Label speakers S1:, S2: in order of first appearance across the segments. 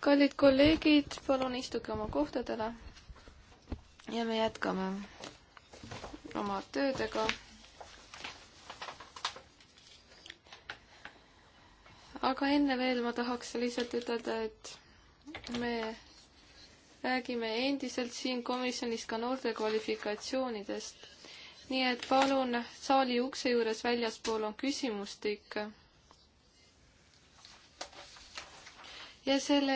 S1: kallid kolleegid, palun istuge oma kohtadele ja me jätkame oma töödega. aga enne veel ma tahaks lihtsalt ütelda, et me räägime endiselt siin komisjonis ka noorte kvalifikatsioonidest. nii et palun saali ukse juures väljaspool on küsimustik ja selle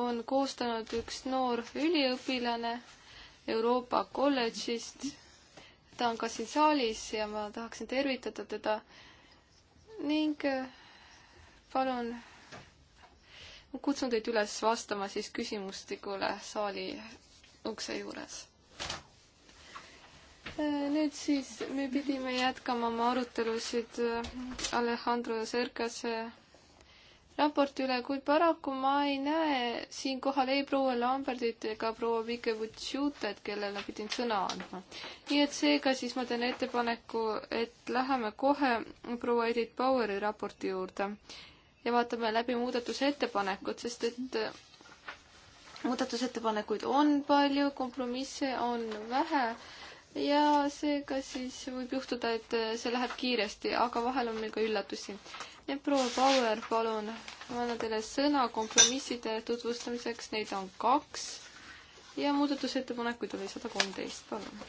S1: on koostanud üks noor üliõpilane Euroopa kolledžist. ta on ka siin saalis ja ma tahaksin tervitada teda ning äh, palun ma kutsun teid üles vastama siis küsimustikule saali ukse juures. Äh, nüüd siis me pidime jätkama oma arutelusid äh, Alejandro Sergase raporti üle, kuid paraku ma ei näe siinkohal ei proua Lambertit ega proua Vikevutšutet, kellele pidin sõna andma. nii et seega siis ma teen ettepaneku, et läheme kohe proua Edith Baueri raporti juurde ja vaatame läbi muudatusettepanekud, sest et äh, muudatusettepanekuid on palju, kompromisse on vähe ja seega siis võib juhtuda, et äh, see läheb kiiresti, aga vahel on meil ka üllatusi proua Bauer, palun, ma annan teile sõna kompromisside tutvustamiseks, neid on kaks ja muudatusettepanekuid oli sada kolmteist, palun.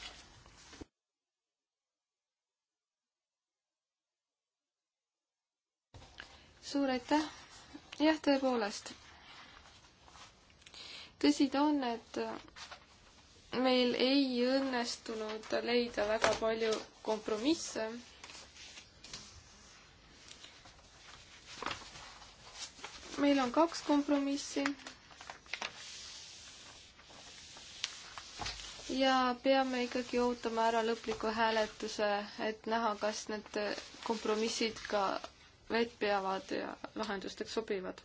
S1: suur aitäh, jah, tõepoolest. tõsi ta on, et meil ei õnnestunud leida väga palju kompromisse meil on kaks kompromissi. ja peame ikkagi ootama ära lõpliku hääletuse, et näha, kas need kompromissid ka vett peavad ja lahendusteks sobivad.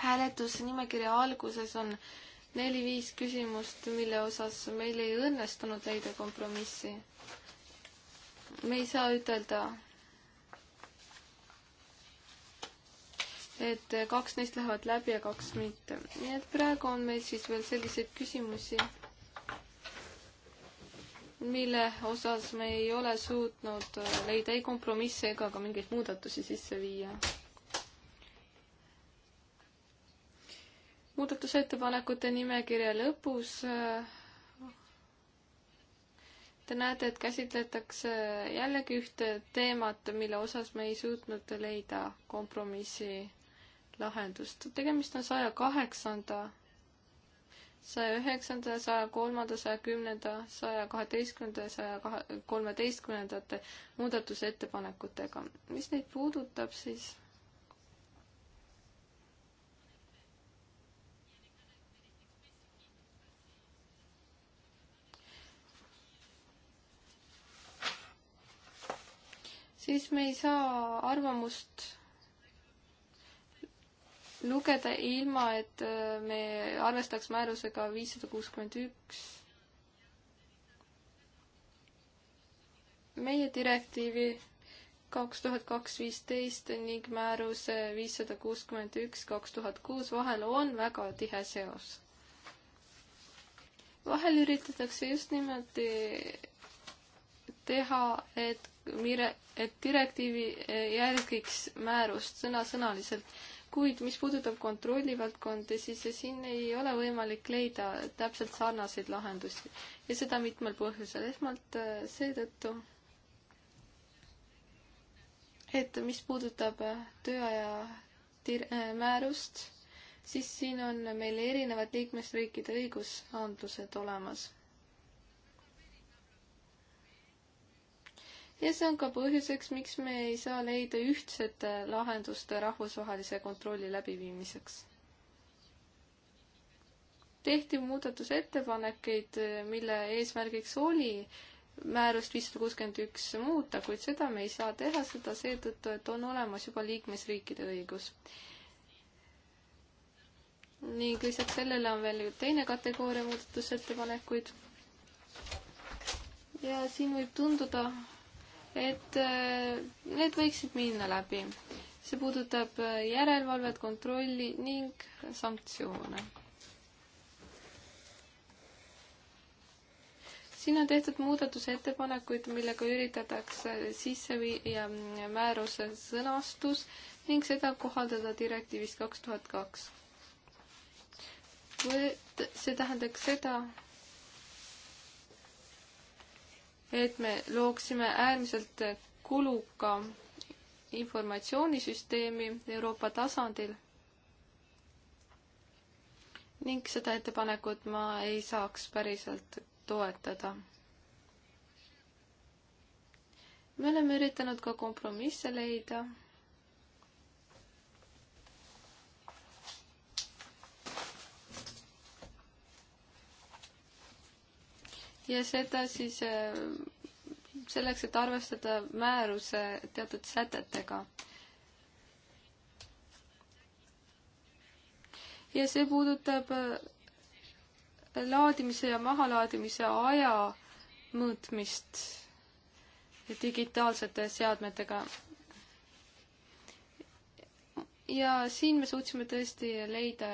S1: hääletusnimekirja alguses on neli-viis küsimust, mille osas meil ei õnnestunud leida kompromissi. me ei saa ütelda et kaks neist lähevad läbi ja kaks mitte. nii et praegu on meil siis veel selliseid küsimusi, mille osas me ei ole suutnud leida ei kompromisse ega ka mingeid muudatusi sisse viia. muudatusettepanekute nimekirja lõpus Te näete, et käsitletakse jällegi ühte teemat, mille osas me ei suutnud leida kompromissi lahendust. tegemist on saja kaheksanda, saja üheksanda, saja kolmanda, saja kümnenda, saja kaheteistkümnenda ja saja kahe, kolmeteistkümnendate muudatusettepanekutega. mis neid puudutab, siis siis me ei saa arvamust lugeda, ilma et äh, me arvestaks määrusega viissada kuuskümmend üks. meie direktiivi kaks tuhat kaks viisteist ning määruse viissada kuuskümmend üks kaks tuhat kuus vahel on väga tihe seos. vahel üritatakse just nimelt äh, teha, et mire, et direktiivi äh, järgiks määrust sõnasõnaliselt kuid mis puudutab kontrollivaldkondi, siis siin ei ole võimalik leida täpselt sarnaseid lahendusi ja seda mitmel põhjusel. esmalt äh, seetõttu, et mis puudutab äh, tööaja äh, määrust, siis siin on meil erinevad liikmesriikide õigusandlused olemas ja see on ka põhjuseks, miks me ei saa leida ühtset lahendust rahvusvahelise kontrolli läbiviimiseks. tehti muudatusettepanekuid, mille eesmärgiks oli määrust viissada kuuskümmend üks muuta, kuid seda me ei saa teha, seda seetõttu, et on olemas juba liikmesriikide õigus. ning lisaks sellele on veel teine kategooria muudatusettepanekuid. ja siin võib tunduda, et äh, need võiksid minna läbi. see puudutab äh, järelevalvet, kontrolli ning sanktsioone. siin on tehtud muudatusettepanekuid, millega üritatakse sisse viia mm, määruse sõnastus ning seda kohaldada direktiivist kaks tuhat kaks. see tähendaks seda, et me looksime äärmiselt kuluka informatsioonisüsteemi Euroopa tasandil. ning seda ettepanekut ma ei saaks päriselt toetada. me oleme üritanud ka kompromisse leida ja seda siis äh, selleks, et arvestada määruse teatud sätetega. ja see puudutab äh, laadimise ja mahalaadimise aja mõõtmist digitaalsete seadmetega. ja siin me suutsime tõesti leida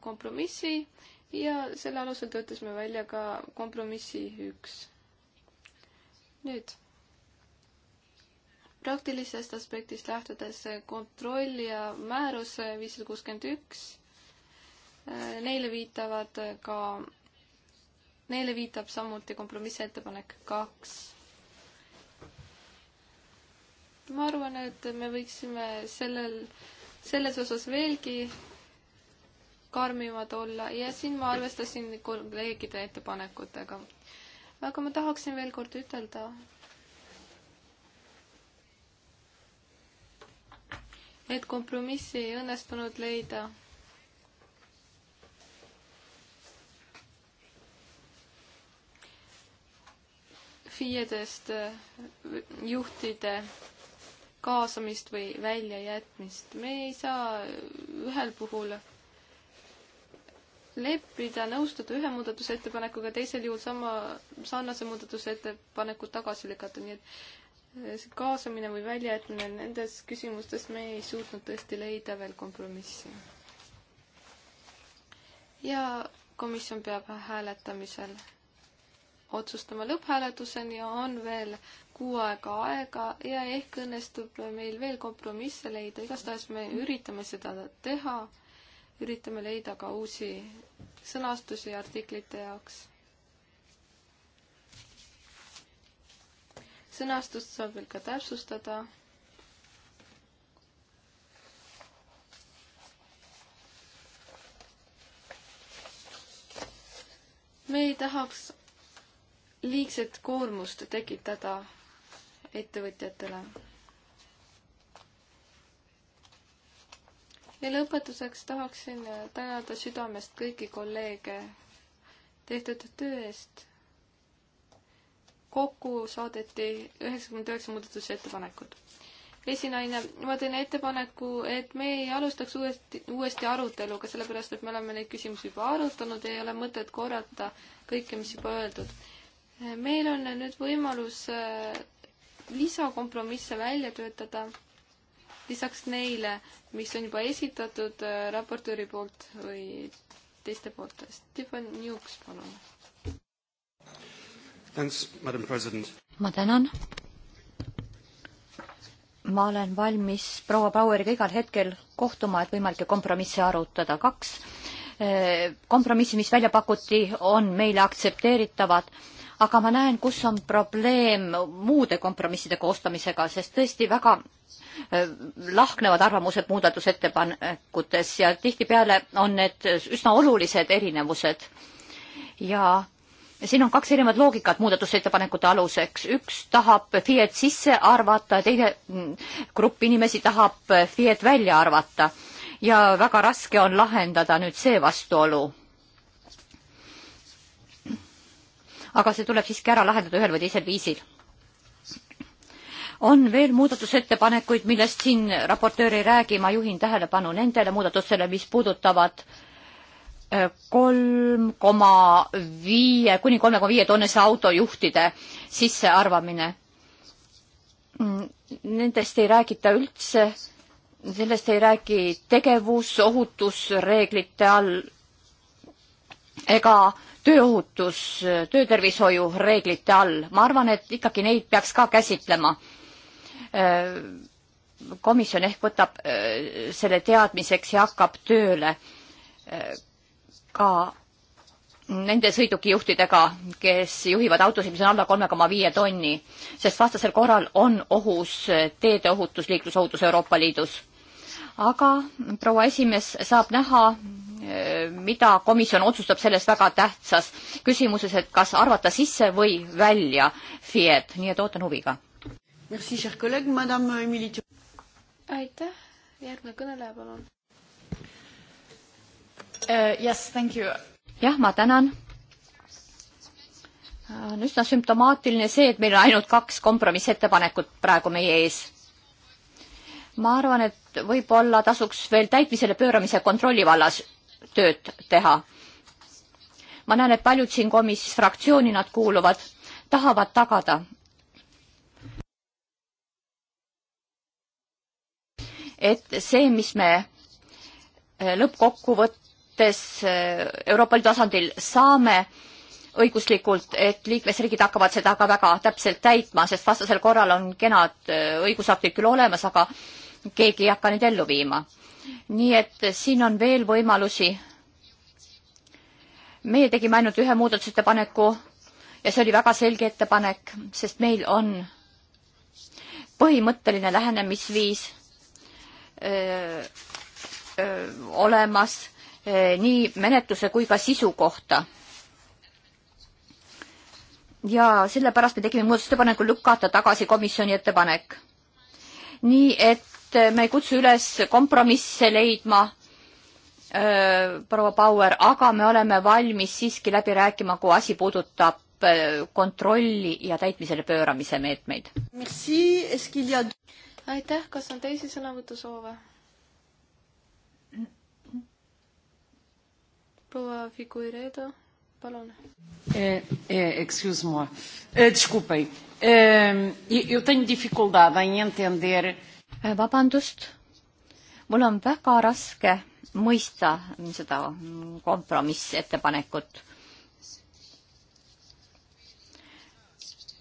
S1: kompromissi ja selle alusel töötasime välja ka kompromissi üks. nüüd praktilisest aspektist lähtudes kontrollija määrus viissada kuuskümmend üks, äh, neile viitavad ka, neile viitab samuti kompromissettepanek kaks ma arvan, et me võiksime sellel, selles osas veelgi karmimad olla ja siin ma arvestasin kolleegide ettepanekutega. aga ma tahaksin veel kord ütelda, et kompromissi ei õnnestunud leida. FIE-dest äh, juhtide kaasamist või väljajätmist. me ei saa äh, ühel puhul leppida, nõustuda ühe muudatusettepanekuga, teisel juhul sama, sarnase muudatusettepaneku tagasi lükata, nii et eh, see kaasamine või väljajätmine nendes küsimustes me ei suutnud tõesti leida veel kompromissi. ja komisjon peab hääletamisel otsustama lõpphääletuseni ja on veel kuu aega aega ja ehk õnnestub meil veel kompromisse leida, igastahes me üritame seda teha üritame leida ka uusi sõnastusi artiklite jaoks. sõnastust saab veel ka täpsustada. me ei tahaks liigset koormust tekitada ettevõtjatele ja lõpetuseks tahaksin äh, tänada südamest kõiki kolleege tehtud töö eest. kokku saadeti üheksakümmend üheksa muudatusettepanekut. esinaine, ma teen ettepaneku, et me ei alustaks uuesti, uuesti aruteluga, sellepärast et me oleme neid küsimusi juba arutanud ja ei ole mõtet korrata kõike, mis juba öeldud. meil on nüüd võimalus äh, lisakompromisse välja töötada lisaks neile, mis on juba esitatud äh, raportööri poolt või teiste poolt. Stefan Juks, palun.
S2: ma tänan. ma olen valmis proua Baueriga igal hetkel kohtuma, et võimalikke kompromisse arutada. kaks äh, kompromissi, mis välja pakuti, on meile aktsepteeritavad aga ma näen, kus on probleem muude kompromisside koostamisega, sest tõesti väga äh, lahknevad arvamused muudatusettepanekutes ja tihtipeale on need üsna olulised erinevused. ja siin on kaks erinevat loogikat muudatusettepanekute aluseks, üks tahab FIE-d sisse arvata, teine grupp inimesi tahab FIE-d välja arvata ja väga raske on lahendada nüüd see vastuolu aga see tuleb siiski ära lahendada ühel või teisel viisil. on veel muudatusettepanekuid, millest siin raportöör ei räägi, ma juhin tähelepanu nendele muudatustele, mis puudutavad äh, kolm koma viie kuni kolme koma viie tonnise autojuhtide sissearvamine. Mm, nendest ei räägita üldse, sellest ei räägi tegevusohutusreeglite all ega äh, tööohutus töötervishoiu reeglite all. ma arvan, et ikkagi neid peaks ka käsitlema. Äh, komisjon ehk võtab äh, selle teadmiseks ja hakkab tööle äh, ka nende sõidukijuhtidega, kes juhivad autosid, mis on alla kolme koma viie tonni, sest vastasel korral on ohus teede ohutus, liiklusohutus Euroopa Liidus. aga proua esimees saab näha, Äh, mida komisjon otsustab selles väga tähtsas küsimuses, et kas arvata sisse või välja FIE-d, nii et ootan huviga.
S3: aitäh,
S1: järgmine kõneleja, palun uh,.
S2: Yes, thank you. jah, ma tänan on üsna sümptomaatiline see, et meil on ainult kaks kompromissettepanekut praegu meie ees. ma arvan, et võib-olla tasuks veel täitmisele pööramise kontrolli vallas tööd teha. ma näen, et paljud siin komisjonis fraktsiooni nad kuuluvad, tahavad tagada, et see, mis me eh, lõppkokkuvõttes eh, Euroopa Liidu tasandil saame õiguslikult, et liikmesriigid hakkavad seda ka väga täpselt täitma, sest vastasel korral on kenad eh, õigusaktid küll olemas, aga keegi ei hakka neid ellu viima nii et siin on veel võimalusi. meie tegime ainult ühe muudatusettepaneku ja see oli väga selge ettepanek, sest meil on põhimõtteline lähenemisviis öö, öö, olemas öö, nii menetluse kui ka sisu kohta. ja sellepärast me tegime muudatusettepaneku lükata tagasi komisjoni ettepanek. nii et et me ei kutsu üles kompromisse leidma, proua Bauer, aga me oleme valmis siiski läbi rääkima, kui asi puudutab kontrolli ja täitmisele pööramise meetmeid.
S1: aitäh, kas on teisi sõnavõtusoove? proua Figueiredo, palun
S2: eh,. Eh, Excuse-moi eh,, desculpem, eu tenho dificuldade em entender Äh, vabandust, mul on väga raske mõista seda kompromissettepanekut.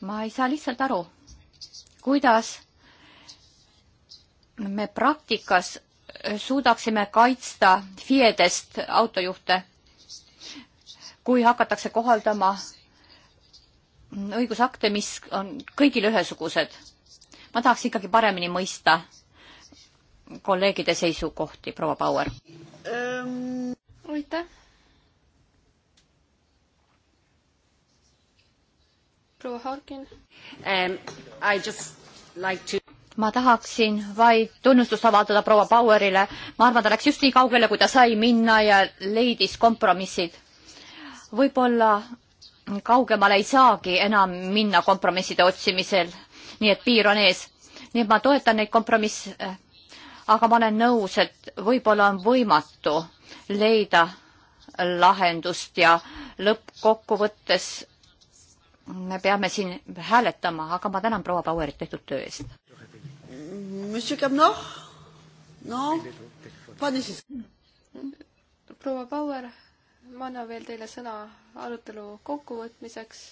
S2: ma ei saa lihtsalt aru, kuidas me praktikas suudaksime kaitsta FIE-dest autojuhte, kui hakatakse kohaldama õigusakte, mis on kõigile ühesugused ma tahaks ikkagi paremini mõista kolleegide seisukohti, proua Bauer
S3: ähm,. aitäh.
S1: proua Harkin
S2: um,. I just like to ma tahaksin vaid tunnustust avaldada proua Bauerile. ma arvan, ta läks just nii kaugele, kui ta sai minna ja leidis kompromissid. võib-olla kaugemale ei saagi enam minna kompromisside otsimisel nii et piir on ees. nii et ma toetan neid kompromisse, aga ma olen nõus, et võib-olla on võimatu leida lahendust ja lõppkokkuvõttes me peame siin hääletama, aga ma tänan proua Bauerit tehtud töö eest. proua Bauer,
S1: ma annan veel teile sõna arutelu kokkuvõtmiseks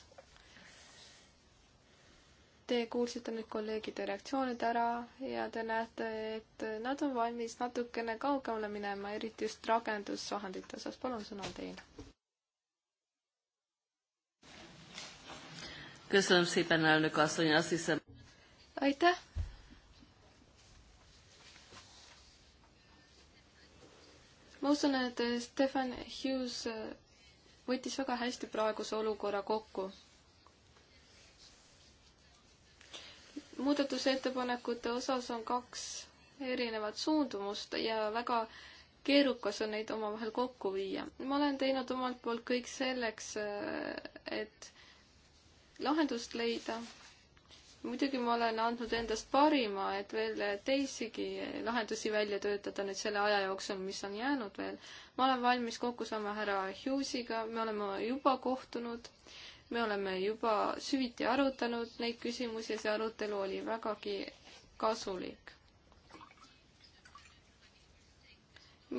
S1: Te kuulsite nüüd kolleegide reaktsioonid ära ja te näete, et nad on valmis natukene kaugemale minema, eriti just rakendusvahendite osas. palun, sõna on teil.
S3: köszönöm szépen, elnök asszony, azt hiszem.
S1: Aitäh! ma usun, et Stefan Hughes võttis väga hästi praeguse olukorra kokku muudatusettepanekute osas on kaks erinevat suundumust ja väga keerukas on neid omavahel kokku viia. ma olen teinud omalt poolt kõik selleks, äh, et lahendust leida. muidugi ma olen andnud endast parima, et veel teisigi lahendusi välja töötada nüüd selle aja jooksul, mis on jäänud veel. ma olen valmis kokku saama härra Hughesiga, me oleme juba kohtunud me oleme juba süviti arutanud neid küsimusi ja see arutelu oli vägagi kasulik.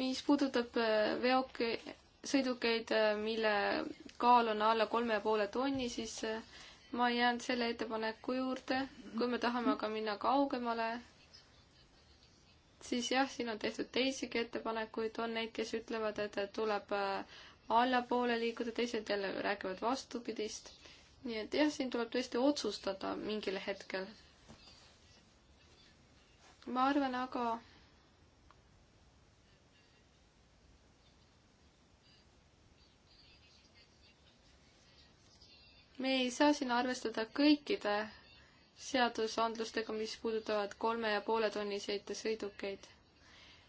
S1: mis puudutab äh, veoke, sõidukeid, äh, mille kaal on alla kolme ja poole tonni, siis äh, ma jään selle ettepaneku juurde, kui me tahame aga minna kaugemale, siis jah, siin on tehtud teisigi ettepanekuid, on neid, kes ütlevad, et tuleb äh, allapoole liikuda, teised jälle räägivad vastupidist. nii et jah, siin tuleb tõesti otsustada mingil hetkel. ma arvan aga, me ei saa siin arvestada kõikide seadusandlustega, mis puudutavad kolme ja poole tonniseid sõidukeid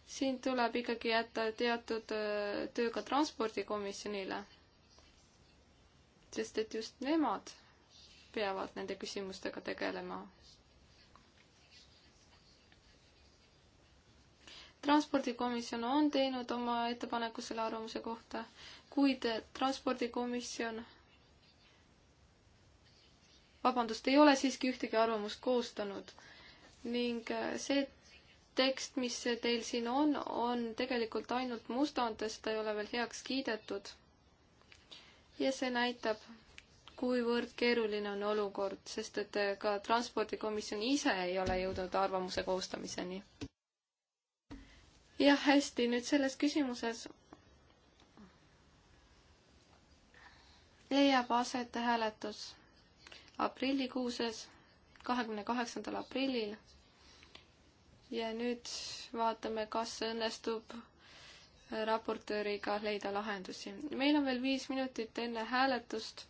S1: siin tuleb ikkagi jätta teatud äh, töö ka transpordikomisjonile, sest et just nemad peavad nende küsimustega tegelema. transpordikomisjon on teinud oma ettepaneku selle arvamuse kohta, kuid transpordikomisjon, vabandust, ei ole siiski ühtegi arvamust koostanud ning äh, see, et tekst, mis teil siin on, on tegelikult ainult mustand, sest ta ei ole veel heaks kiidetud. ja see näitab, kuivõrd keeruline on olukord, sest et ka transpordikomisjon ise ei ole jõudnud arvamuse koostamiseni. jah, hästi, nüüd selles küsimuses leiab aset hääletus aprillikuuses, kahekümne kaheksandal aprillil ja nüüd vaatame, kas õnnestub raportööriga leida lahendusi. meil on veel viis minutit enne hääletust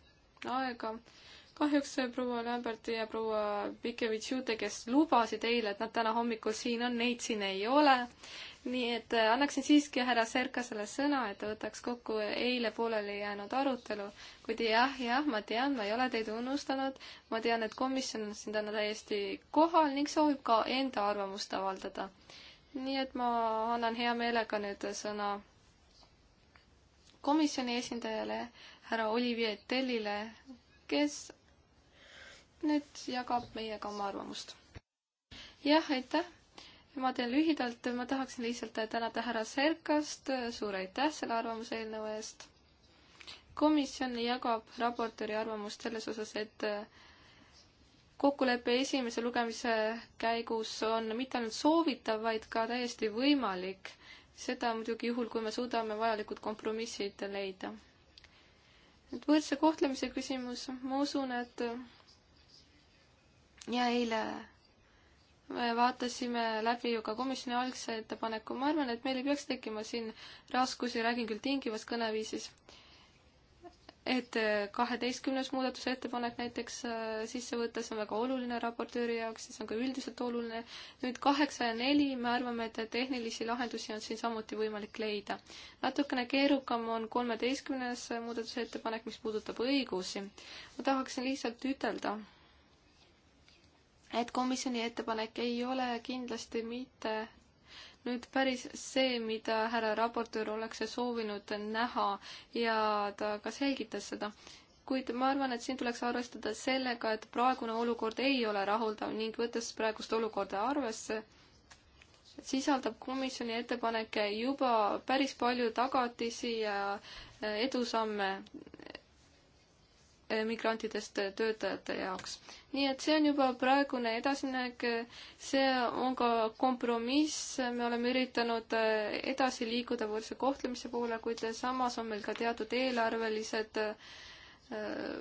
S1: aega. kahjuks proua Lämberti ja proua Pikevitš-Jute, kes lubasid eile, et nad täna hommikul siin on, neid siin ei ole nii et äh, annaksin siiski härra Serkasele sõna, et ta võtaks kokku eile pooleli jäänud arutelu. kuid jah, jah, ma tean, ma ei ole teid unustanud, ma tean, et komisjon on siin täna täiesti kohal ning soovib ka enda arvamust avaldada. nii et ma annan hea meelega nüüd sõna komisjoni esindajale, härra Olivier Tellile, kes nüüd jagab meiega oma arvamust. jah, aitäh ma teen lühidalt, ma tahaksin lihtsalt tänada härra Serkast, suur aitäh selle arvamuse eelnõu eest. komisjon jagab raportööri arvamust selles osas, et kokkulepe esimese lugemise käigus on mitte ainult soovitav, vaid ka täiesti võimalik. seda muidugi juhul, kui me suudame vajalikud kompromissid leida. nüüd võrdse kohtlemise küsimus, ma usun, et ja eile me vaatasime läbi ju ka komisjoni algse ettepaneku, ma arvan, et meil ei peaks tekkima siin raskusi, räägin küll tingivas kõneviisis, et kaheteistkümnes muudatusettepanek näiteks äh, sisse võtta, see on väga oluline raportööri jaoks, siis on ka üldiselt oluline. nüüd kaheksa ja neli, me arvame, et tehnilisi lahendusi on siin samuti võimalik leida. natukene keerukam on kolmeteistkümnes muudatusettepanek, mis puudutab õigusi. ma tahaksin lihtsalt ütelda et komisjoni ettepanek ei ole kindlasti mitte nüüd päris see, mida härra raportöör oleks soovinud näha ja ta ka selgitas seda. kuid ma arvan, et siin tuleks arvestada sellega, et praegune olukord ei ole rahuldav ning võttes praegust olukorda arvesse, sisaldab komisjoni ettepanek juba päris palju tagatisi ja edusamme Äh, migrantidest töötajate jaoks. nii et see on juba praegune edasiminek, see on ka kompromiss, me oleme üritanud äh, edasi liikuda võrdse kohtlemise poole, kuid samas on meil ka teatud eelarvelised äh,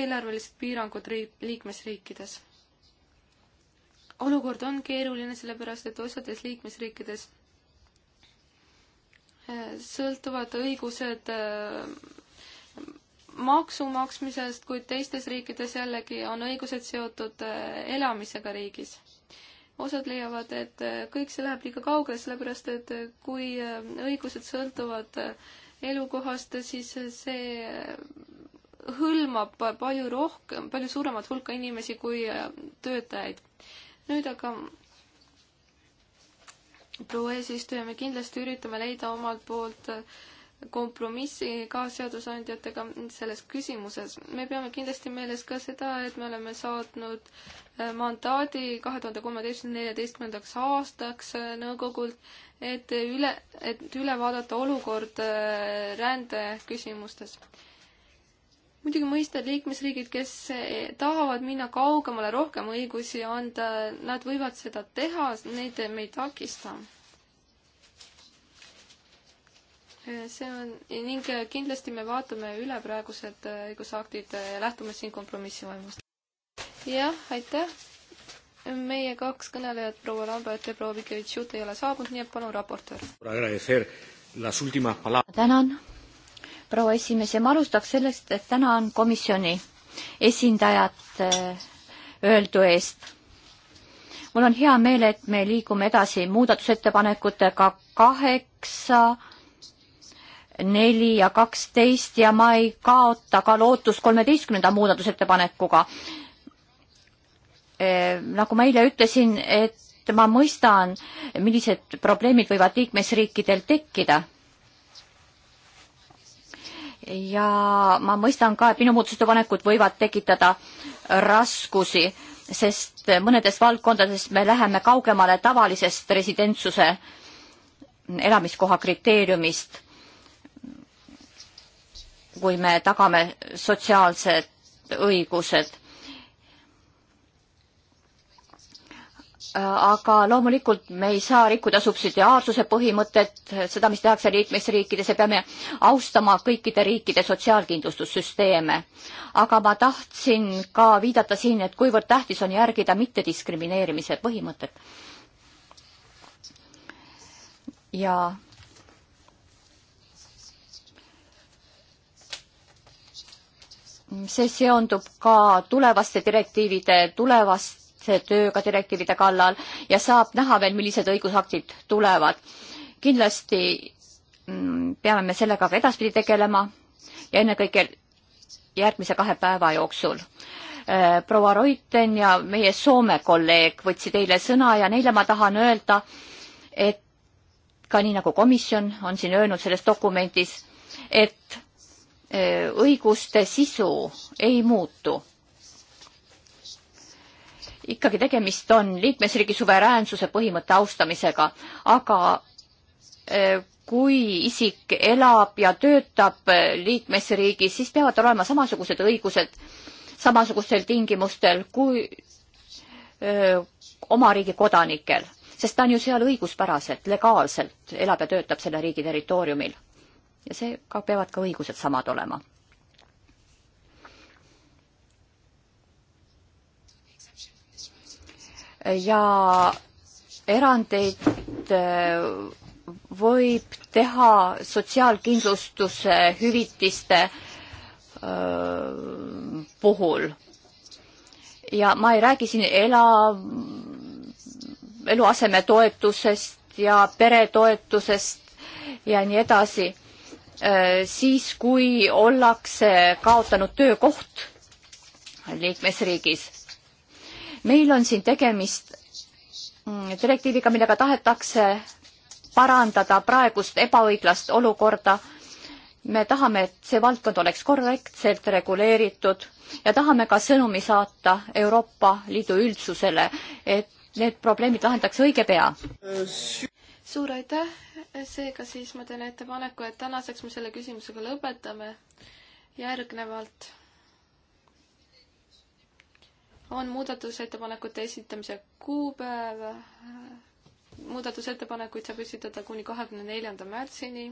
S1: eelarvelised piirangud riik, liikmesriikides. olukord on keeruline, sellepärast et osades liikmesriikides sõltuvad õigused maksu maksmisest, kuid teistes riikides jällegi on õigused seotud äh, elamisega riigis. osad leiavad, et äh, kõik see läheb liiga kaugele, sellepärast et äh, kui õigused sõltuvad elukohast, siis see hõlmab palju rohkem, palju suuremat hulka inimesi kui töötajaid. nüüd aga proua eesistuja, me kindlasti üritame leida omalt poolt äh, kompromissi ka seadusandjatega selles küsimuses. me peame kindlasti meeles ka seda, et me oleme saatnud äh, mandaadi kahe tuhande kolmeteistkümne, neljateistkümnendaks aastaks äh, nõukogult, et üle, et üle vaadata olukord äh, rändeküsimustes muidugi mõista, et liikmesriigid, kes tahavad minna kaugemale, rohkem õigusi anda, nad võivad seda teha, neid me ei takista see on ning kindlasti me vaatame üle praegused äh, õigusaktid ja lähtume siin kompromissi vaimust. jah, aitäh. meie kaks kõnelejat, proua Lambert ja
S2: proua Vikivitšut ei ole saabunud, nii et palun, raportöör. tänan, proua esimees ja ma alustaks sellest, et tänan komisjoni esindajat äh, öeldu eest mul on hea meel, et me liigume edasi muudatusettepanekutega kaheksa neli ja kaksteist ja ma ei kaota ka lootust kolmeteistkümnenda muudatusettepanekuga. Eh, nagu ma eile ütlesin, et ma mõistan, millised probleemid võivad liikmesriikidel tekkida. ja ma mõistan ka, et minu muudatusettepanekud võivad tekitada raskusi, sest mõnedes valdkondades me läheme kaugemale tavalisest residentsuse elamiskoha kriteeriumist kui me tagame sotsiaalsed õigused. aga loomulikult me ei saa rikkuda subsidiaarsuse põhimõtet, seda, mis tehakse liikmesriikides ja peame austama kõikide riikide sotsiaalkindlustussüsteeme. aga ma tahtsin ka viidata siin, et kuivõrd tähtis on järgida mittediskrimineerimise põhimõtet. ja see seondub ka tulevaste direktiivide, tulevaste tööga direktiivide kallal ja saab näha veel, millised õigusaktid tulevad. kindlasti mm, peame me sellega ka edaspidi tegelema ja ennekõike järgmise kahe päeva jooksul. Äh, proua Reuten ja meie Soome kolleeg võtsid eile sõna ja neile ma tahan öelda, et ka nii nagu komisjon on siin öelnud selles dokumendis, et Äh, õiguste sisu ei muutu. ikkagi tegemist on liikmesriigi suveräänsuse põhimõtte austamisega, aga äh, kui isik elab ja töötab äh, liikmesriigis, siis peavad olema samasugused õigused samasugustel tingimustel kui öö, oma riigi kodanikel, sest ta on ju seal õiguspäraselt, legaalselt elab ja töötab selle riigi territooriumil ja seega peavad ka õigused samad olema. ja erandeid äh, võib teha sotsiaalkindlustuse hüvitiste öö, äh, puhul. ja ma ei räägi siin ela, eluasemetoetusest ja peretoetusest ja nii edasi Äh, siis, kui ollakse kaotanud töökoht liikmesriigis. meil on siin tegemist mm, direktiiviga, millega tahetakse parandada praegust ebaõiglast olukorda. me tahame, et see valdkond oleks korrektselt reguleeritud ja tahame ka sõnumi saata Euroopa Liidu üldsusele, et need probleemid lahendatakse õige pea
S1: suur aitäh, seega siis ma teen ettepaneku, et tänaseks me selle küsimusega lõpetame. järgnevalt on muudatusettepanekute esitamise kuupäev. muudatusettepanekuid saab esitada kuni kahekümne neljanda märtsini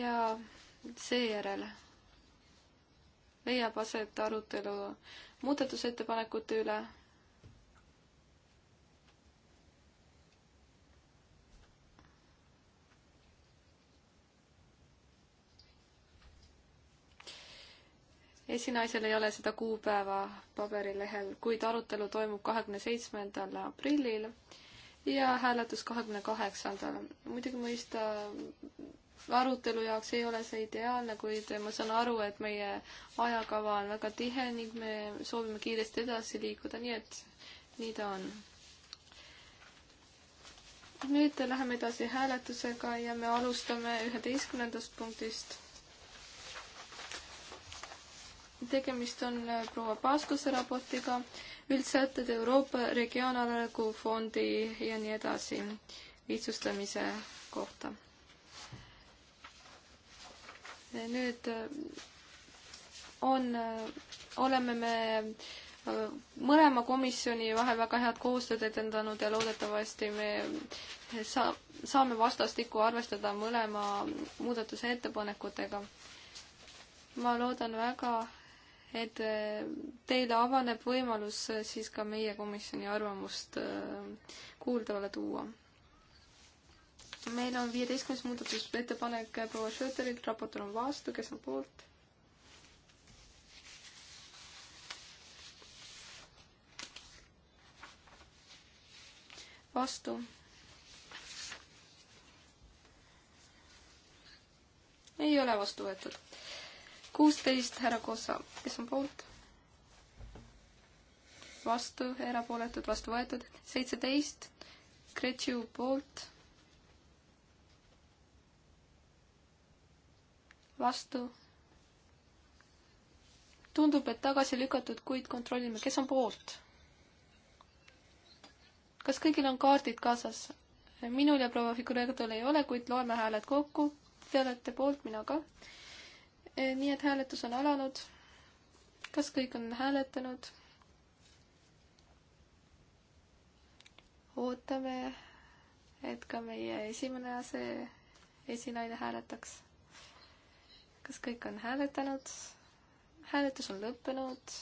S1: ja seejärel leiab aset arutelu muudatusettepanekute üle esinaisel ei ole seda kuupäeva paberilehel, kuid arutelu toimub kahekümne seitsmendal aprillil ja hääletus kahekümne kaheksandal. muidugi mõista arutelu jaoks ei ole see ideaalne, kuid ma saan aru, et meie ajakava on väga tihe ning me soovime kiiresti edasi liikuda, nii et nii ta on. nüüd läheme edasi hääletusega ja me alustame üheteistkümnendast punktist tegemist on äh, proua Paskuse raportiga, üldsätted Euroopa Regionaalarengu Fondi ja nii edasi lihtsustamise kohta. nüüd äh, on, äh, oleme me mõlema komisjoni vahel väga head koostööd edendanud ja loodetavasti me saa-, saame vastastikku arvestada mõlema muudatuse ettepanekutega. ma loodan väga, et äh, teile avaneb võimalus äh, siis ka meie komisjoni arvamust äh, kuuldavale tuua. meil on viieteistkümnes muudatusettepanek proua Schöterilt, raportöör on vastu, kes on poolt? vastu. ei ole vastu võetud kuusteist härra Kossa, kes on poolt? vastu, erapooletud, vastu võetud. seitseteist Gretšu poolt. vastu. tundub, et tagasi lükatud, kuid kontrollime, kes on poolt kas kõigil on kaardid kaasas? minul ja proua Figuregatol ei ole, kuid loeme hääled kokku. Te olete poolt, mina ka. Eh, nii et hääletus on alanud. kas kõik on hääletanud? ootame, et ka meie esimene ase, esinaine hääletaks. kas kõik on hääletanud? hääletus on lõppenud.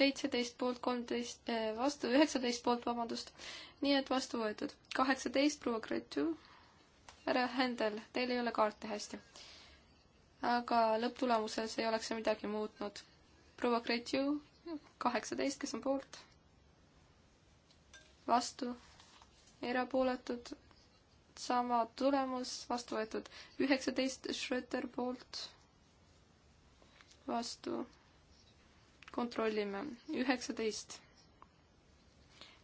S1: seitseteist poolt, kolmteist eh, vastu, üheksateist poolt, vabandust. nii et vastu võetud. kaheksateist proua Gretu härra Händel, teil ei ole kaarte hästi. aga lõpptulemuses ei oleks see midagi muutnud. proua Gretju, kaheksateist, kes on poolt? vastu, erapooletud, sama tulemus, vastu võetud üheksateist Schröter poolt, vastu, kontrollime, üheksateist.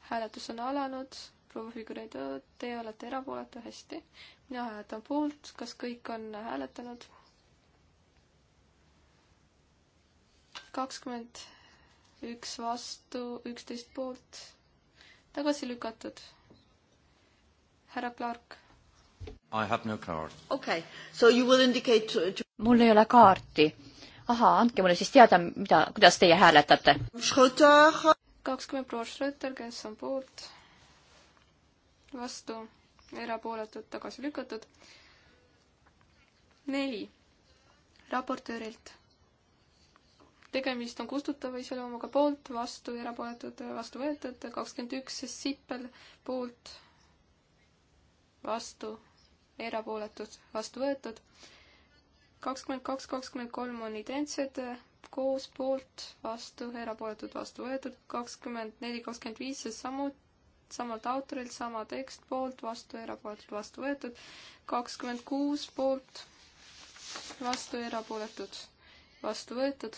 S1: hääletus on alanud proua Figureido, teie olete erapooletu, hästi. mina hääletan poolt, kas kõik on hääletanud? kakskümmend üks vastu, üksteist poolt, tagasi lükatud. härra Clark.
S2: I have no card.
S3: okei okay., so you will indicate to, to....
S2: mul ei ole kaarti. ahaa, andke mulle siis teada, mida, kuidas teie hääletate.
S3: kakskümmend proua Schröter, kes on poolt
S1: vastu, erapooletud, tagasi lükatud. neli, raportöörilt. tegemist on kustutava iseloomuga poolt, vastu, erapooletud, vastu võetud, kakskümmend üks, Sippel poolt, vastu, erapooletud, vastu võetud. kakskümmend kaks, kakskümmend kolm on identsed, koos poolt, vastu, erapooletud, vastu võetud, kakskümmend neli, kakskümmend viis, samuti samalt autorilt, sama tekst, poolt, vastu, erapooletud, vastu võetud, kakskümmend kuus poolt, vastu, erapooletud, vastu võetud.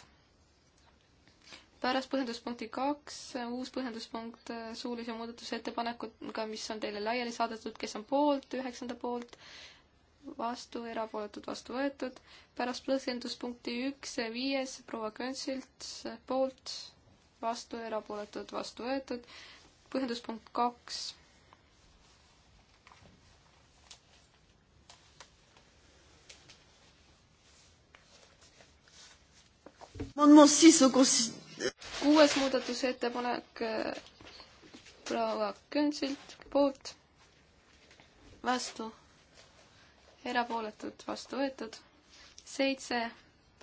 S1: pärast põhjenduspunkti kaks, uus põhjenduspunkt suulise muudatusettepanekuga, mis on teile laiali saadetud, kes on poolt, üheksanda poolt, vastu, erapooletud, vastu võetud. pärast põhjenduspunkti üks, viies proua Könsilt poolt, vastu, erapooletud, vastu võetud põhjenduspunkt kaks. kuues muudatusettepanek äh, proua Künsilt poolt, vastu, erapooletud, vastu võetud, seitse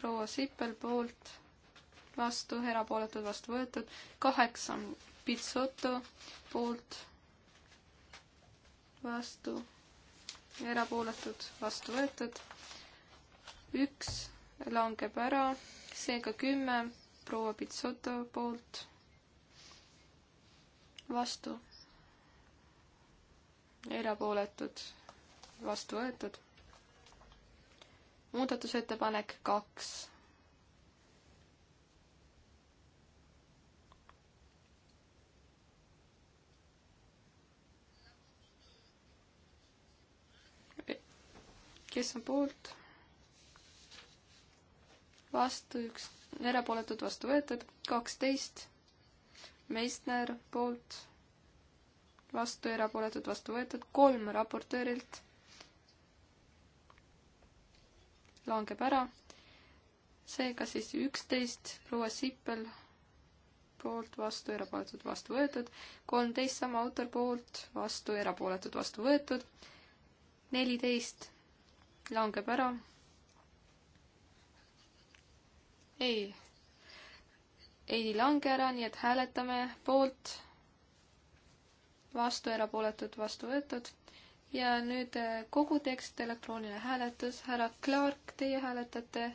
S1: proua Sippel poolt, vastu, erapooletud, vastu võetud, kaheksa Pitsoto poolt, vastu, erapooletud, vastu võetud. üks langeb ära, seega kümme proua Pitsoto poolt, vastu, erapooletud, vastu võetud muudatusettepanek kaks kes on poolt? vastu üks, erapooletud vastu võetud, kaksteist. Meissner poolt, vastu erapooletud vastu võetud, kolm raportöörilt. langeb ära. seega siis üksteist proua Sippel poolt, vastu, erapooletud, vastu võetud. kolmteist sama autor poolt, vastu, erapooletud, vastu võetud. neliteist langeb ära. ei, ei lange ära, nii et hääletame poolt, vastu, erapooletud, vastu võetud. ja nüüd eh, kogu tekst, elektrooniline hääletus, härra Clark, teie hääletate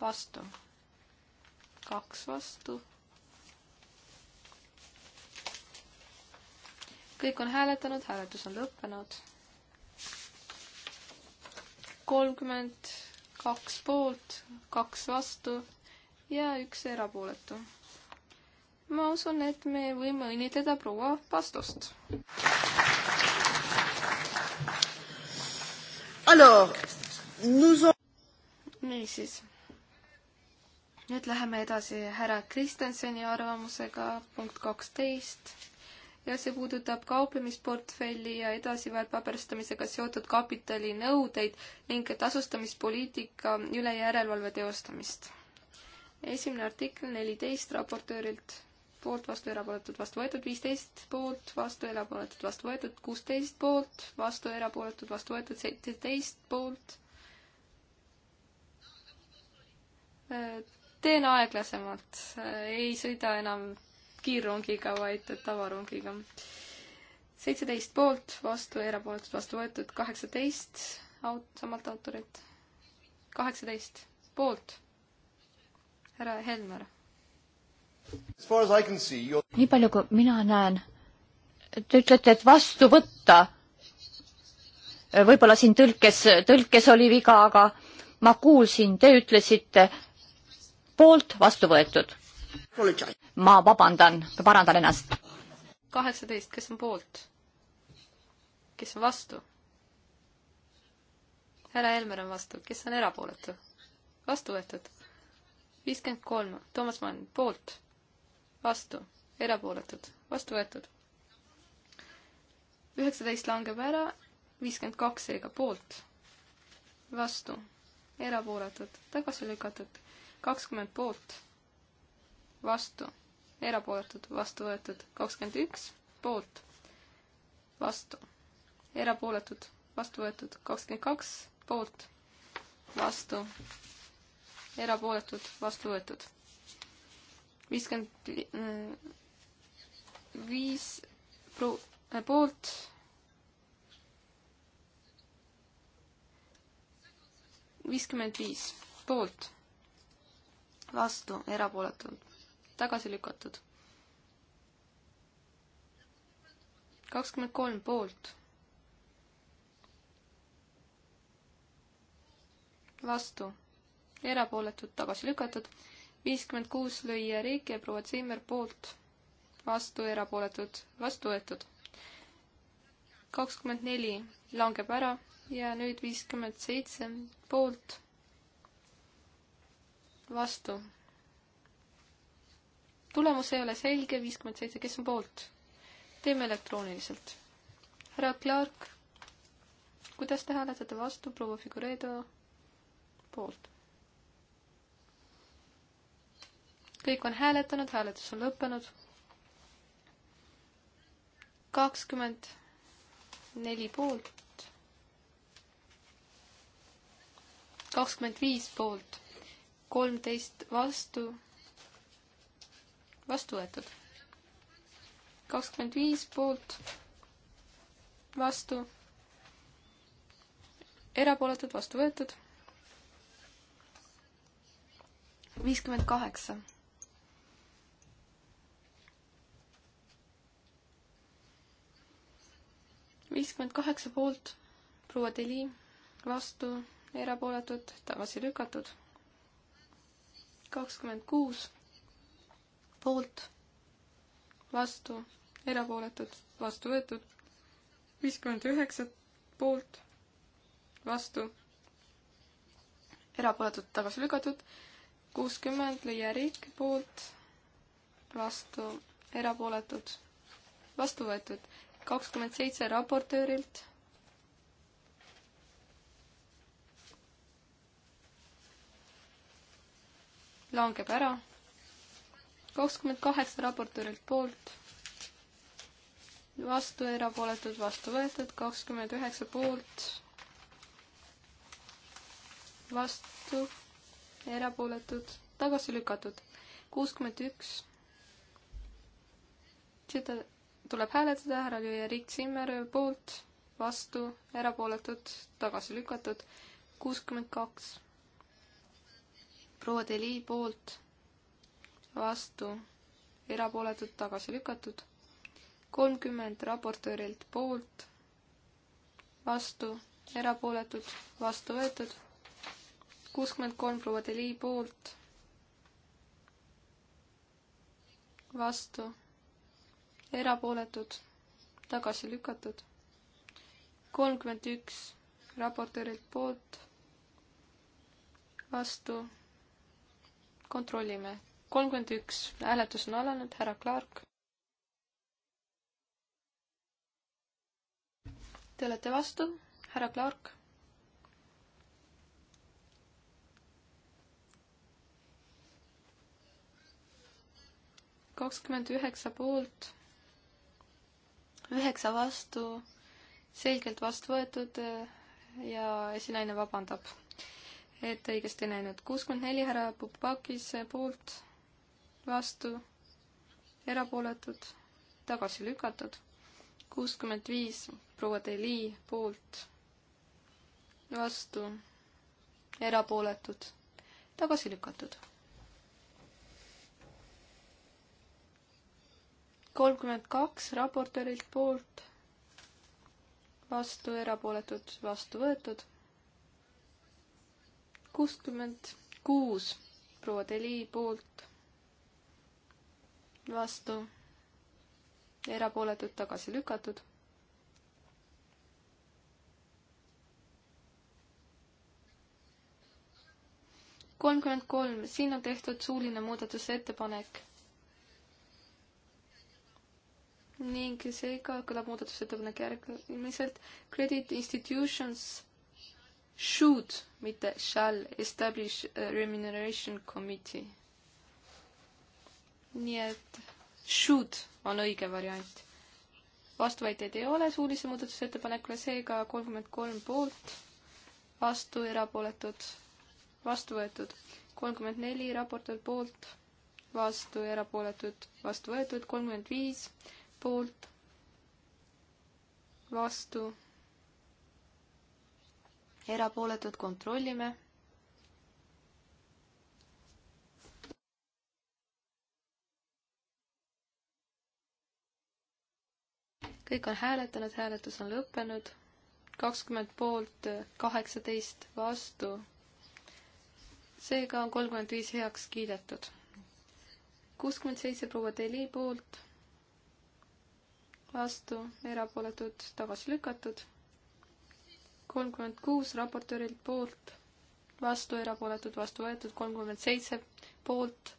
S1: vastu. kaks vastu. kõik on hääletanud, hääletus on lõppenud kolmkümmend kaks poolt, kaks vastu ja üks erapooletu. ma usun, et me võime õnnitleda
S3: proua Pastost. niisiis,
S1: nüüd läheme edasi härra Kristensoni arvamusega, punkt kaksteist ja see puudutab kauplemisportfelli ja edasi väärtpaberistamisega seotud kapitalinõudeid ning tasustamispoliitika üle järelevalve teostamist. esimene artikkel neliteist raportöörilt poolt, vastu, erapooletud, vastu võetud, viisteist poolt, vastu, erapooletud, vastu võetud, kuusteist poolt, vastu, erapooletud, vastu võetud, seitseteist poolt. teen aeglasemalt, ei sõida enam kiirrongiga, vaid tavarongiga. seitseteist poolt, vastu, erapooletud, vastu võetud, kaheksateist aut-, samalt autorilt. kaheksateist poolt.
S2: härra Helmer. nii palju, kui mina näen, te ütlete, et vastu võtta. võib-olla siin tõlkes, tõlkes oli viga, aga ma kuulsin, te ütlesite poolt vastu võetud ma vabandan, parandan ennast.
S1: kaheksateist, kes on poolt? kes on vastu? härra Helmer on vastu, kes on erapooletu? vastu võetud. viiskümmend kolm, Toomas Mann, poolt, vastu, erapooletud, vastu võetud. üheksateist langeb ära, viiskümmend kaks seega poolt, vastu, erapooletud, tagasi lükatud, kakskümmend poolt vastu, erapooletud, vastu võetud, kakskümmend üks, poolt, vastu, erapooletud, vastu võetud, kakskümmend kaks, poolt, vastu, erapooletud, vastu võetud. viiskümmend mm, viis pro-, poolt, viiskümmend viis poolt, vastu, erapooletult tagasi lükatud. kakskümmend kolm poolt. vastu, erapooletud, tagasi lükatud. viiskümmend kuus lüüa riiki ja proua Zimmer poolt, vastu, erapooletud, vastu võetud. kakskümmend neli langeb ära ja nüüd viiskümmend seitse poolt, vastu tulemus ei ole selge, viiskümmend seitse, kes on poolt? teeme elektrooniliselt. härra Clark, kuidas te hääletate vastu proua Figuredo poolt? kõik on hääletanud, hääletus on lõppenud. kakskümmend neli poolt. kakskümmend viis poolt, kolmteist vastu vastu võetud. kakskümmend viis poolt, vastu, erapooletud, vastu võetud. viiskümmend kaheksa. viiskümmend kaheksa poolt, proua Deli, vastu, erapooletud, tagasi lükatud. kakskümmend kuus poolt, vastu, erapooletud, vastu võetud, viiskümmend üheksa poolt, vastu, erapooletud, tagasi lükatud, kuuskümmend Leia Riik poolt, vastu, erapooletud, vastu võetud, kakskümmend seitse raportöörilt langeb ära kakskümmend kaheksa raportöörilt poolt, vastu, erapooletud, vastu võetud, kakskümmend üheksa poolt, vastu, erapooletud, tagasi lükatud, kuuskümmend üks. seda tuleb hääletada, härra Lüüa Riik Zimmer poolt, vastu, erapooletud, tagasi lükatud, kuuskümmend kaks. proua Deli poolt vastu, erapooletud, tagasi lükatud. kolmkümmend raportöörilt poolt, vastu, erapooletud, vastu võetud. kuuskümmend kolm proua Deli poolt, vastu, erapooletud, tagasi lükatud. kolmkümmend üks raportöörilt poolt, vastu, kontrollime kolmkümmend üks, hääletus on alanud, härra Clark. Te olete vastu, härra Clark kakskümmend üheksa poolt, üheksa vastu, selgelt vastu võetud eh, ja esinaine vabandab, et õigesti ei näinud. kuuskümmend neli härra Pupakis poolt, vastu, erapooletud, tagasi lükatud. kuuskümmend viis proua Deli poolt, vastu, erapooletud, tagasi lükatud. kolmkümmend kaks raportöörilt poolt, vastu, erapooletud, vastu võetud. kuuskümmend kuus proua Deli poolt vastu, erapooletud tagasi lükatud. kolmkümmend kolm, siin on tehtud suuline muudatusettepanek ning seega kõlab muudatusettepanek järgmiselt. Credit institutions should, mitte shall establish a remuneration committee nii et should on õige variant. vastuväiteid ei ole suulise muudatusettepanekule, seega kolmkümmend kolm poolt, vastu erapooletud, vastu võetud. kolmkümmend neli raportööri poolt, vastu erapooletud, vastu võetud. kolmkümmend viis poolt, vastu erapooletud, kontrollime kõik on hääletanud, hääletus on lõppenud. kakskümmend poolt, kaheksateist vastu. seega on kolmkümmend viis heaks kiidetud. kuuskümmend seitse proua Deli poolt, vastu, erapooletud, tagasi lükatud. kolmkümmend kuus raportöörilt poolt, vastu, erapooletud, vastu võetud, kolmkümmend seitse poolt,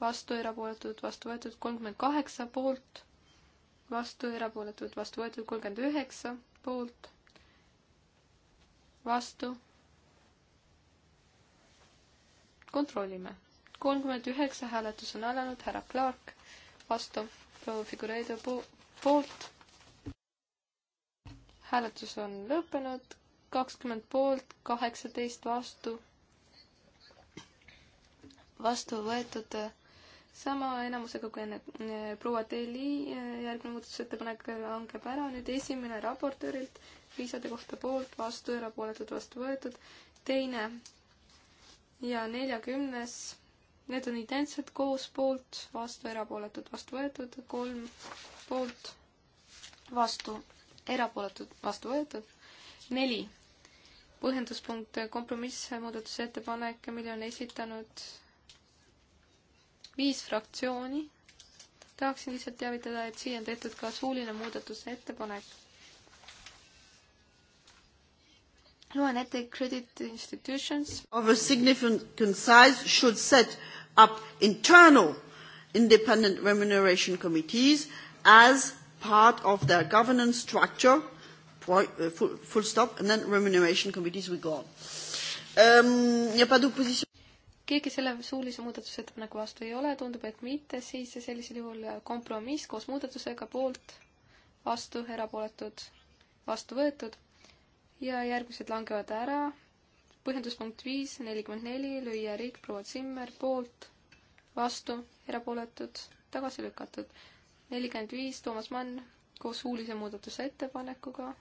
S1: vastu, erapooletud, vastu võetud, kolmkümmend kaheksa poolt vastu, erapooletud, vastu võetud kolmkümmend üheksa poolt, vastu. kontrollime. kolmkümmend üheksa hääletus on alanud, härra Clark vastu, proua Figureido poolt. hääletus on lõppenud, kakskümmend poolt, kaheksateist vastu. vastu võetud sama enamusega kui enne proua Teli järgmine muudatusettepanek langeb ära, nüüd esimene raportöörilt viisade kohta poolt, vastu, erapooletud, vastu võetud, teine ja neljakümnes, need on identsed koos poolt, vastu, erapooletud, vastu võetud, kolm poolt, vastu, erapooletud, vastu võetud, neli. põhjenduspunkt, kompromiss, muudatusettepanek, mille on esitanud viis fraktsiooni. tahaksin lihtsalt teavitada, et siia on tehtud ka suuline muudatusettepanek. loen ette credit institutions.
S3: of a significant size should set up internal independent remuneration committees as part of their governance structure point, uh, full, full stop and then remuneration committees we go on. Il um, n'y a pas d'opposition
S1: keegi selle suulise muudatusettepaneku vastu ei ole, tundub, et mitte, siis sellisel juhul kompromiss koos muudatusega poolt, vastu, erapooletud, vastu võetud ja järgmised langevad ära. põhjenduspunkt viis, nelikümmend neli, lüüa riik, proua Zimmer, poolt, vastu, erapooletud, tagasi lükatud. nelikümmend viis, Toomas Mann koos suulise muudatuse ettepanekuga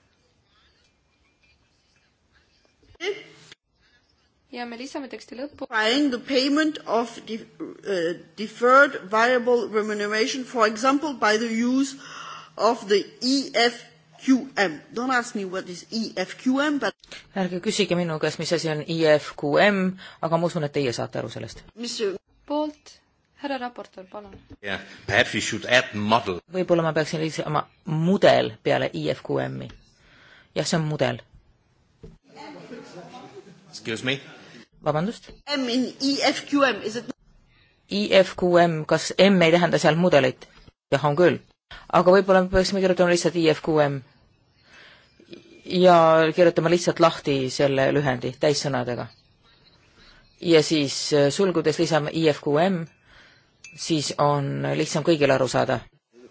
S3: ja me lisame teksti lõppu. The payment of de uh, deferred variable remuneration, for example by the use
S4: of the EFQM. Don't ask me what is EFQM but. ärge küsige minu käest, mis asi on EFQM, aga ma usun, et teie saate aru sellest. poolt härra raportöör, palun yeah.. võib-olla ma peaksin lisama mudel peale IFQM-i. E jah, see on mudel. Excuse me? vabandust?
S3: IFQM,
S4: e e kas M ei tähenda seal mudelit? jah, on küll. aga võib-olla me peaksime kirjutama lihtsalt IFQM. E ja kirjutama lihtsalt lahti selle lühendi täissõnadega. ja siis äh, sulgudes lisame IFQM, siis on lihtsam kõigil aru saada.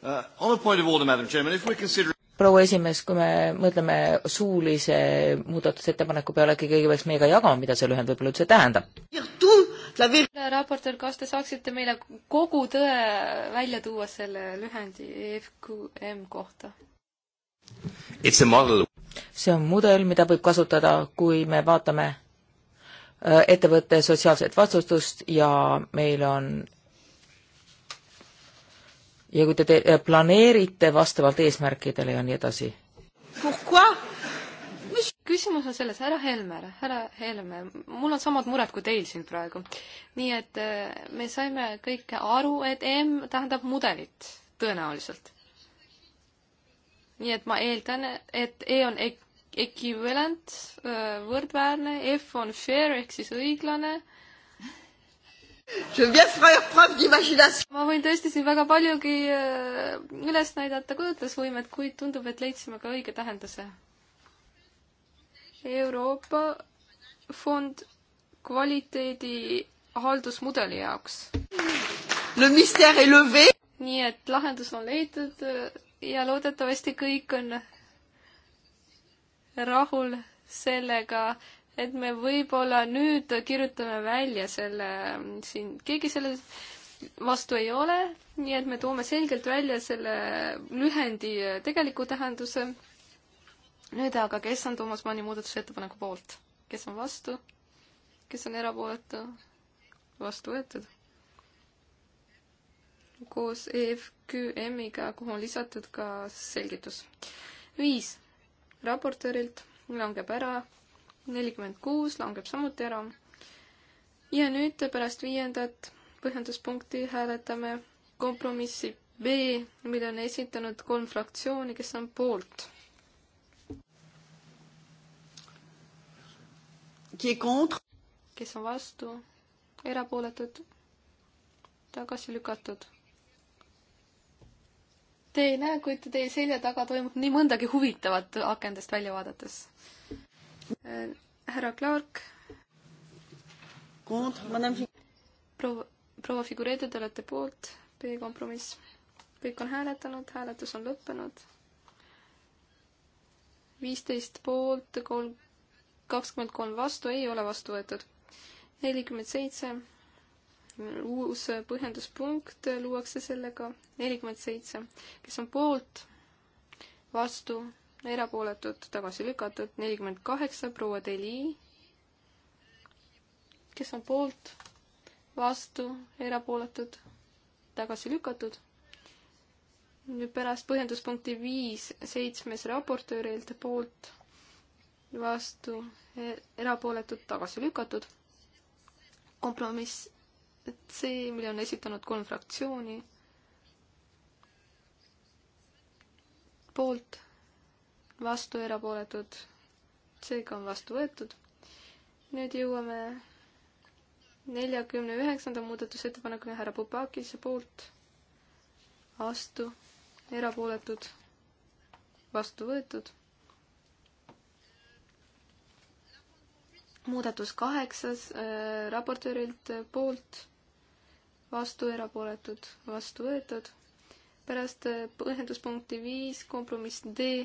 S3: Uh, on a point of order, Madam Chairman, if we're considering
S4: proua esimees, kui me mõtleme suulise muudatusettepaneku peale, äkki keegi peaks meiega jagama, mida see lühend võib-olla üldse tähendab?
S1: raportöör, kas te saaksite meile kogu tõe välja tuua selle lühendi EFQM kohta?
S4: see on mudel, mida võib kasutada, kui me vaatame äh, ettevõtte sotsiaalset vastutust ja meil on ja kui te, te äh, planeerite vastavalt eesmärkidele ja nii edasi.
S1: mis küsimus on selles, härra Helmer, härra Helmer, mul on samad mured kui teil siin praegu. nii et äh, me saime kõik aru, et M tähendab mudelit, tõenäoliselt. nii et ma eeldan, et E on ek-, equivalent, äh, võrdväärne, F on fair ehk siis õiglane ma võin tõesti siin väga paljugi äh, üles näidata kujutlusvõimet, kuid tundub, et leidsime ka õige tähenduse. Euroopa fond kvaliteedi haldusmudeli jaoks. nii et lahendus on leitud äh, ja loodetavasti kõik on rahul sellega, et me võib-olla nüüd kirjutame välja selle siin, keegi selle vastu ei ole, nii et me toome selgelt välja selle lühendi tegeliku tähenduse. nüüd aga, kes on Toomas Manni muudatusettepaneku poolt, kes on vastu, kes on erapooletu, vastu võetud? koos EFQM-iga, kuhu on lisatud ka selgitus. viis raportöörilt langeb ära nelikümmend kuus langeb samuti ära. ja nüüd pärast viiendat põhjenduspunkti hääletame kompromissi B, mille on esitanud kolm fraktsiooni, kes on poolt. kes on vastu, erapooletud, tagasi lükatud. Te ei näe, kuid teie selja taga toimub nii mõndagi huvitavat akendest välja vaadates härra Clark. proua, proua Figureedo, te olete poolt, B kompromiss. kõik on hääletanud, hääletus on lõppenud. viisteist poolt, kolm, kakskümmend kolm vastu, ei ole vastu võetud. nelikümmend seitse uus põhjenduspunkt luuakse sellega, nelikümmend seitse, kes on poolt, vastu, erapooletud, tagasi lükatud, nelikümmend kaheksa, proua Deli. kes on poolt, vastu, erapooletud, tagasi lükatud. nüüd pärast põhjenduspunkti viis, seitsmes raportöörilt poolt, vastu, e-, erapooletud, tagasi lükatud. kompromiss C, mille on esitanud kolm fraktsiooni. poolt vastu erapooletud, seega on vastu võetud. nüüd jõuame neljakümne üheksanda muudatusettepanekuni härra Pupakise poolt, vastu, erapooletud, vastu võetud. muudatus kaheksas äh, raportöörilt poolt, vastu, erapooletud, vastu võetud. pärast äh, põhjenduspunkti viis kompromiss D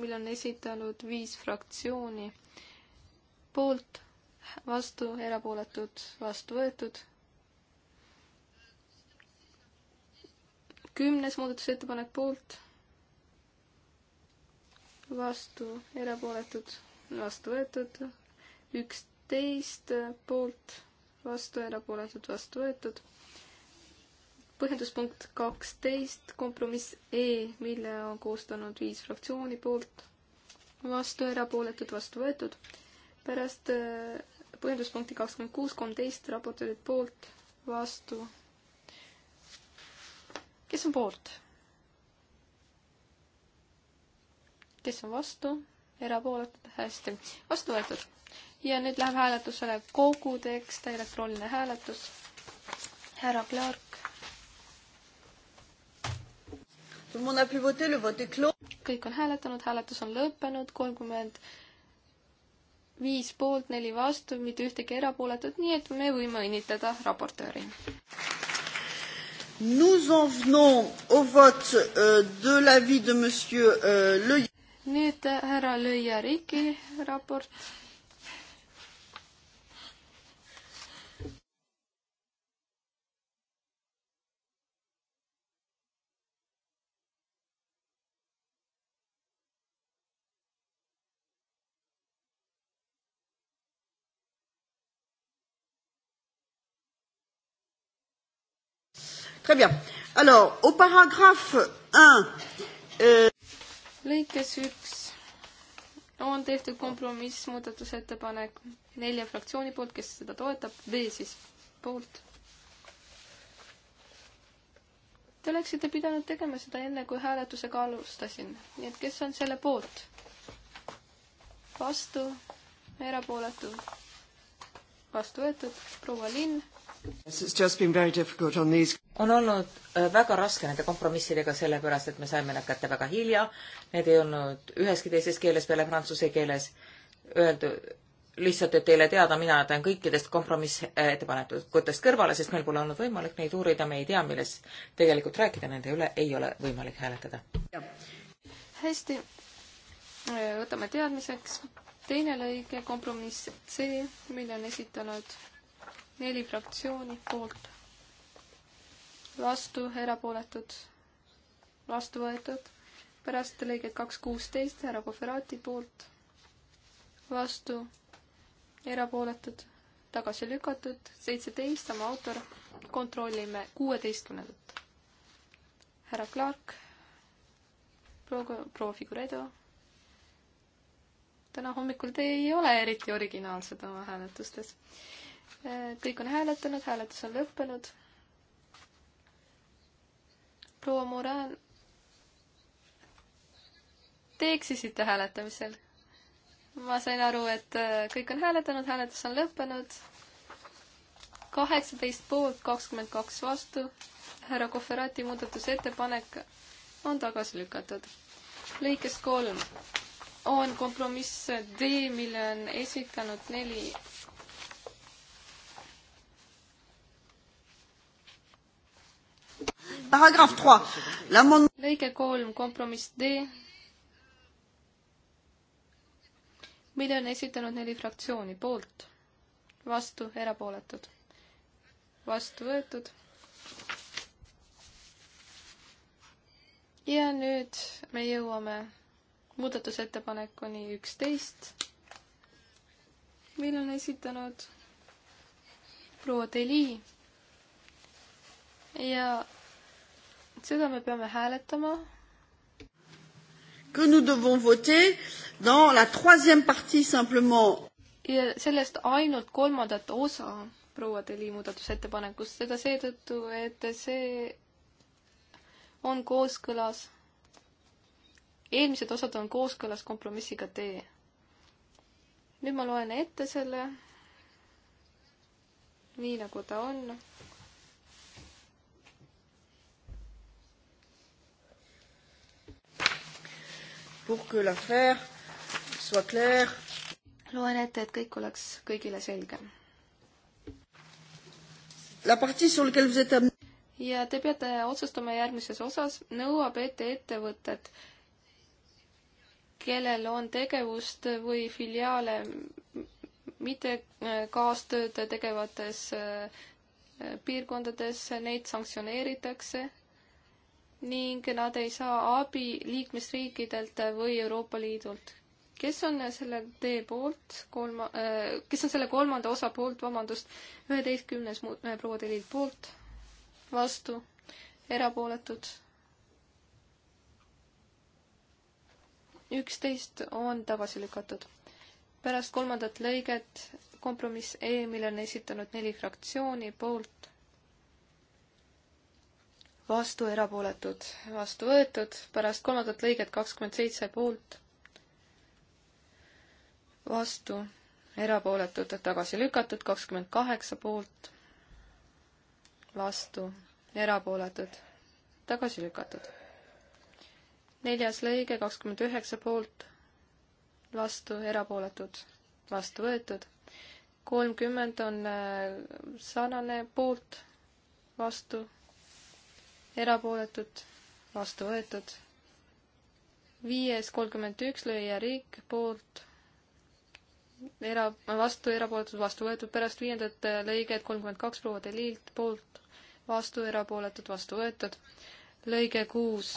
S1: mille on esitanud viis fraktsiooni. poolt, vastu, erapooletud, vastu võetud. kümnes muudatusettepanek poolt, vastu, erapooletud, vastu võetud. üksteist poolt, vastu, erapooletud, vastu võetud põhjenduspunkt kaksteist, kompromiss E, mille on koostanud viis fraktsiooni poolt, vastu erapooletud, vastu võetud. pärast äh, põhjenduspunkti kakskümmend kuus, kolmteist raportöörid poolt, vastu. kes on poolt? kes on vastu? erapooletud, hästi, vastu võetud. ja nüüd läheb hääletusele kogu tekst, elektrooniline hääletus. härra Clark kõik on hääletanud, hääletus on lõppenud, kolmkümmend viis poolt, neli vastu, mitte ühtegi erapooletut, nii et me võime õnnitleda raportööri.
S3: Nous en venons au vote euh, de l'avis de monsieur euh, Le
S1: nüüd äh, härra Lõia Riki raport
S3: Très bien. Alors, au paragraphe 1.
S1: Euh... lõikes üks on tehtud kompromiss, muudatusettepanek nelja fraktsiooni poolt, kes seda toetab, V siis poolt. Te oleksite pidanud tegema seda enne, kui hääletusega alustasin, nii et kes on selle poolt? vastu, erapooletu, vastu võetud, proua Linn
S4: on olnud äh, väga raske nende kompromissidega, sellepärast et me saime nad kätte väga hilja, need ei olnud üheski teises keeles peale prantsuse keeles öeldu, lihtsalt, et teile teada, mina jätan kõikidest kompromissettepanekutest kõrvale, sest meil pole olnud võimalik neid uurida, me ei tea, millest tegelikult rääkida, nende üle ei ole võimalik hääletada.
S1: hästi, võtame teadmiseks. teine lõige, kompromiss C, mille on esitanud neli fraktsiooni poolt, vastu, erapooletud, vastu võetud. pärast lõiget kaks kuusteist härra Pofferati poolt, vastu, erapooletud, tagasi lükatud, seitseteist, sama autor, kontrollime kuueteistkümnendat. härra Clark, proua, proua Figuredo täna hommikul te ei ole eriti originaalsed oma hääletustes kõik on hääletanud, hääletus on lõppenud. proua Moran, te eksisite hääletamisel. ma sain aru, et äh, kõik on hääletanud, hääletus on lõppenud. kaheksateist poolt, kakskümmend kaks vastu. härra Kohverati muudatusettepanek on tagasi lükatud. lõikes kolm on kompromiss D, mille on esitanud neli
S3: paragrahv kolm.
S1: lõige kolm, kompromiss D, mille on esitanud neli fraktsiooni poolt, vastu, erapooletud, vastu võetud. ja nüüd me jõuame muudatusettepanekuni üksteist, mille on esitanud proua Deli ja seda me peame hääletama.
S3: Que nous devons voter dans la troisième partie simplement.
S1: ja sellest ainult kolmandat osa proua Teli muudatusettepanekust, seda seetõttu, et see on kooskõlas, eelmised osad on kooskõlas kompromissiga D. nüüd ma loen ette selle, nii nagu ta on
S3: pour que l'affaire soit claire. loen ette,
S1: et kõik oleks kõigile selge.
S3: La partie sur laquelle vous
S1: êtes am- ja te peate otsustama järgmises osas, nõuab ette ettevõtted, kellel on tegevust või filiaale mitte äh, kaastööd tegevates äh, piirkondades, neid sanktsioneeritakse ning nad ei saa abi liikmesriikidelt või Euroopa Liidult. kes on selle tee poolt, kolma- äh,, kes on selle kolmanda osa poolt, vabandust, üheteistkümnes äh, proua Telilt poolt, vastu, erapooletud. üksteist on tagasi lükatud. pärast kolmandat lõiget kompromiss E, mille on esitanud neli fraktsiooni poolt vastu erapooletud, vastu võetud, pärast kolmandat lõiget kakskümmend seitse poolt, vastu erapooletud, tagasi lükatud, kakskümmend kaheksa poolt, vastu erapooletud, tagasi lükatud. neljas lõige kakskümmend üheksa poolt, vastu erapooletud, vastu võetud, kolmkümmend on äh, sarnane poolt, vastu erapooletud, vastu võetud. viies kolmkümmend üks lööja riik poolt, era-, vastu, erapooletud, vastu võetud, pärast viiendat lõiget kolmkümmend kaks proua Delilt poolt, vastu, erapooletud, vastu võetud. lõige kuus,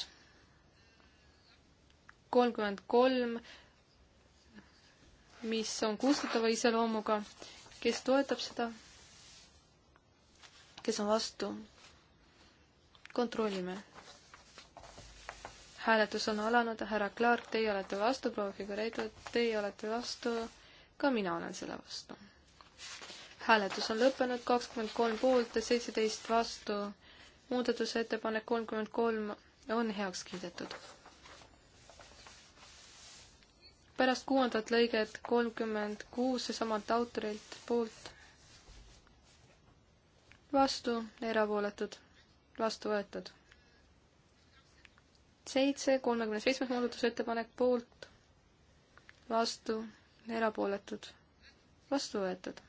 S1: kolmkümmend kolm, mis on kustutava iseloomuga, kes toetab seda, kes on vastu, kontrollime. hääletus on alanud, härra Clark, teie olete vastu, proua Figureido, teie olete vastu, ka mina olen selle vastu. hääletus on lõppenud, kakskümmend kolm poolt, seitseteist vastu, muudatusettepanek kolmkümmend kolm on heaks kiidetud. pärast kuuendat lõiget kolmkümmend kuus seesamalt autorilt poolt, vastu, erapooletud vastu võetud. seitse, kolmekümne seitsmes muudatusettepanek poolt, vastu, erapooletud, vastu võetud.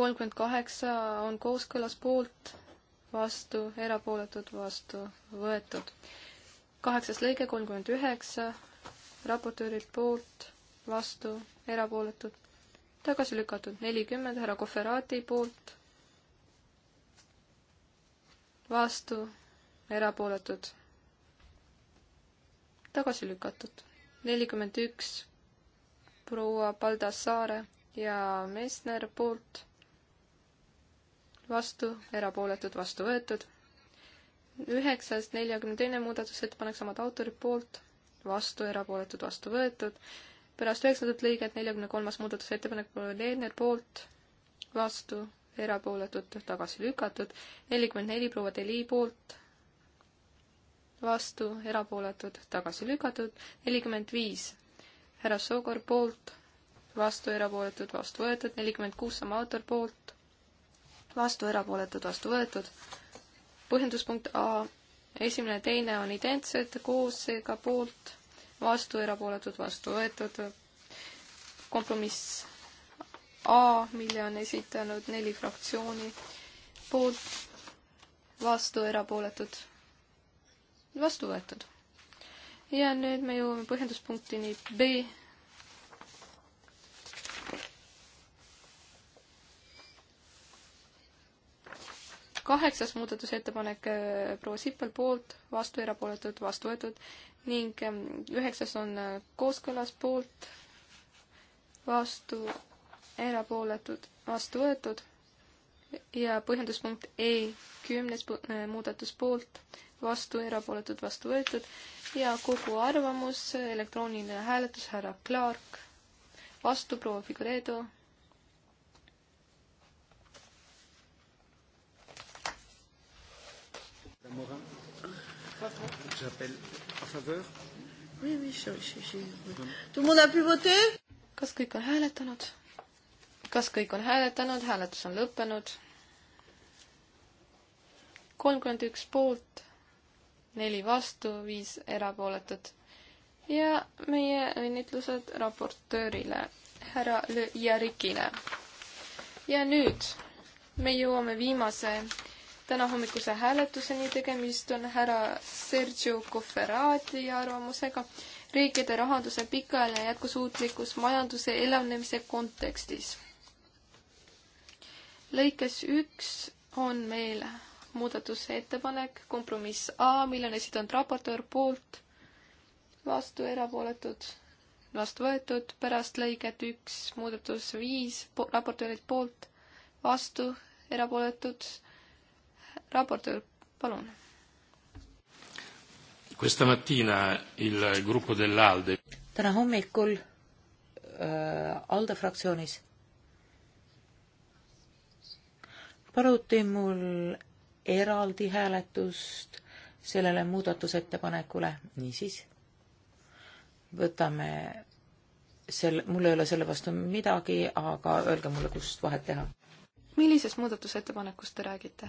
S1: kolmkümmend kaheksa on kooskõlas poolt, vastu, erapooletud, vastu võetud. kaheksas lõige kolmkümmend üheksa, raportöörilt poolt, vastu, erapooletud, tagasi lükatud nelikümmend härra Kohverati poolt, vastu, erapooletud, tagasi lükatud. nelikümmend üks proua Paldassaare ja Messner poolt, vastu, erapooletud, vastu võetud. üheksas, neljakümne teine muudatusettepanek, samad autorid poolt, vastu, erapooletud, vastu võetud. pärast üheksandat lõiget neljakümne kolmas muudatusettepanek, Leener poolt, vastu, erapooletud, tagasi lükatud, nelikümmend neli proua Deli poolt, vastu, erapooletud, tagasi lükatud, nelikümmend viis härra Soogor poolt, vastu, erapooletud, vastu võetud, nelikümmend kuus sama autor poolt, vastu, erapooletud, vastu võetud. põhjenduspunkt A, esimene ja teine on identsed, koos seega poolt, vastu, erapooletud, vastu võetud. kompromiss A, mille on esitanud neli fraktsiooni poolt, vastu, erapooletud, vastu võetud. ja nüüd me jõuame põhjenduspunktini B. kaheksas muudatusettepanek äh, proua Sippel poolt, vastu, erapooletud, vastu võetud ning ähm, üheksas on äh, kooskõlas poolt, vastu, erapooletud, vastu võetud ja põhjenduspunkt E, kümnes äh, muudatus poolt, vastu, erapooletud, vastu võetud ja kogu arvamus, elektrooniline hääletus, härra Clark, vastu proua Figuredo. kas kõik on hääletanud? kas kõik on hääletanud, hääletus on lõppenud. kolmkümmend üks poolt, neli vastu, viis erapooletut. ja meie õnnitlused raportöörile, härra Le Järikile. ja nüüd me jõuame viimase tänahommikuse hääletuseni, tegemist on härra Sergio Cofferati arvamusega riikide rahanduse pikaajaline jätkusuutlikkus majanduse elavnemise kontekstis lõikes üks on meil muudatusettepanek, kompromiss A, mille on esitanud raportöör poolt, vastu erapooletud, vastu võetud, pärast lõiget üks, muudatus viis, raportöörid poolt, vastu erapooletud, raportöör, palun.
S4: Questa mattina il gruppo dell'Alde. täna hommikul äh, ALDE fraktsioonis paluti mul eraldi hääletust sellele muudatusettepanekule, niisiis võtame sel-, mul ei ole selle vastu midagi, aga öelge mulle, kust vahet teha. millisest muudatusettepanekust te räägite?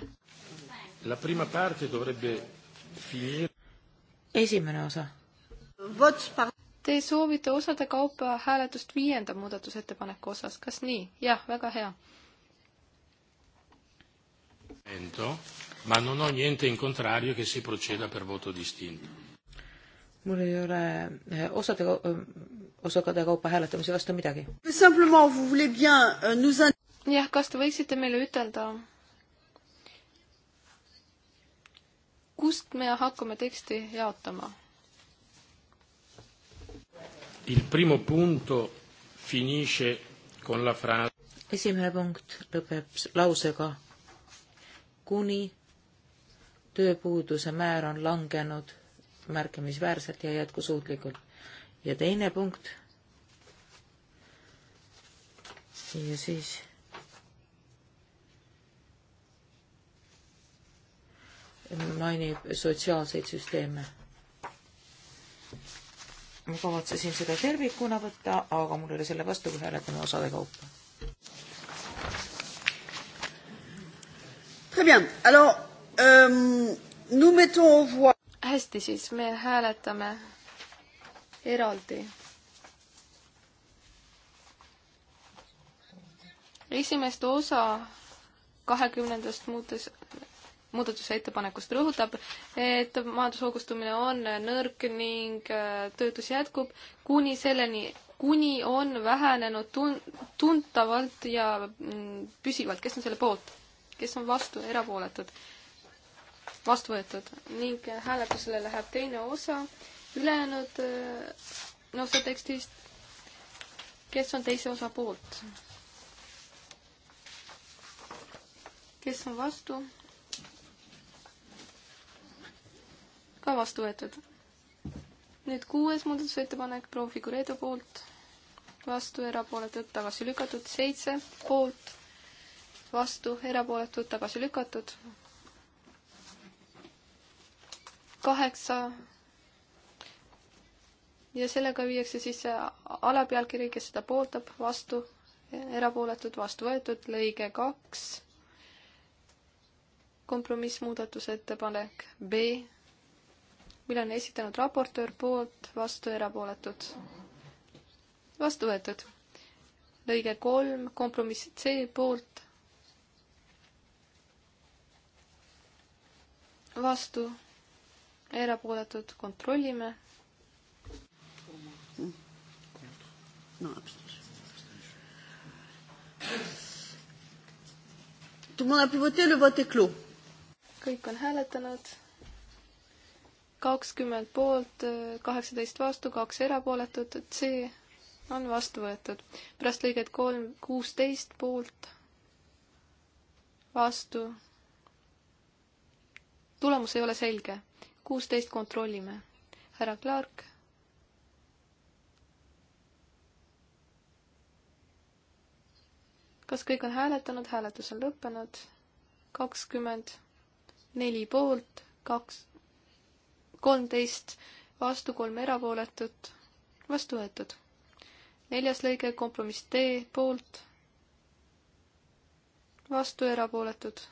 S4: esimene osa.
S1: Te soovite osade kaupa hääletust viienda muudatusettepaneku osas, kas nii? jah, väga hea ma non ho niente in contrario che si proceda
S4: per voto distinto. mul ei ole eh, osade, eh, osakade kaupa hääletamise vastu midagi. Euh,
S1: jah, kas te võiksite meile ütelda, kust me hakkame teksti jaotama? Il primo punto finisce con la frase
S4: esimene punkt lõpeb lausega kuni tööpuuduse määr on langenud märkimisväärselt ja jätkusuutlikult. ja teine punkt. ja siis mainib sotsiaalseid süsteeme. ma kavatsesin seda tervikuna võtta, aga mul oli selle vastu, kui hääletame osade kaupa.
S3: Très bien. Alors, euh, nous mettons
S1: au voie. hästi, siis me hääletame eraldi. esimest osa kahekümnendast muutes, muudatusettepanekust rõhutab, et majandushoogustumine on nõrk ning äh, töötus jätkub kuni selleni, kuni on vähenenud tun-, tuntavalt ja mm, püsivalt. kes on selle poolt? kes on vastu, erapooletud, vastu võetud ning hääletusele läheb teine osa ülejäänud äh, osa noh, tekstist, kes on teise osa poolt. kes on vastu? ka vastu võetud. nüüd kuues muudatusettepanek proua Figureedo poolt, vastu erapooletult tagasi lükatud, seitse poolt vastu, erapooletud, tagasi lükatud. kaheksa. ja sellega viiakse sisse alapealkiri, kes seda pooldab, vastu, erapooletud, vastu võetud, lõige kaks. kompromissmuudatusettepanek B, mille on esitanud raportöör poolt, vastu, erapooletud, vastu võetud lõige kolm, kompromiss C poolt, vastu, erapooletud, kontrollime.
S3: no abstus. kõik on hääletanud
S1: kakskümmend poolt, kaheksateist vastu, kaks erapooletut, et see on vastu võetud. pärast lõiget kolm, kuusteist poolt, vastu, tulemus ei ole selge. kuusteist kontrollime. härra Clark. kas kõik on hääletanud, hääletus on lõppenud. kakskümmend neli poolt, kaks, kolmteist vastu, kolm erapooletut, vastu võetud. neljas lõige, kompromiss D poolt, vastu erapooletud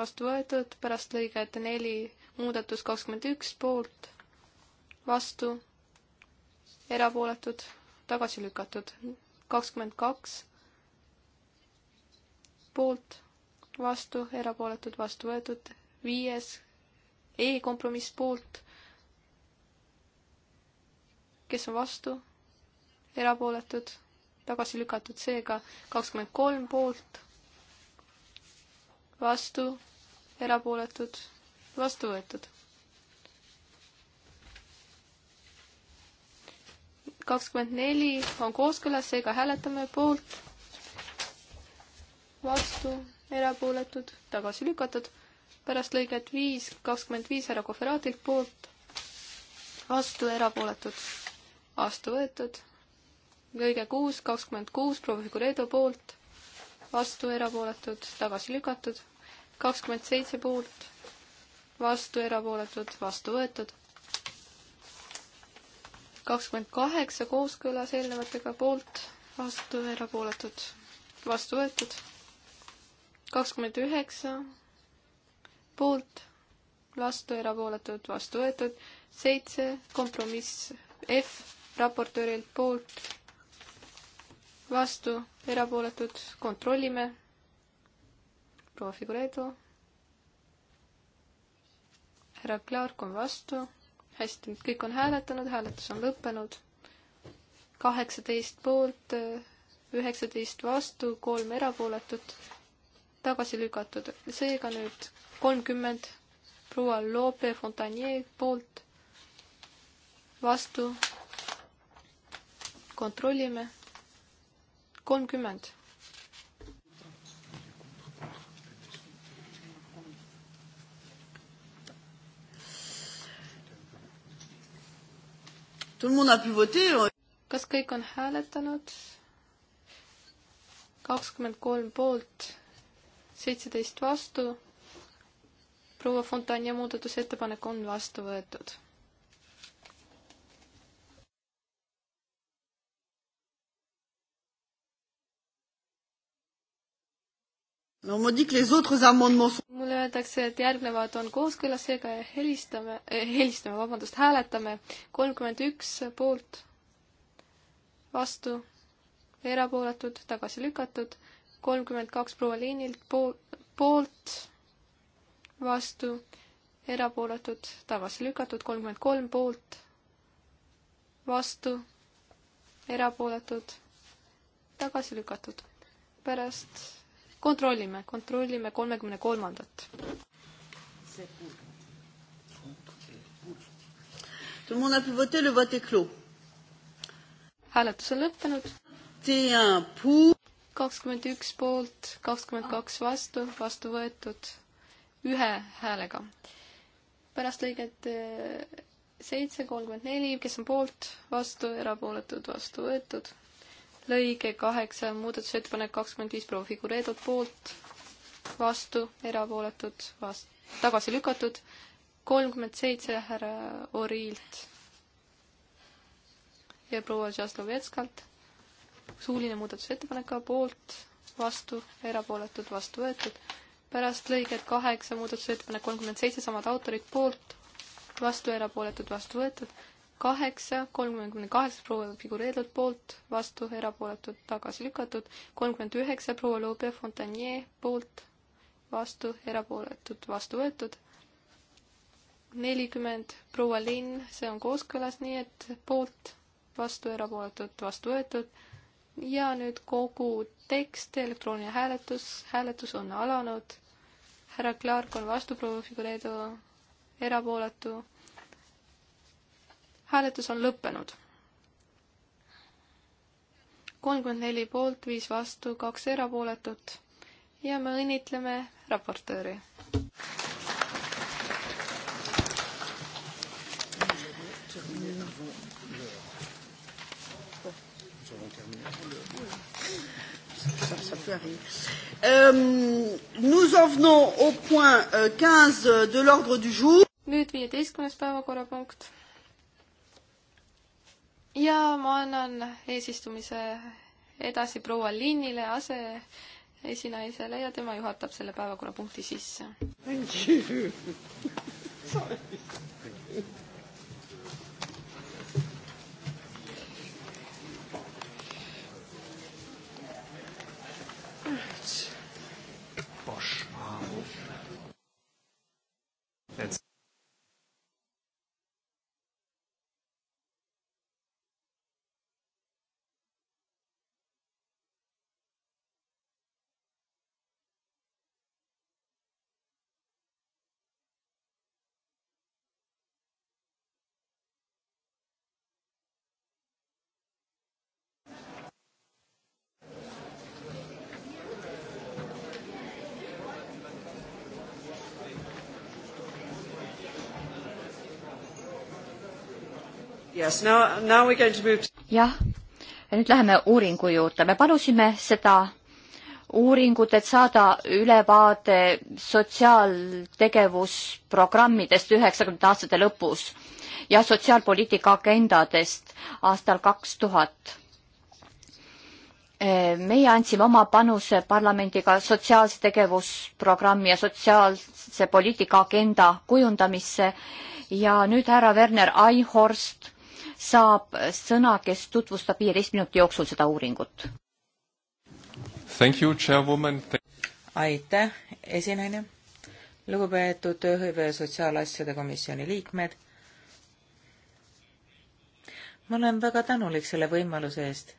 S1: vastu võetud, pärast lõiget neli muudatus kakskümmend üks poolt, vastu, erapooletud, tagasi lükatud, kakskümmend kaks poolt, vastu, erapooletud, vastu võetud, viies E-kompromiss poolt, kes on vastu, erapooletud, tagasi lükatud, seega kakskümmend kolm poolt vastu, erapooletud, vastu võetud. kakskümmend neli on kooskõlas, seega hääletame poolt, vastu, erapooletud, tagasi lükatud. pärast lõiget viis, kakskümmend viis härra Kohveraatilt poolt, vastu, erapooletud, vastu võetud. lõige kuus, kakskümmend kuus proua Figureedo poolt, vastu, erapooletud, tagasi lükatud kakskümmend seitse poolt, vastu erapooletud, vastu võetud. kakskümmend kaheksa kooskõlas eelnevatega poolt, vastu erapooletud, vastu võetud. kakskümmend üheksa poolt, vastu erapooletud, vastu võetud. seitse kompromiss F raportöörilt poolt, vastu erapooletud, kontrollime proua Figuredo. härra Clark on vastu. hästi, nüüd kõik on hääletanud, hääletus on lõppenud. kaheksateist poolt, üheksateist vastu, kolm erapooletut, tagasi lükatud. seega nüüd kolmkümmend proua Lope Fontanier poolt, vastu. kontrollime. kolmkümmend kas kõik on hääletanud? kakskümmend kolm poolt, seitseteist vastu. proua Fontanja muudatusettepanek on vastu võetud
S3: no ma dic les autres amendements sont...
S1: mulle öeldakse, et järgnevad on kooskõlas, seega helistame eh,, helistame, vabandust, hääletame kolmkümmend üks poolt, vastu, erapooletud, tagasi lükatud, kolmkümmend kaks proua liinilt pool, poolt, vastu, erapooletud, tagasi lükatud, kolmkümmend kolm poolt, vastu, erapooletud, tagasi lükatud. pärast kontrollime, kontrollime kolmekümne kolmandat. hääletus on lõppenud. kakskümmend üks poolt, kakskümmend kaks vastu, vastu võetud ühe häälega. pärast lõiget eh, seitse, kolmkümmend neli, kes on poolt, vastu, erapooletud, vastu võetud lõige kaheksa, muudatusettepanek kakskümmend viis, proua Figureedot poolt, vastu, erapooletud, vast-, tagasi lükatud, kolmkümmend seitse härra Oriilt ja proua Žaslovetskalt, suuline muudatusettepanek ka poolt, vastu, erapooletud, vastu võetud, pärast lõiget kaheksa, muudatusettepanek kolmkümmend seitse, samad autorid poolt, vastu, erapooletud, vastu võetud, kaheksa, kolmekümne kaheksa proua figureeritud poolt, vastu erapooletud, tagasi lükatud, kolmkümmend üheksa proua Lobe Fontanier poolt, vastu erapooletud, vastu võetud, nelikümmend proua Linn, see on kooskõlas, nii et poolt, vastu erapooletud, vastu võetud ja nüüd kogu tekst, elektrooniline hääletus, hääletus on alanud, härra Clark on vastu, proua figureeritud, erapooletu hääletus on lõppenud. kolmkümmend neli poolt, viis vastu, kaks erapooletut ja me õnnitleme raportööri.
S3: Ça, ça peut arriver. Euh, nous en venons au point euh, 15 de l'ordre du jour.
S1: Nüüd 15. päevakorrapunkt ja ma annan eesistumise edasi proua Linnile, aseesinaisele ja tema juhatab selle päevakorrapunkti sisse.
S3: jah,
S2: nüüd läheme uuringu juurde, me palusime seda uuringut, et saada ülevaade sotsiaaltegevusprogrammidest üheksakümnendate aastate lõpus ja sotsiaalpoliitika agendadest aastal kaks tuhat. meie andsime oma panuse parlamendiga sotsiaalse tegevusprogrammi ja sotsiaalse poliitika agenda kujundamisse ja nüüd härra Werner Einhorst saab sõna, kes tutvustab viieteist minuti jooksul seda uuringut.
S4: aitäh, esinaine. lugupeetud tööhõive ja sotsiaalasjade komisjoni liikmed. ma olen väga tänulik selle võimaluse eest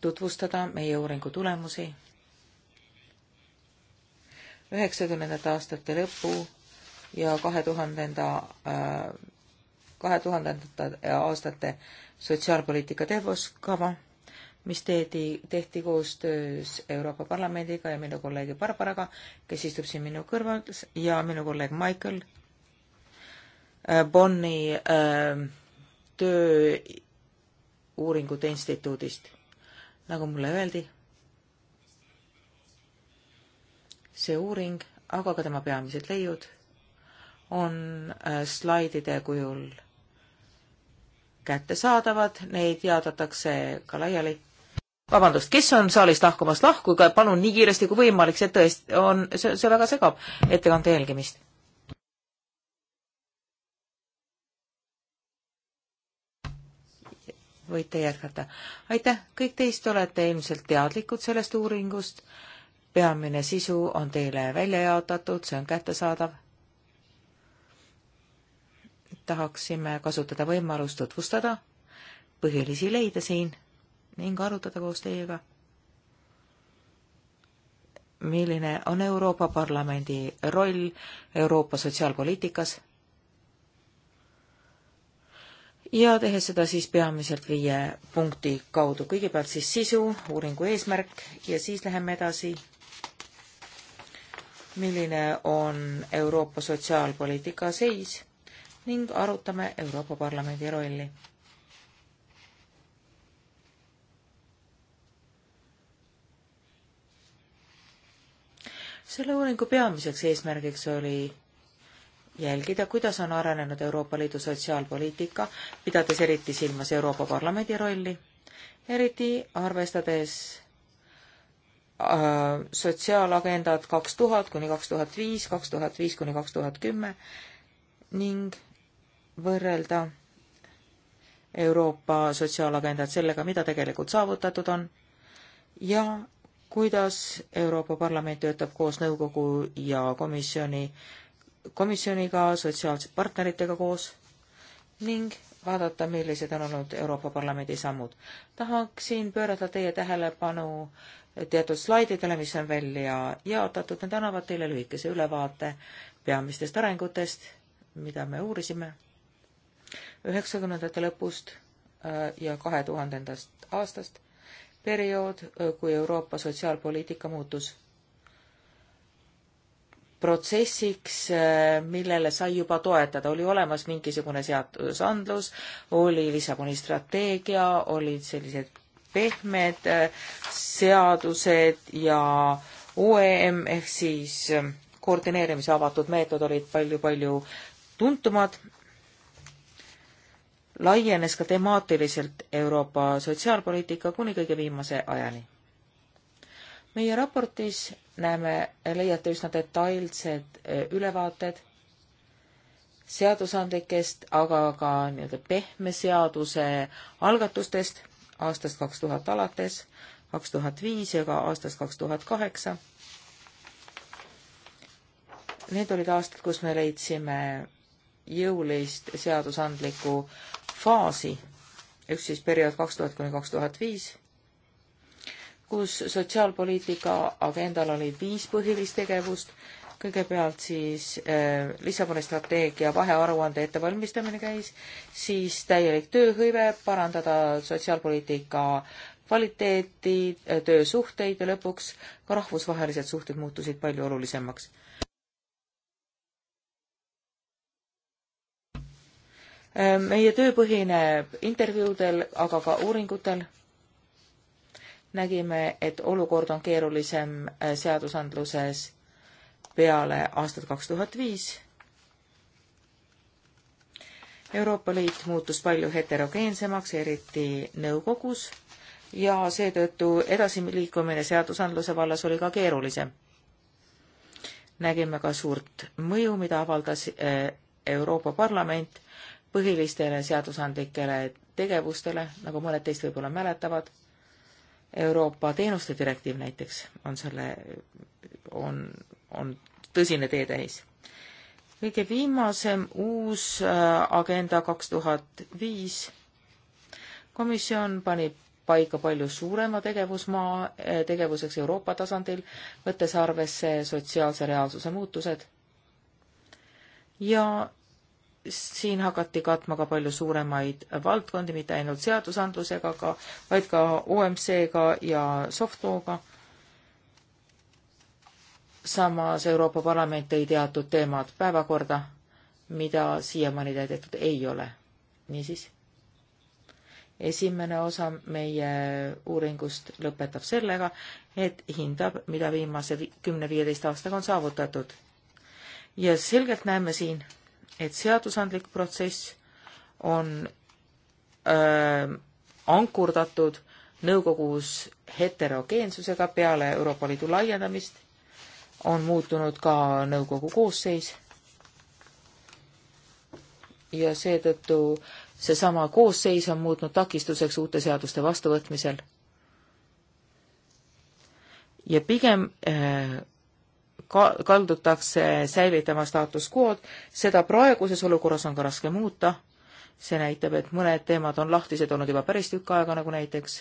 S4: tutvustada meie uuringu tulemusi üheksakümnendate aastate lõpu ja kahe tuhandenda äh, kahe tuhandendate aastate sotsiaalpoliitika tegevuskava, mis teedi, tehti koostöös Euroopa Parlamendiga ja minu kolleegi Barbaraga, kes istub siin minu kõrval, ja minu kolleeg Michael äh, Bonni äh, Tööuuringute Instituudist. nagu mulle öeldi, see uuring, aga ka tema peamised leiud on äh, slaidide kujul kättesaadavad, neid jaotatakse ka laiali. vabandust, kes on saalist lahkumas, lahkuge palun nii kiiresti kui võimalik, see tõesti on, see, see väga segab ettekande jälgimist võite jätkata. aitäh, kõik teist olete ilmselt teadlikud sellest uuringust. peamine sisu on teile välja jaotatud, see on kättesaadav tahaksime kasutada võimalust tutvustada põhilisi leide siin ning arutada koos teiega, milline on Euroopa Parlamendi roll Euroopa sotsiaalpoliitikas ja tehes seda siis peamiselt viie punkti kaudu. kõigepealt siis sisu, uuringu eesmärk ja siis läheme edasi. milline on Euroopa sotsiaalpoliitika seis ning arutame Euroopa Parlamendi rolli. selle uuringu peamiseks eesmärgiks oli jälgida, kuidas on arenenud Euroopa Liidu sotsiaalpoliitika, pidades eriti silmas Euroopa Parlamendi rolli, eriti arvestades äh, sotsiaalagendat kaks tuhat kuni kaks tuhat viis, kaks tuhat viis kuni kaks tuhat kümme ning võrrelda Euroopa sotsiaalagendat sellega, mida tegelikult saavutatud on ja kuidas Euroopa Parlament töötab koos nõukogu ja komisjoni, komisjoniga, sotsiaalsete partneritega koos ning vaadata, millised on olnud Euroopa Parlamendi sammud. tahaksin pöörata teie tähelepanu teatud slaididele, mis on välja jaotatud, need annavad teile lühikese ülevaate peamistest arengutest, mida me uurisime üheksakümnendate lõpust äh, ja kahe tuhandendast aastast, periood, äh, kui Euroopa sotsiaalpoliitika muutus protsessiks, äh, millele sai juba toetada, oli olemas mingisugune seadusandlus, oli Lissaboni strateegia, olid sellised pehmed seadused ja OEM ehk siis koordineerimise avatud meetod olid palju-palju tuntumad laienes ka temaatiliselt Euroopa sotsiaalpoliitika kuni kõige viimase ajani. meie raportis näeme, leiate üsna detailsed e, ülevaated seadusandlikest, aga ka nii-öelda pehme seaduse algatustest aastast kaks tuhat alates, kaks tuhat viis ja ka aastast kaks tuhat kaheksa. Need olid aastad, kus me leidsime jõulist seadusandlikku faasi, üks siis periood kaks tuhat kuni kaks tuhat viis, kus sotsiaalpoliitika agendal oli viis põhilist tegevust, kõigepealt siis äh, Lissaboni strateegia vahearuande ettevalmistamine käis, siis täielik tööhõive, parandada sotsiaalpoliitika kvaliteeti, äh, töösuhteid ja lõpuks ka rahvusvahelised suhted muutusid palju olulisemaks Ehm, meie töö põhineb intervjuudel, aga ka uuringutel. nägime, et olukord on keerulisem eh, seadusandluses peale aastat kaks tuhat viis. Euroopa Liit muutus palju heterogeensemaks, eriti nõukogus ja seetõttu edasiliikumine seadusandluse vallas oli ka keerulisem. nägime ka suurt mõju, mida avaldas eh, Euroopa Parlament põhilistele seadusandlikele tegevustele, nagu mõned teist võib-olla mäletavad. Euroopa teenuste direktiiv näiteks on selle, on, on tõsine teetäis. kõige viimasem uus äh, agenda kaks tuhat viis. komisjon pani paika palju suurema tegevusmaa äh, tegevuseks Euroopa tasandil, võttes arvesse sotsiaalse reaalsuse muutused ja siin hakati katma ka palju suuremaid valdkondi, mitte ainult seadusandlusega, aga vaid ka OMC-ga ja Softloga. samas Euroopa Parlament tõi teatud teemad päevakorda, mida siiamaani täidetud ei ole. niisiis, esimene osa meie uuringust lõpetab sellega, et hindab, mida viimase kümne-viieteist aastaga on saavutatud. ja selgelt näeme siin et seadusandlik protsess on öö, ähm, ankurdatud nõukogus heterogeensusega peale Euroopa Liidu laiendamist, on muutunud ka nõukogu koosseis ja seetõttu seesama koosseis on muutnud takistuseks uute seaduste vastuvõtmisel. ja pigem äh, ka-, kaldutakse säilitama staatus quo'd, seda praeguses olukorras on ka raske muuta, see näitab, et mõned teemad on lahtised olnud juba päris tükk aega, nagu näiteks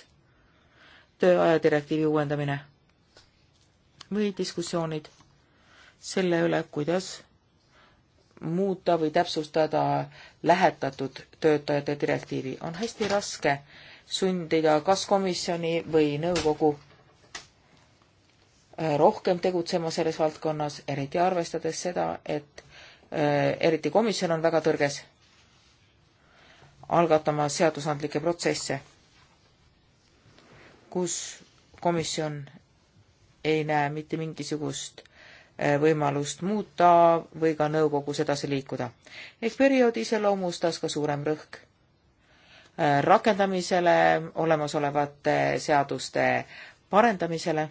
S4: tööaja direktiivi uuendamine või diskussioonid selle üle, kuidas muuta või täpsustada lähetatud töötajate direktiivi. on hästi raske sundida kas komisjoni või nõukogu Äh, rohkem tegutsema selles valdkonnas, eriti arvestades seda, et äh, eriti komisjon on väga tõrges algatama seadusandlikke protsesse, kus komisjon ei näe mitte mingisugust äh, võimalust muuta või ka nõukogus edasi liikuda. ehk perioodi iseloomustas ka suurem rõhk rakendamisele, olemasolevate seaduste parendamisele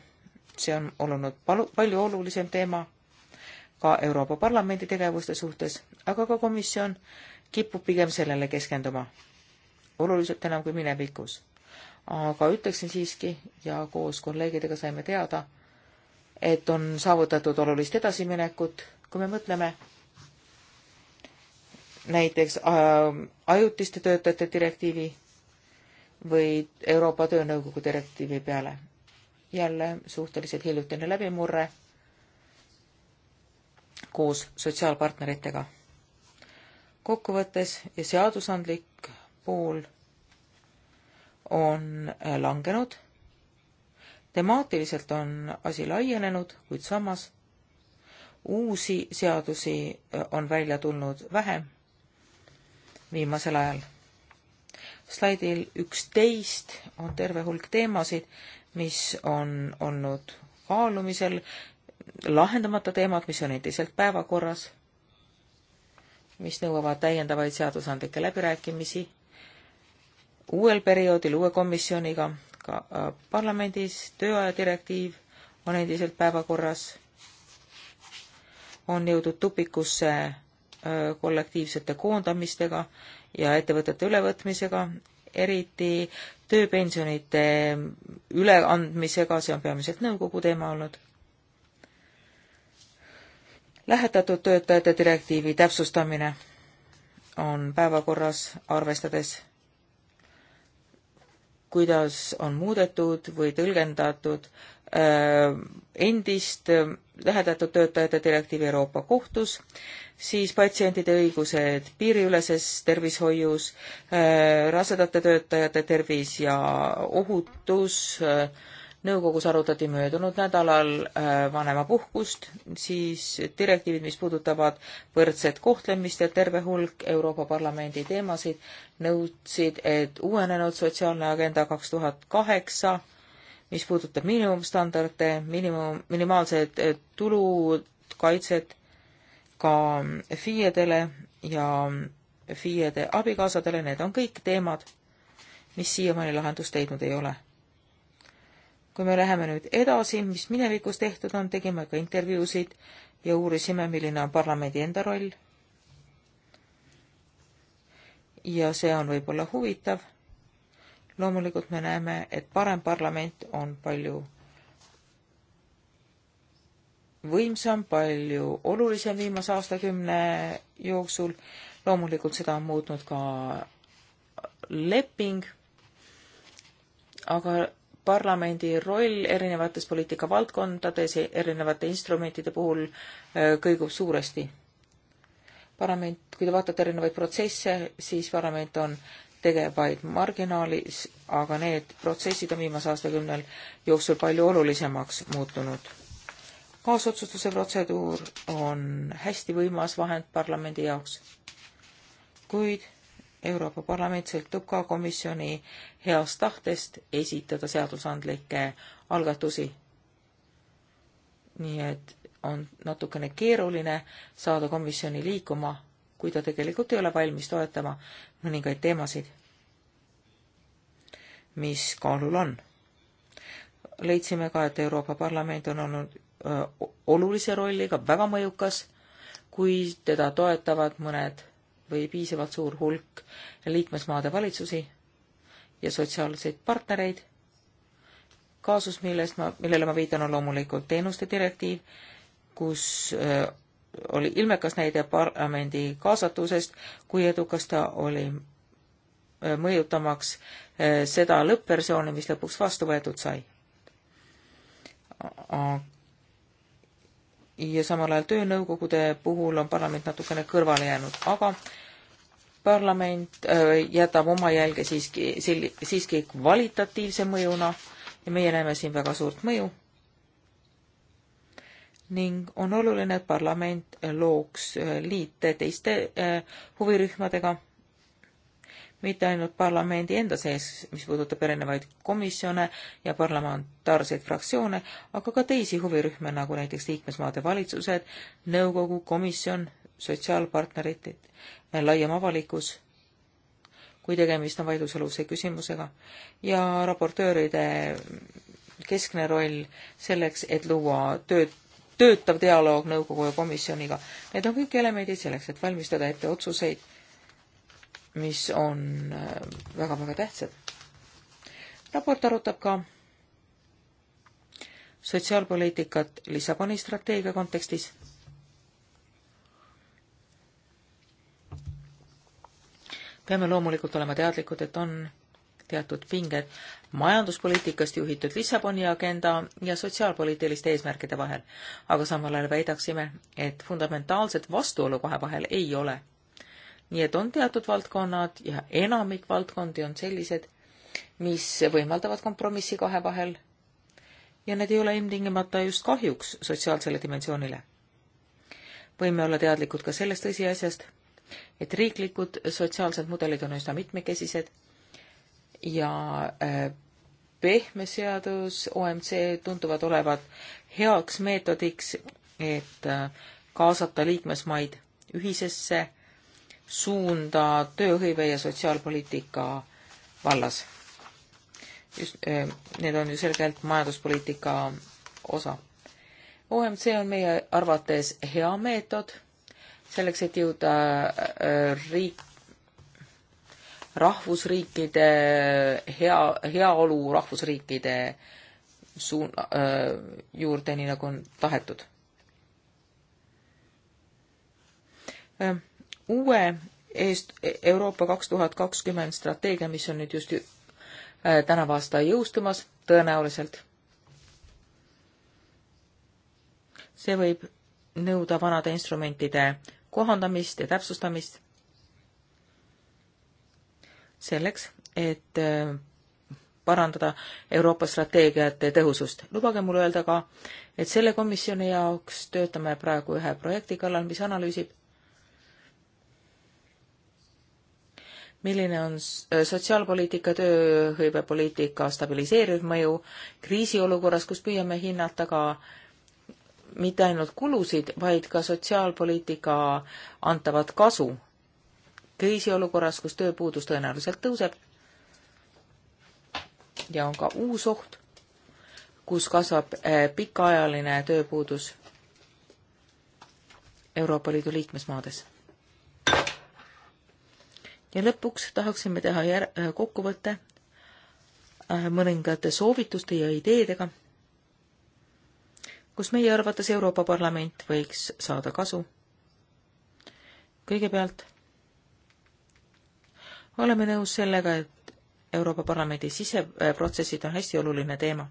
S4: see on olnud palu, palju olulisem teema ka Euroopa Parlamendi tegevuste suhtes, aga ka komisjon kipub pigem sellele keskenduma. oluliselt enam kui minevikus. aga ütleksin siiski ja koos kolleegidega saime teada, et on saavutatud olulist edasiminekut, kui me mõtleme näiteks äh, ajutiste töötajate direktiivi või Euroopa Töönõukogu direktiivi peale jälle suhteliselt hiljutine läbimurre koos sotsiaalpartneritega. kokkuvõttes ja seadusandlik pool on langenud, temaatiliselt on asi laienenud, kuid samas uusi seadusi on välja tulnud vähem viimasel ajal. slaidil üksteist on terve hulk teemasid, mis on olnud kaalumisel, lahendamata teemad, mis on endiselt päevakorras, mis nõuavad täiendavaid seadusandlikke läbirääkimisi uuel perioodil uue komisjoniga, ka äh, parlamendis tööaja direktiiv on endiselt päevakorras, on jõudnud tupikusse äh, kollektiivsete koondamistega ja ettevõtete ülevõtmisega eriti tööpensionite üleandmisega, see on peamiselt nõukogu teema olnud. lähetatud töötajate direktiivi täpsustamine on päevakorras, arvestades kuidas on muudetud või tõlgendatud äh, endist lähedatud töötajate direktiiv Euroopa Kohtus, siis patsientide õigused piiriüleses tervishoius, äh, rasedate töötajate tervis ja ohutus, äh, nõukogus arutati möödunud nädalal äh, vanemapuhkust, siis direktiivid, mis puudutavad võrdset kohtlemist ja terve hulk Euroopa Parlamendi teemasid, nõudsid, et uuenenud sotsiaalne agenda kaks tuhat kaheksa mis puudutab miinimumstandarde, miinimum, minimaalsed eh, tulud, kaitset ka FIE-dele ja FIE-de abikaasadele, need on kõik teemad, mis siiamaani lahendust leidnud ei ole. kui me läheme nüüd edasi, mis minevikus tehtud on, tegime ka intervjuusid ja uurisime, milline on parlamendi enda roll. ja see on võib-olla huvitav loomulikult me näeme, et parem parlament on palju võimsam, palju olulisem viimase aastakümne jooksul. loomulikult seda on muutnud ka leping, aga parlamendi roll erinevates poliitikavaldkondades, erinevate instrumentide puhul äh, kõigub suuresti. parlament, kui te vaatate erinevaid protsesse, siis parlament on tegevaid marginaalis, aga need protsessid on viimase aastakümnel jooksul palju olulisemaks muutunud. kaasotsustuse protseduur on hästi võimas vahend parlamendi jaoks, kuid Euroopa Parlament sõltub ka komisjoni heast tahtest esitada seadusandlikke algatusi. nii et on natukene keeruline saada komisjoni liikuma kui ta tegelikult ei ole valmis toetama mõningaid teemasid, mis kaalul on. leidsime ka, et Euroopa Parlament on olnud öö, olulise rolliga, väga mõjukas, kui teda toetavad mõned või piisavalt suur hulk liikmesmaade valitsusi ja sotsiaalseid partnereid. kaasus, millest ma, millele ma viitan, on loomulikult teenuste direktiiv, kus öö, oli ilmekas näide parlamendi kaasatusest, kui edukas ta oli äh, mõjutamaks äh, seda lõppversiooni, mis lõpuks vastu võetud sai. ja samal ajal töönõukogude puhul on parlament natukene kõrvale jäänud, aga parlament äh, jätab oma jälge siiski, siiski kvalitatiivse mõjuna ja meie näeme siin väga suurt mõju ning on oluline, et parlament looks äh, liite teiste äh, huvirühmadega, mitte ainult parlamendi enda sees, mis puudutab erinevaid komisjone ja parlamentaarseid fraktsioone, aga ka teisi huvirühme, nagu näiteks liikmesmaade valitsused, nõukogu, komisjon, sotsiaalpartnerid, laiem avalikkus, kui tegemist on vaidlusaluse küsimusega, ja raportööride keskne roll selleks, et luua tööd töötav dialoog nõukogu ja komisjoniga. Need on kõik elemendid selleks, et valmistada ette otsuseid, mis on äh, väga-väga tähtsad. raport arutab ka sotsiaalpoliitikat Lissaboni strateegia kontekstis. peame loomulikult olema teadlikud, et on teatud pinged majanduspoliitikast juhitud Lissaboni agenda ja sotsiaalpoliitiliste eesmärkide vahel. aga samal ajal väidaksime, et fundamentaalset vastuolu kahe vahel ei ole. nii et on teatud valdkonnad ja enamik valdkondi on sellised, mis võimaldavad kompromissi kahe vahel ja need ei ole ilmtingimata just kahjuks sotsiaalsele dimensioonile. võime olla teadlikud ka sellest tõsiasjast, et riiklikud sotsiaalsed mudelid on üsna mitmekesised ja äh, pehme seadus, OMC tunduvad olevat heaks meetodiks, et äh, kaasata liikmesmaid ühisesse suunda tööhõive ja sotsiaalpoliitika vallas. just, äh, need on ju selgelt majanduspoliitika osa. OMC on meie arvates hea meetod selleks, et jõuda riik, rahvusriikide hea, heaolu rahvusriikide suun- äh,, juurde, nii nagu on tahetud äh,. uue eest-, Euroopa kaks tuhat kakskümmend strateegia, mis on nüüd just äh, tänavu aasta jõustumas, tõenäoliselt see võib nõuda vanade instrumentide kohandamist ja täpsustamist selleks, et äh, parandada Euroopa strateegiate tõhusust. lubage mul öelda ka, et selle komisjoni jaoks töötame praegu ühe projekti kallal, mis analüüsib, milline on äh, sotsiaalpoliitika, tööhõivepoliitika stabiliseeriv mõju kriisiolukorras, kus püüame hinnata ka mitte ainult kulusid, vaid ka sotsiaalpoliitika antavat kasu kriisiolukorras, kus tööpuudus tõenäoliselt tõuseb ja on ka uus oht, kus kasvab eh, pikaajaline tööpuudus Euroopa Liidu liikmesmaades. ja lõpuks tahaksime teha jär-, eh, kokkuvõtte eh, mõningate soovituste ja ideedega, kus meie arvates Euroopa Parlament võiks saada kasu. kõigepealt oleme nõus sellega, et Euroopa Parlamendi siseprotsessid on hästi oluline teema.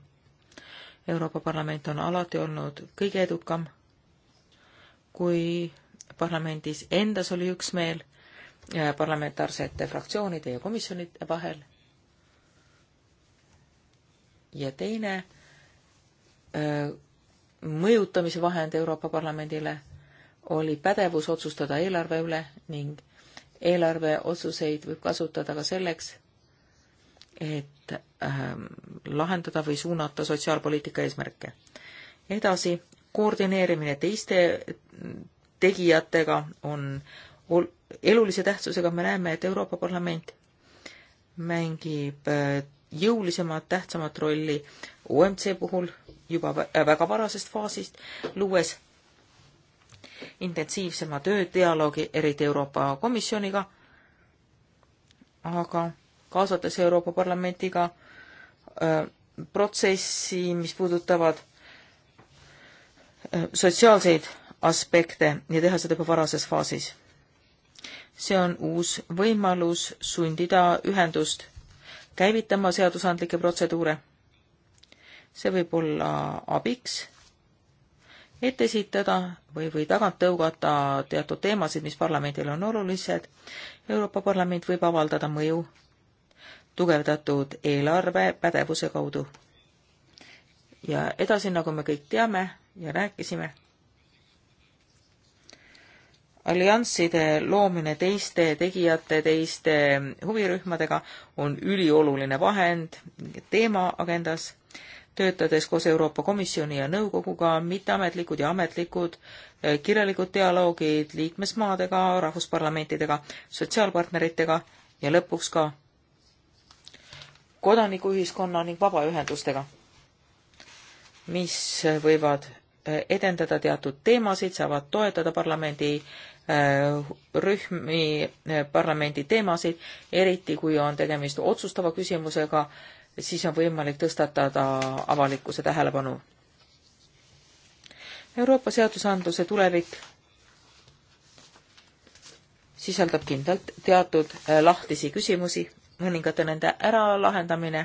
S4: Euroopa Parlament on alati olnud kõige edukam, kui parlamendis endas oli üksmeel parlamentaarsete fraktsioonide ja komisjonide vahel. ja teine mõjutamise vahend Euroopa Parlamendile oli pädevus otsustada eelarve üle ning eelarveotsuseid võib kasutada ka selleks, et ähm, lahendada või suunata sotsiaalpoliitika eesmärke. edasi, koordineerimine teiste tegijatega on ol-, elulise tähtsusega, me näeme, et Euroopa Parlament mängib äh, jõulisemat, tähtsamat rolli OMC puhul juba väga varasest faasist, luues intensiivsema töödialoogi, eriti Euroopa Komisjoniga, aga kaasates Euroopa Parlamendiga öö, protsessi, mis puudutavad öö, sotsiaalseid aspekte ja teha seda juba varases faasis. see on uus võimalus sundida ühendust käivitama seadusandlikke protseduure. see võib olla abiks ette esitada või, või tagant tõugata teatud teemasid, mis parlamendil on olulised. Euroopa Parlament võib avaldada mõju tugevdatud eelarve pädevuse kaudu. ja edasi, nagu me kõik teame ja rääkisime, alliansside loomine teiste tegijate, teiste huvirühmadega on ülioluline vahend teema agendas töötades koos Euroopa Komisjoni ja nõukoguga, mitteametlikud ja ametlikud eh, kirjalikud dialoogid liikmesmaadega, rahvusparlamentidega, sotsiaalpartneritega ja lõpuks ka kodanikuühiskonna ning vabaühendustega, mis võivad eh, edendada teatud teemasid, saavad toetada parlamendi eh, rühmi, parlamendi teemasid, eriti kui on tegemist otsustava küsimusega siis on võimalik tõstatada avalikkuse tähelepanu. Euroopa seadusandluse tulevik sisaldab kindlalt teatud äh, lahtisi küsimusi, mõningate nende äralahendamine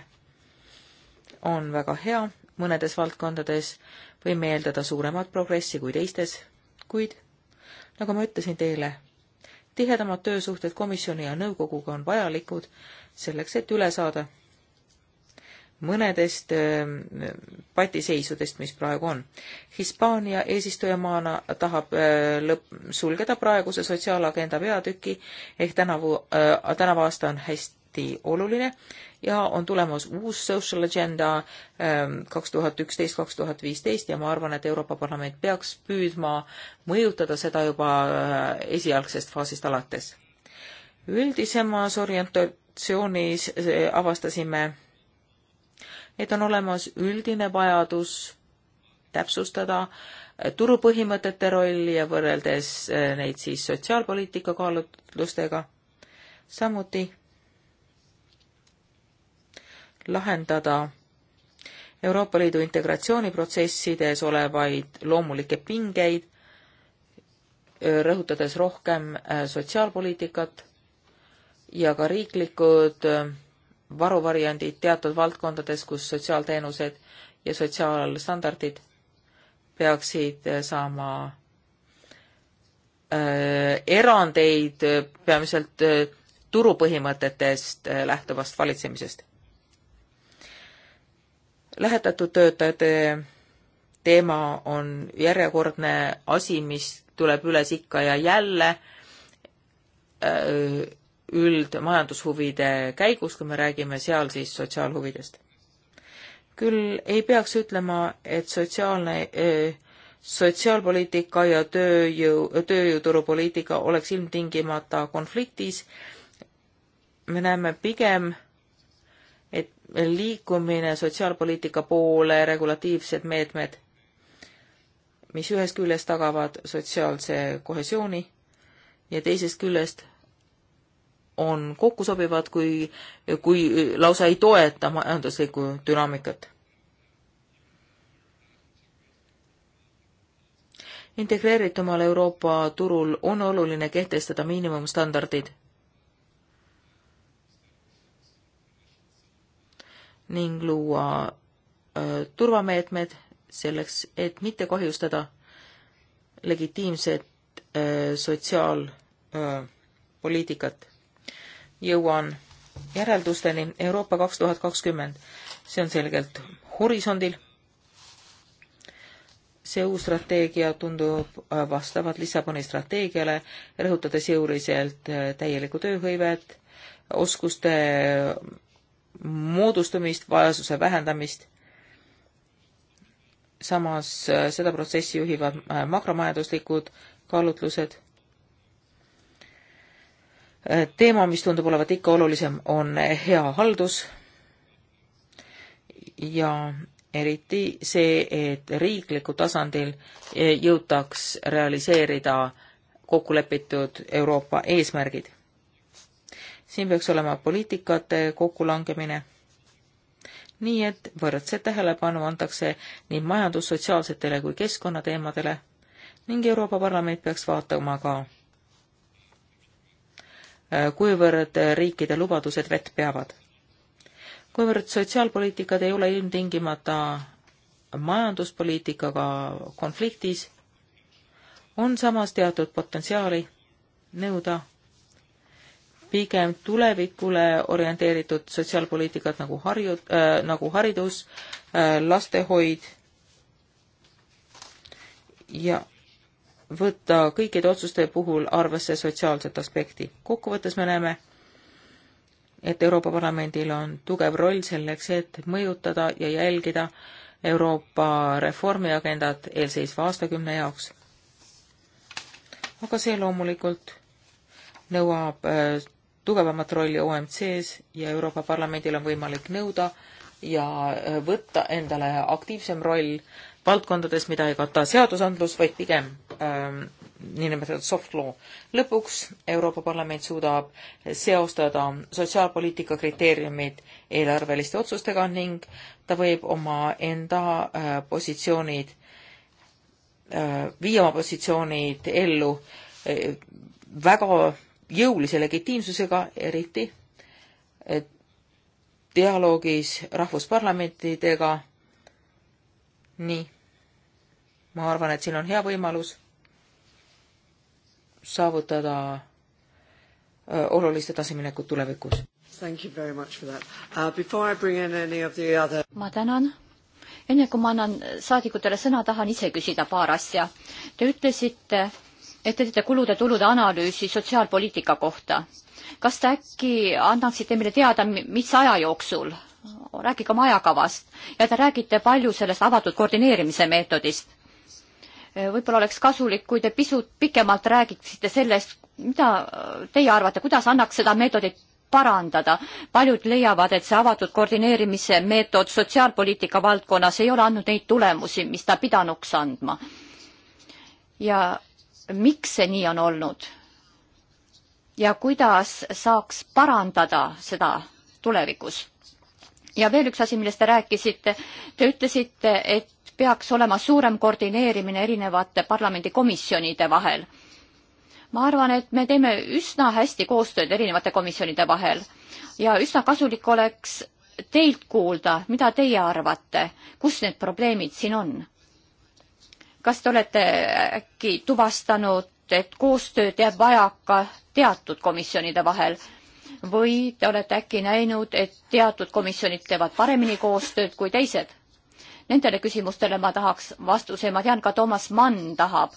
S4: on väga hea, mõnedes valdkondades võime eeldada suuremat progressi kui teistes, kuid nagu ma ütlesin teile, tihedamad töösuhted komisjoni ja nõukoguga on vajalikud selleks, et üle saada mõnedest ähm, patiseisudest, mis praegu on. Hispaania eesistujamaana tahab äh, lõpp, sulgeda praeguse sotsiaalagenda peatüki ehk tänavu, äh, tänavu aasta on hästi oluline ja on tulemas uus social agenda ähm, kaks tuhat üksteist, kaks tuhat viisteist ja ma arvan, et Euroopa Parlament peaks püüdma mõjutada seda juba äh, esialgsest faasist alates. üldisemas orientatsioonis avastasime et on olemas üldine vajadus täpsustada turupõhimõtete rolli ja võrreldes äh, neid siis sotsiaalpoliitika kaalutlustega, samuti lahendada Euroopa Liidu integratsiooniprotsessides olevaid loomulikke pingeid, äh, rõhutades rohkem äh, sotsiaalpoliitikat ja ka riiklikud varuvariandid teatud valdkondades, kus sotsiaalteenused ja sotsiaalstandardid peaksid äh, saama äh, erandeid äh, peamiselt äh, turupõhimõtetest äh, lähtuvast valitsemisest. lähetatud töötajate teema on järjekordne asi, mis tuleb üles ikka ja jälle äh, üldmajandushuvide käigus, kui me räägime seal siis sotsiaalhuvidest. küll ei peaks ütlema, et sotsiaalne eh, sotsiaalpoliitika ja tööjõu, tööjõuturupoliitika oleks ilmtingimata konfliktis. me näeme pigem et liikumine sotsiaalpoliitika poole, regulatiivsed meetmed, mis ühest küljest tagavad sotsiaalse kohesiooni ja teisest küljest on kokkusobivad, kui, kui lausa ei toeta majanduslikku dünaamikat. integreeritumal Euroopa turul on oluline kehtestada miinimumstandardid ning luua öö, turvameetmed selleks, et mitte kahjustada legitiimset sotsiaalpoliitikat jõuan järeldusteni Euroopa kaks tuhat kakskümmend. see on selgelt horisondil. see uus strateegia tundub vastavat Lissaboni strateegiale, rõhutades jõuliselt äh, täielikku tööhõivet, oskuste moodustumist, vaesuse vähendamist. samas äh, seda protsessi juhivad äh, makromajanduslikud kaalutlused teema, mis tundub olevat ikka olulisem, on hea haldus ja eriti see, et riiklikul tasandil jõutaks realiseerida kokkulepitud Euroopa eesmärgid. siin peaks olema poliitikate kokkulangemine, nii et võrdset tähelepanu antakse nii majandussotsiaalsetele kui keskkonnateemadele ning Euroopa Parlament peaks vaatama ka Äh, kuivõrd riikide lubadused vett peavad. kuivõrd sotsiaalpoliitikad ei ole ilmtingimata majanduspoliitikaga konfliktis, on samas teatud potentsiaali nõuda pigem tulevikule orienteeritud sotsiaalpoliitikat nagu harju- äh,, nagu haridus äh,, lastehoid ja võtta kõikide otsuste puhul arvesse sotsiaalset aspekti. kokkuvõttes me näeme, et Euroopa Parlamendil on tugev roll selleks, et mõjutada ja jälgida Euroopa reformiagendat eelseisva aastakümne jaoks. aga see loomulikult nõuab äh, tugevamat rolli OMC-s ja Euroopa Parlamendil on võimalik nõuda ja äh, võtta endale aktiivsem roll valdkondades, mida ei kata seadusandlus, vaid pigem ähm, niinimetatud soft law. lõpuks Euroopa Parlament suudab seostada sotsiaalpoliitika kriteeriumid eelarveliste otsustega ning ta võib omaenda äh, positsioonid äh,, viia oma positsioonid ellu äh, väga jõulise legitiimsusega, eriti äh, dialoogis rahvusparlamentidega nii ma arvan, et siin on hea võimalus saavutada äh, olulist edasiminekut tulevikus. Uh, other...
S2: ma tänan. enne kui ma annan saadikutele sõna, tahan ise küsida paar asja. Te ütlesite, et te teete kulude-tulude analüüsi sotsiaalpoliitika kohta. kas te äkki annaksite meile teada, mis aja jooksul? rääkige oma ajakavast ja te räägite palju sellest avatud koordineerimise meetodist Eh, võib-olla oleks kasulik, kui te pisut pikemalt räägiksite sellest, mida eh, teie arvate, kuidas annaks seda meetodit parandada. paljud leiavad, et see avatud koordineerimise meetod sotsiaalpoliitika valdkonnas ei ole andnud neid tulemusi, mis ta pidanuks andma. ja miks see nii on olnud? ja kuidas saaks parandada seda tulevikus? ja veel üks asi, millest te rääkisite, te ütlesite, et peaks olema suurem koordineerimine erinevate parlamendikomisjonide vahel. ma arvan, et me teeme üsna hästi koostööd erinevate komisjonide vahel ja üsna kasulik oleks teilt kuulda, mida teie arvate, kus need probleemid siin on? kas te olete äkki tuvastanud, et koostööd jääb vajaka teatud komisjonide vahel? või te olete äkki näinud, et teatud komisjonid teevad paremini koostööd kui teised? Nendele küsimustele ma tahaks vastuse, ma tean, ka Toomas Mann tahab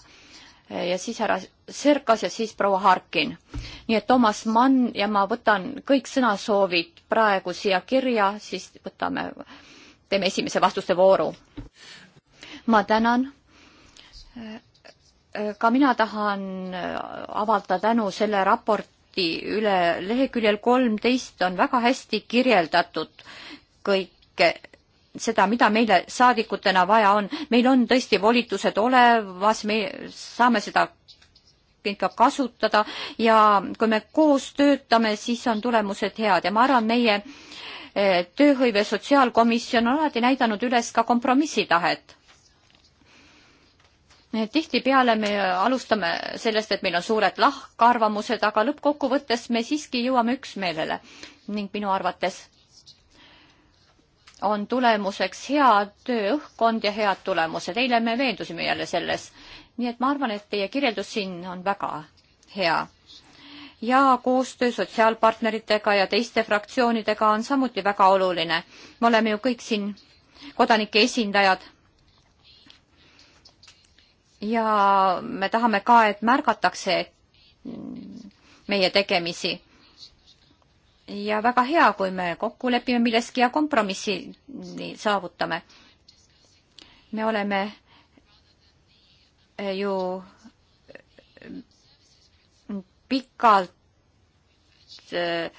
S2: ja siis härra Serkas ja siis proua Harkin. nii et Toomas Mann ja ma võtan kõik sõnasoovid praegu siia kirja, siis võtame, teeme esimese vastuste vooru. ma tänan. ka mina tahan avaldada tänu selle raporti üle, leheküljel kolmteist on väga hästi kirjeldatud kõike seda, mida meile saadikutena vaja on. meil on tõesti volitused olemas, me saame seda ka kasutada ja kui me koos töötame, siis on tulemused head ja ma arvan, meie eh, tööhõive sotsiaalkomisjon on alati näidanud üles ka kompromissitahet eh, tihtipeale me alustame sellest, et meil on suured lahkarvamused, aga lõppkokkuvõttes me siiski jõuame üksmeelele ning minu arvates on tulemuseks hea tööõhkkond ja head tulemused. eile me veendusime jälle selles. nii et ma arvan, et teie kirjeldus siin on väga hea. ja koostöö sotsiaalpartneritega ja teiste fraktsioonidega on samuti väga oluline. me oleme ju kõik siin kodanike esindajad. ja me tahame ka, et märgatakse meie tegemisi ja väga hea, kui me kokku lepime milleski ja kompromissi saavutame. me oleme eh, ju mm, pikalt eh,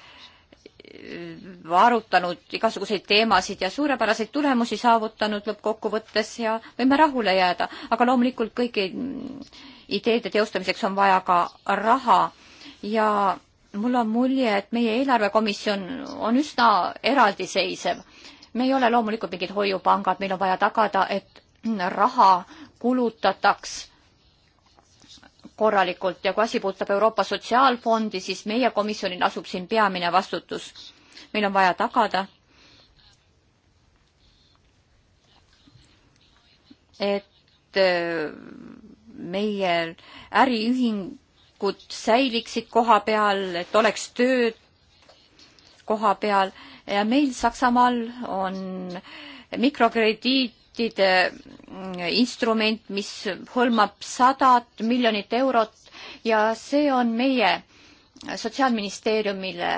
S2: arutanud igasuguseid teemasid ja suurepäraseid tulemusi saavutanud lõppkokkuvõttes ja võime rahule jääda, aga loomulikult kõigi mm, ideede teostamiseks on vaja ka raha ja mul on mulje, et meie eelarvekomisjon on üsna eraldiseisev. me ei ole loomulikult mingid hoiupangad, meil on vaja tagada, et raha kulutataks korralikult ja kui asi puudutab Euroopa Sotsiaalfondi, siis meie komisjonil asub siin peamine vastutus. meil on vaja tagada, et äh, meie äriühing isikud säiliksid koha peal, et oleks tööd koha peal ja meil Saksamaal on mikrokrediitide instrument, mis hõlmab sadat miljonit eurot ja see on meie Sotsiaalministeeriumile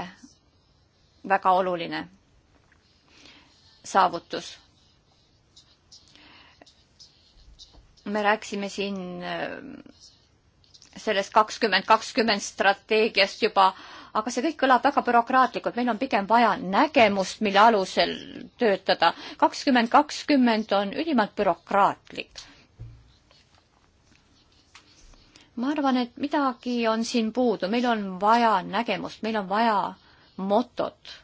S2: väga oluline saavutus. me rääkisime siin sellest kakskümmend kakskümmend strateegiast juba, aga see kõik kõlab väga bürokraatlikult, meil on pigem vaja nägemust, mille alusel töötada. kakskümmend kakskümmend on ülimalt bürokraatlik. ma arvan, et midagi on siin puudu, meil on vaja nägemust, meil on vaja motot.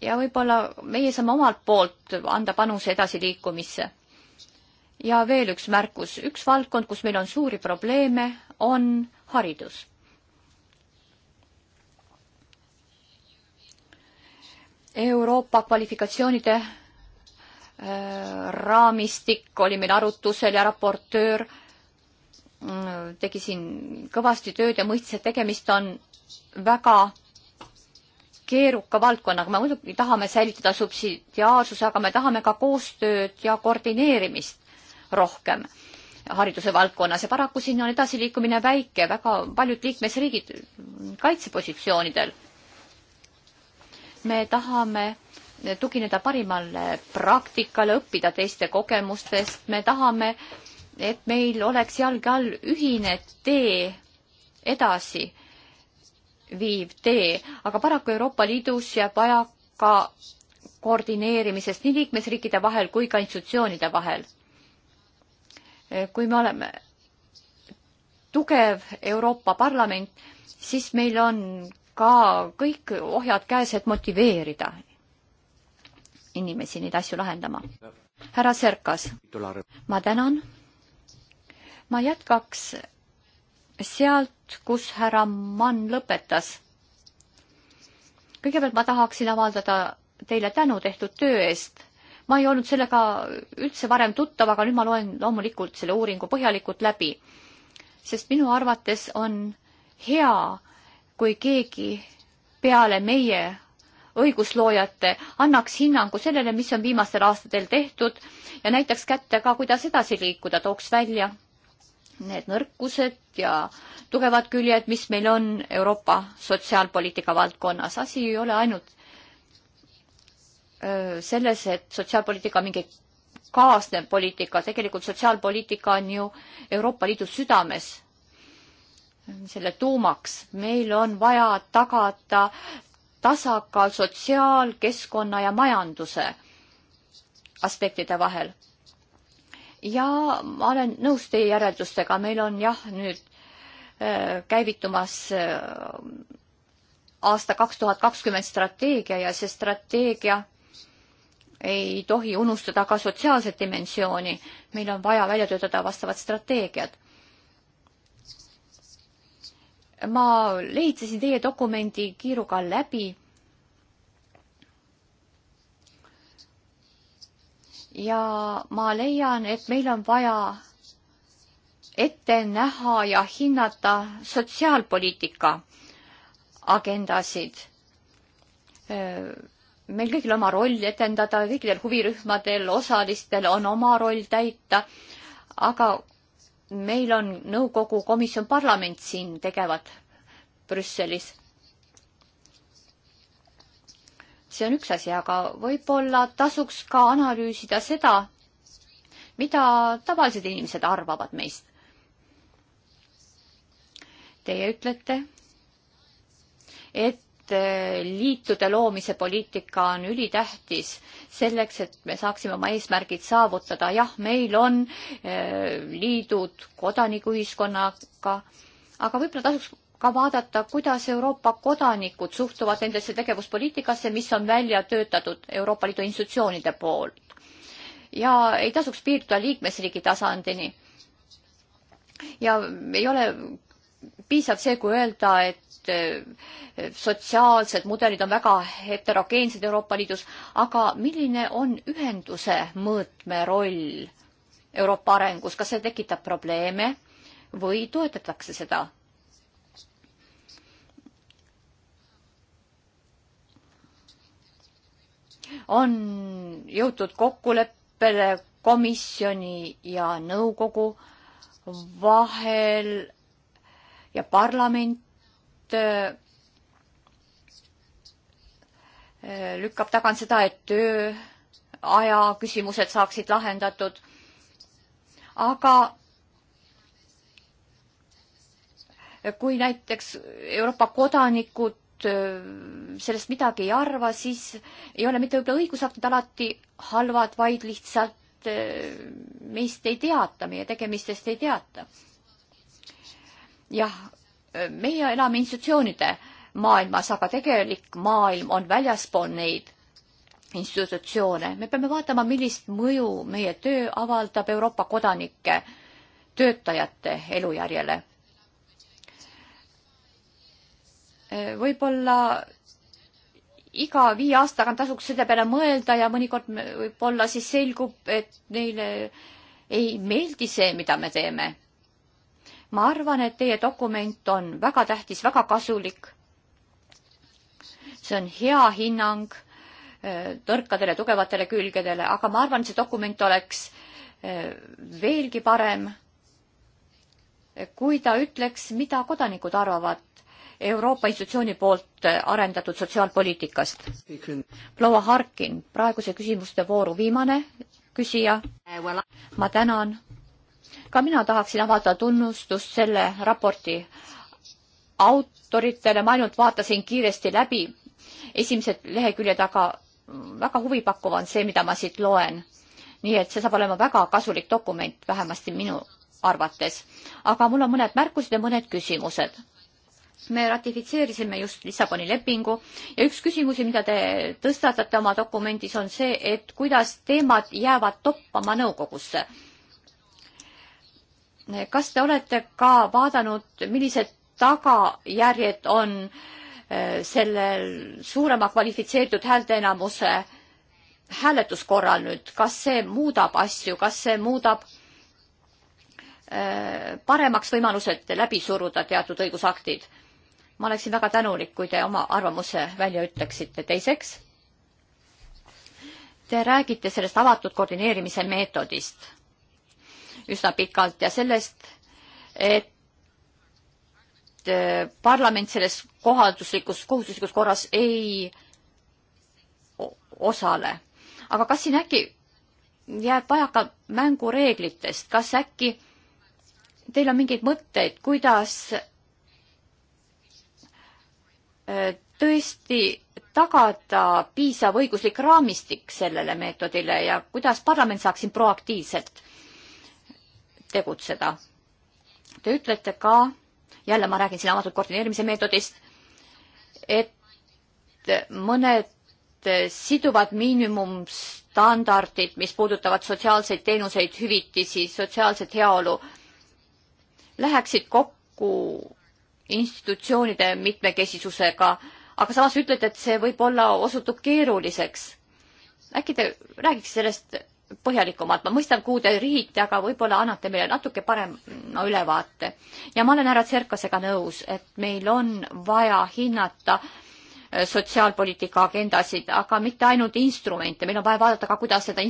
S2: ja võib-olla meie saame omalt poolt anda panuse edasiliikumisse ja veel üks märkus, üks valdkond, kus meil on suuri probleeme, on haridus. Euroopa kvalifikatsioonide äh, raamistik oli meil arutusel ja raportöör mm, tegi siin kõvasti tööd ja mõistis, et tegemist on väga keeruka valdkonnaga, me muidugi tahame säilitada subsidiaarsuse, aga me tahame ka koostööd ja koordineerimist rohkem hariduse valdkonnas ja paraku siin on edasiliikumine väike, väga paljud liikmesriigid kaitsepositsioonidel. me tahame tugineda parimale praktikale, õppida teiste kogemustest, me tahame, et meil oleks jalge all ühine tee edasi viiv tee, aga paraku Euroopa Liidus jääb vaja ka koordineerimisest nii liikmesriikide vahel kui ka institutsioonide vahel kui me oleme tugev Euroopa Parlament, siis meil on ka kõik ohjad käes, et motiveerida inimesi neid asju lahendama. härra Serkas, ma tänan. ma jätkaks sealt, kus härra Mann lõpetas. kõigepealt ma tahaksin avaldada teile tänu tehtud töö eest ma ei olnud sellega üldse varem tuttav, aga nüüd ma loen loomulikult selle uuringu põhjalikult läbi. sest minu arvates on hea, kui keegi peale meie õigusloojate annaks hinnangu sellele, mis on viimastel aastatel tehtud ja näitaks kätte ka, kuidas edasi liikuda, tooks välja need nõrkused ja tugevad küljed, mis meil on Euroopa sotsiaalpoliitika valdkonnas. asi ei ole ainult selles, et sotsiaalpoliitika mingi kaasnev poliitika, tegelikult sotsiaalpoliitika on ju Euroopa Liidu südames, selle tuumaks. meil on vaja tagada tasakaal sotsiaal, keskkonna ja majanduse aspektide vahel. ja ma olen nõus teie järeldustega, meil on jah, nüüd käivitumas aasta kaks tuhat kakskümmend strateegia ja see strateegia ei tohi unustada ka sotsiaalset dimensiooni. meil on vaja välja töötada vastavad strateegiad. ma lehitsesin teie dokumendi kiiruga läbi. ja ma leian, et meil on vaja ette näha ja hinnata sotsiaalpoliitika agendasid äh, meil kõigil oma roll etendada, kõikidel huvirühmadel, osalistel on oma roll täita, aga meil on nõukogu komisjon, parlament siin tegevad Brüsselis. see on üks asi, aga võib-olla tasuks ka analüüsida seda, mida tavalised inimesed arvavad meist. Teie ütlete, et et eh, liitude loomise poliitika on ülitähtis selleks, et me saaksime oma eesmärgid saavutada. jah, meil on eh, liidud kodanikuühiskonnaga, aga võib-olla tasuks ka vaadata, kuidas Euroopa kodanikud suhtuvad nendesse tegevuspoliitikasse, mis on välja töötatud Euroopa Liidu institutsioonide poolt. ja ei tasuks piirduda liikmesriigi tasandini. ja ei ole piisav see, kui öelda, et Eh, sotsiaalsed mudelid on väga heterogeensed Euroopa Liidus, aga milline on ühenduse mõõtme roll Euroopa arengus, kas see tekitab probleeme või toetatakse seda? on jõutud kokkuleppele komisjoni ja nõukogu vahel ja parlament Äh, lükkab tagant seda, et tööaja küsimused saaksid lahendatud. aga kui näiteks Euroopa kodanikud äh, sellest midagi ei arva, siis ei ole mitte võib-olla õigusaktid alati halvad, vaid lihtsalt äh, meist ei teata, meie tegemistest ei teata. jah, meie elame institutsioonide maailmas, aga tegelik maailm on väljaspool neid institutsioone. me peame vaatama, millist mõju meie töö avaldab Euroopa kodanike töötajate elujärjele. võib-olla iga viie aasta tagant tasuks selle peale mõelda ja mõnikord võib-olla siis selgub, et neile ei meeldi see, mida me teeme ma arvan, et teie dokument on väga tähtis, väga kasulik. see on hea hinnang nõrkadele, äh, tugevatele külgedele, aga ma arvan, et see dokument oleks äh, veelgi parem, äh, kui ta ütleks, mida kodanikud arvavad Euroopa institutsiooni poolt arendatud sotsiaalpoliitikast. proua Harkin, praeguse küsimuste vooru viimane küsija. ma tänan ka mina tahaksin avada tunnustust selle raporti autoritele, ma ainult vaatasin kiiresti läbi esimesed leheküljed, aga väga huvipakkuv on see, mida ma siit loen. nii et see saab olema väga kasulik dokument, vähemasti minu arvates. aga mul on mõned märkused ja mõned küsimused. me ratifitseerisime just Lissaboni lepingu ja üks küsimusi, mida te tõstatate oma dokumendis, on see, et kuidas teemad jäävad toppama nõukogusse kas te olete ka vaadanud, millised tagajärjed on äh, sellel suurema kvalifitseeritud häälteenamuse hääletuskorral nüüd, kas see muudab asju, kas see muudab äh, paremaks võimalused läbi suruda teatud õigusaktid. ma oleksin väga tänulik, kui te oma arvamuse välja ütleksite. teiseks, te räägite sellest avatud koordineerimise meetodist üsna pikalt ja sellest, et äh, parlament selles kohalduslikus, kohustuslikus korras ei osale. aga kas siin äkki jääb vajaka mängureeglitest, kas äkki teil on mingeid mõtteid, kuidas äh, tõesti tagada piisav õiguslik raamistik sellele meetodile ja kuidas parlament saaks siin proaktiivselt tegutseda. Te ütlete ka, jälle ma räägin siin avatud koordineerimise meetodist, et mõned siduvad miinimumstandardid, mis puudutavad sotsiaalseid teenuseid, hüvitisi, sotsiaalset heaolu, läheksid kokku institutsioonide mitmekesisusega, aga samas ütlete, et see võib-olla osutub keeruliseks. äkki te räägiks sellest põhjalikumalt, ma mõistan, kuhu te rihite, aga võib-olla annate meile natuke parema ülevaate. ja ma olen härra Tserkasega nõus, et meil on vaja hinnata äh, sotsiaalpoliitika agendasid, aga mitte ainult instrumente, meil on vaja vaadata ka, kuidas seda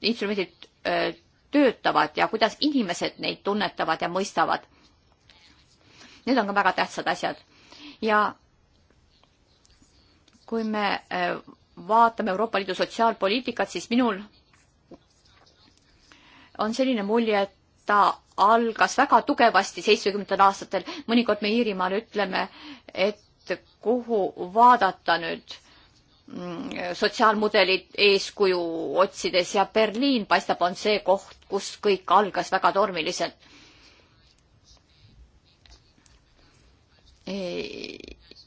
S2: instrumendid äh, töötavad ja kuidas inimesed neid tunnetavad ja mõistavad. Need on ka väga tähtsad asjad. ja kui me äh, vaatame Euroopa Liidu sotsiaalpoliitikat, siis minul on selline mulje, et ta algas väga tugevasti seitsmekümnendatel aastatel. mõnikord me Iirimaal ütleme, et kuhu vaadata nüüd mm, sotsiaalmudelit eeskuju otsides ja Berliin paistab, on see koht, kus kõik algas väga tormiliselt.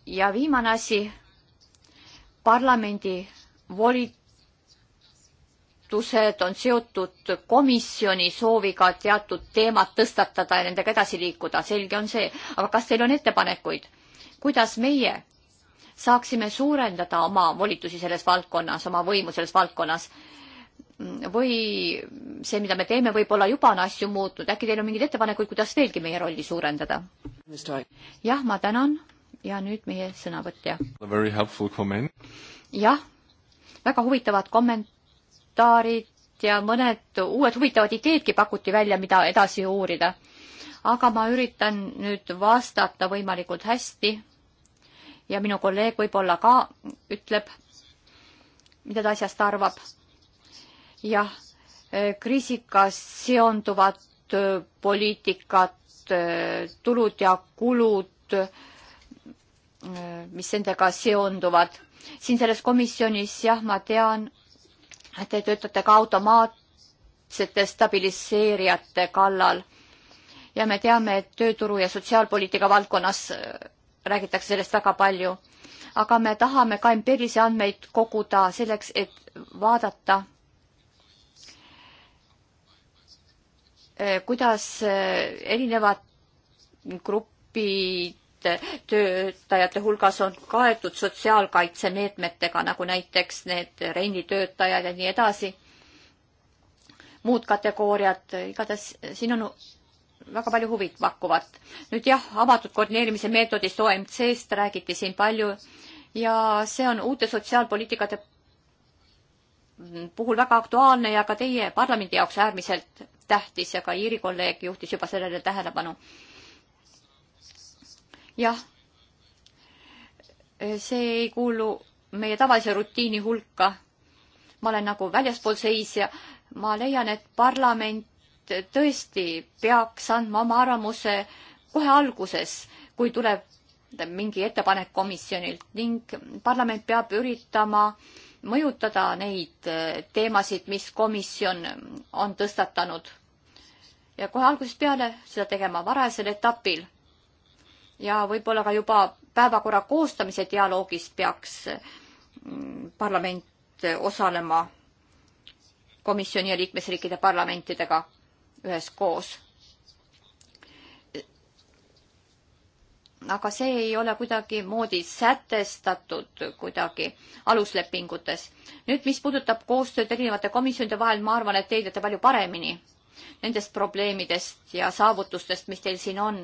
S2: ja viimane asi, parlamendi volit-, muudatused on seotud komisjoni sooviga teatud teemad tõstatada ja nendega edasi liikuda, selge on see. aga kas teil on ettepanekuid, kuidas meie saaksime suurendada oma volitusi selles valdkonnas, oma võimu selles valdkonnas? või see, mida me teeme, võib-olla juba on asju muutnud, äkki teil on mingeid ettepanekuid, kuidas veelgi meie rolli suurendada? jah, ma tänan ja nüüd meie sõnavõtja. jah, väga huvitavad kommentaarid kommentaarid ja mõned uued huvitavad ideedki pakuti välja, mida edasi uurida. aga ma üritan nüüd vastata võimalikult hästi ja minu kolleeg võib-olla ka ütleb, mida ta asjast arvab. jah, kriisiga seonduvat poliitikat, tulud ja kulud, mis nendega seonduvad. siin selles komisjonis jah, ma tean, te töötate ka automaatsete stabiliseerijate kallal. ja me teame, et tööturu ja sotsiaalpoliitika valdkonnas äh, räägitakse sellest väga palju. aga me tahame ka empiirilisi andmeid koguda selleks, et vaadata, äh, kuidas äh, erinevad grupid töötajate hulgas on kaetud sotsiaalkaitsemeetmetega, nagu näiteks need renditöötajad ja nii edasi, muud kategooriad, igatahes siin on väga palju huvit pakkuvat. nüüd jah, avatud koordineerimise meetodist OMC-st räägiti siin palju ja see on uute sotsiaalpoliitikate puhul väga aktuaalne ja ka teie parlamendi jaoks äärmiselt tähtis ja ka Iiri kolleeg juhtis juba sellele tähelepanu jah, äh, see ei kuulu meie tavalise rutiini hulka. ma olen nagu väljaspool seisja. ma leian, et parlament tõesti peaks andma oma arvamuse kohe alguses, kui tuleb mingi ettepanek komisjonilt ning parlament peab üritama mõjutada neid äh, teemasid, mis komisjon on tõstatanud. ja kohe algusest peale seda tegema varajasel etapil ja võib-olla ka juba päevakorra koostamise dialoogis peaks mm, parlament osalema komisjoni ja liikmesriikide parlamentidega üheskoos. aga see ei ole kuidagimoodi sätestatud kuidagi aluslepingutes. nüüd, mis puudutab koostööd erinevate komisjonide vahel, ma arvan, et teie teate palju paremini nendest probleemidest ja saavutustest, mis teil siin on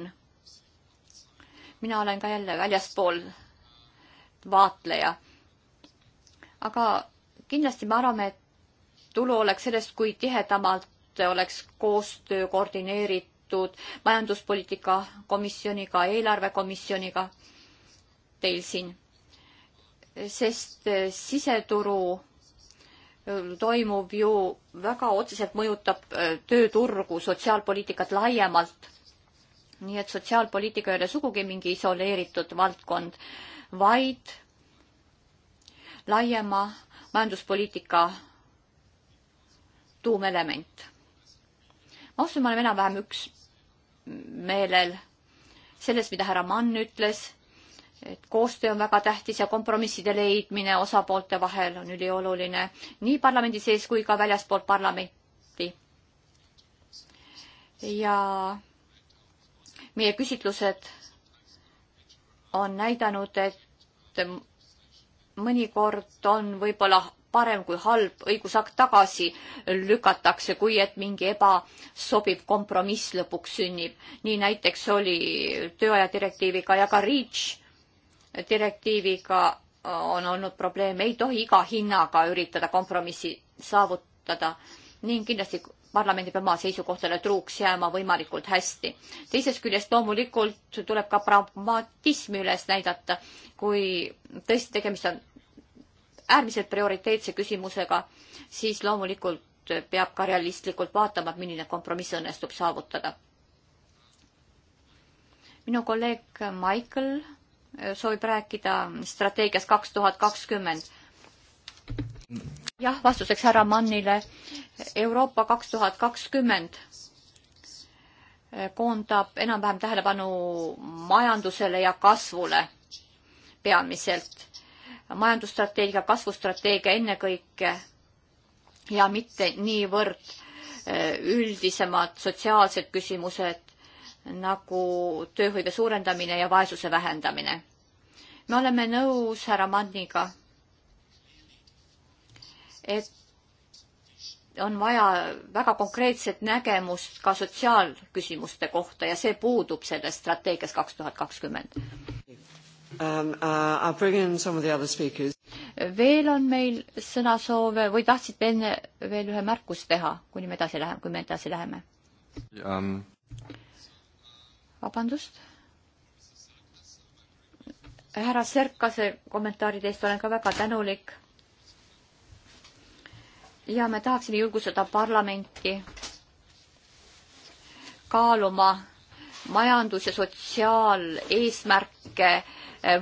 S2: mina olen ka jälle väljaspool vaatleja. aga kindlasti me arvame, et tulu oleks sellest, kui tihedamalt oleks koostöö koordineeritud majanduspoliitika komisjoniga, eelarvekomisjoniga teil siin, sest siseturu toimuv ju väga otseselt mõjutab tööturgu, sotsiaalpoliitikat laiemalt nii et sotsiaalpoliitika ei ole sugugi mingi isoleeritud valdkond, vaid laiema majanduspoliitika tuumelement. ma usun, me oleme enam-vähem üksmeelel selles, mida härra Mann ütles, et koostöö on väga tähtis ja kompromisside leidmine osapoolte vahel on ülioluline nii parlamendi sees kui ka väljaspool parlamenti. ja meie küsitlused on näidanud, et mõnikord on võib-olla parem, kui halb õigusakt tagasi lükatakse, kui et mingi ebasobiv kompromiss lõpuks sünnib. nii näiteks oli tööaja direktiiviga ja ka REACH direktiiviga on olnud probleeme, ei tohi iga hinnaga üritada kompromissi saavutada ning kindlasti parlament peab oma seisukohtadele truuks jääma võimalikult hästi. teisest küljest loomulikult tuleb ka pragmatismi üles näidata, kui tõesti tegemist on äärmiselt prioriteetse küsimusega, siis loomulikult peab ka realistlikult vaatama, milline kompromiss õnnestub saavutada. minu kolleeg Michael soovib rääkida strateegias kaks tuhat kakskümmend. jah, vastuseks härra Mannile Euroopa kaks tuhat kakskümmend koondab enam-vähem tähelepanu majandusele ja kasvule peamiselt. majandusstrateegia, kasvustrateegia ennekõike ja mitte niivõrd eh, üldisemad sotsiaalsed küsimused nagu tööhõive suurendamine ja vaesuse vähendamine. me oleme nõus härra Manniga, et on vaja väga konkreetset nägemust ka sotsiaalküsimuste kohta ja see puudub selles strateegias kaks tuhat kakskümmend. Um, uh, veel on meil sõnasoove või tahtsite enne veel ühe märkuse teha, kuni me edasi läheme, kui me edasi läheme um...? vabandust härra Serkase kommentaaride eest olen ka väga tänulik ja me tahaksime julgustada parlamenti kaaluma majandus- ja sotsiaaleesmärke eh,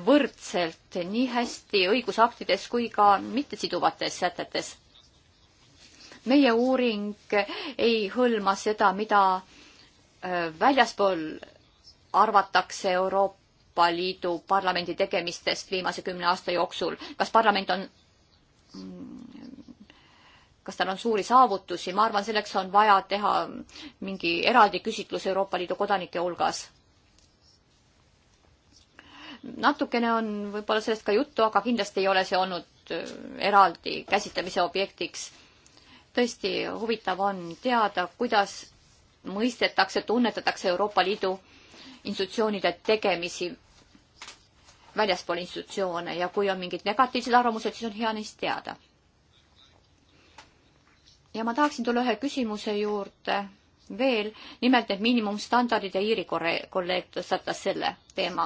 S2: võrdselt nii hästi õigusaktides kui ka mittesiduvates sätetes. meie uuring ei hõlma seda, mida eh, väljaspool arvatakse Euroopa Liidu parlamendi tegemistest viimase kümne aasta jooksul. kas parlament on mm, kas tal on suuri saavutusi, ma arvan, selleks on vaja teha mingi eraldi küsitlus Euroopa Liidu kodanike hulgas. natukene on võib-olla sellest ka juttu, aga kindlasti ei ole see olnud äh, eraldi käsitlemise objektiks. tõesti huvitav on teada, kuidas mõistetakse, tunnetatakse Euroopa Liidu institutsioonide tegemisi väljaspool institutsioone ja kui on mingid negatiivsed arvamused, siis on hea neist teada ja ma tahaksin tulla ühe küsimuse juurde veel, nimelt need miinimumstandardid ja Iiri kolleeg tõstatas selle teema.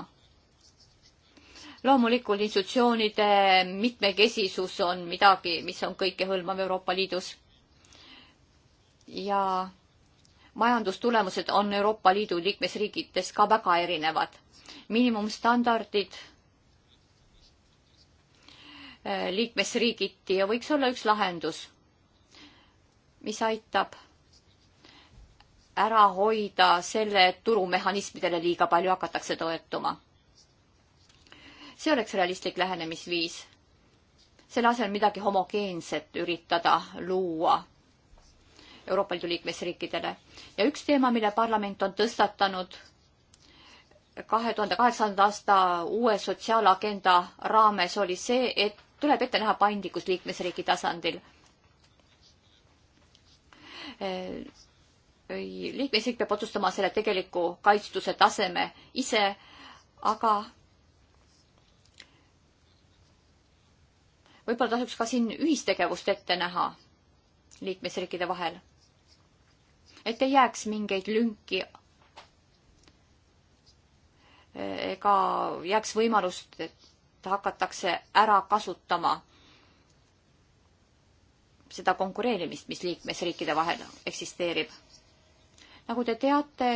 S2: loomulikult institutsioonide mitmekesisus on midagi, mis on kõikehõlmav Euroopa Liidus. ja majandustulemused on Euroopa Liidu liikmesriikides ka väga erinevad. miinimumstandardid eh, liikmesriigiti ja võiks olla üks lahendus mis aitab ära hoida selle, et turumehhanismidele liiga palju hakatakse toetuma. see oleks realistlik lähenemisviis. selle asemel midagi homogeenset üritada luua Euroopa Liidu liikmesriikidele. ja üks teema, mille parlament on tõstatanud kahe tuhande kaheksanda aasta uue sotsiaalagenda raames, oli see, et tuleb ette näha paindlikkus liikmesriigi tasandil liikmesriik peab otsustama selle tegeliku kaitstuse taseme ise, aga võib-olla tasuks ka siin ühistegevust ette näha liikmesriikide vahel. et ei jääks mingeid lünki ega jääks võimalust, et hakatakse ära kasutama seda konkureerimist, mis liikmesriikide vahel eksisteerib. nagu te teate,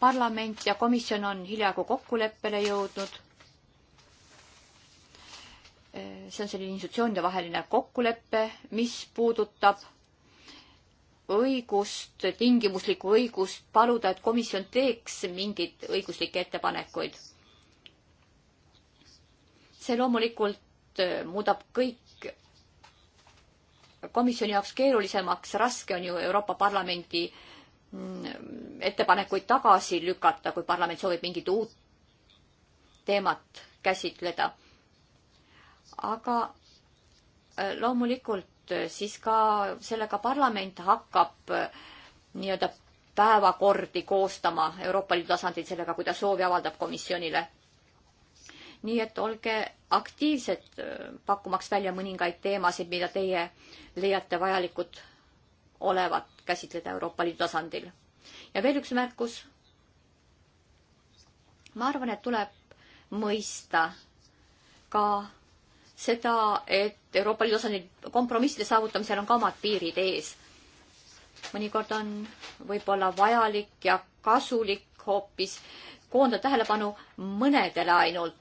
S2: parlament ja komisjon on hiljaaegu kokkuleppele jõudnud. see on selline institutsioonide vaheline kokkulepe, mis puudutab õigust, tingimuslikku õigust paluda, et komisjon teeks mingeid õiguslikke ettepanekuid. see loomulikult muudab kõik komisjoni jaoks keerulisemaks, raske on ju Euroopa Parlamendi mm, ettepanekuid tagasi lükata, kui parlament soovib mingit uut teemat käsitleda. aga äh, loomulikult äh, siis ka sellega parlament hakkab äh, nii-öelda päevakordi koostama Euroopa Liidu tasandil sellega, kui ta soovi avaldab komisjonile nii et olge aktiivsed, äh, pakkumaks välja mõningaid teemasid, mida teie leiate vajalikud olevat käsitleda Euroopa Liidu tasandil. ja veel üks märkus. ma arvan, et tuleb mõista ka seda, et Euroopa Liidu tasandil kompromisside saavutamisel on ka omad piirid ees. mõnikord on võib-olla vajalik ja kasulik hoopis koondada tähelepanu mõnedele ainult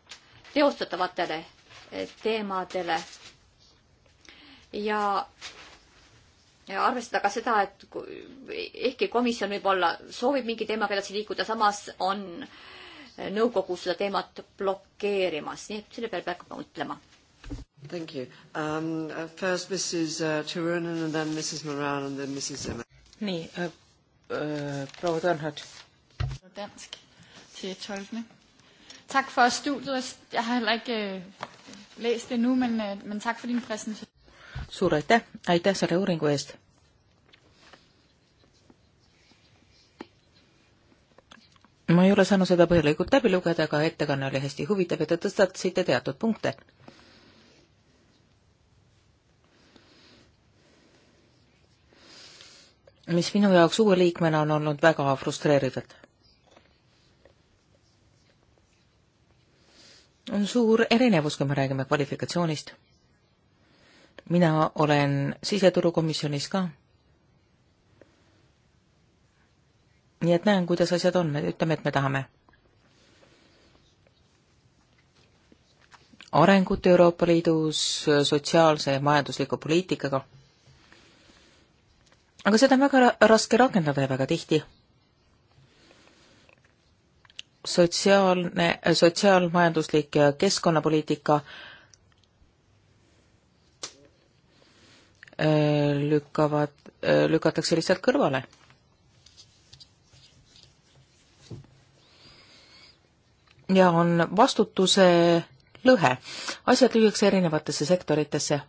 S2: teostatavatele eh, teemadele ja, ja arvestada ka seda, et kui, ehkki komisjon võib-olla soovib mingi teemaga edasi liikuda, samas on eh, nõukogu seda teemat blokeerimas, nii et selle peale peab mõtlema.
S3: Thank you um,. Uh, first Mrs uh, Turunen and then Mrs Moran and then Mrs Zimmer.
S4: nii uh,, proua Tõnhat. Dansk, siia Tšolni
S1: tak for studiet. Jeg har heller ikke øh, læst det nu, men, øh, men tak for din
S4: præsentation. suur aitäh, aitäh selle uuringu eest. ma ei ole saanud seda põhjalikult läbi lugeda, aga ettekanne oli hästi huvitav ja te tõstatasite teatud punkte. mis minu jaoks uue liikmena on olnud väga frustreerivad on suur erinevus, kui me räägime kvalifikatsioonist. mina olen siseturukomisjonis ka. nii et näen, kuidas asjad on, me ütleme, et me tahame arengut Euroopa Liidus sotsiaalse ja majandusliku poliitikaga. aga seda on väga raske rakendada ja väga tihti sotsiaalne, sotsiaalmajanduslik ja keskkonnapoliitika äh, lükkavad, äh, lükatakse lihtsalt kõrvale. ja on vastutuse lõhe, asjad lüüakse erinevatesse sektoritesse.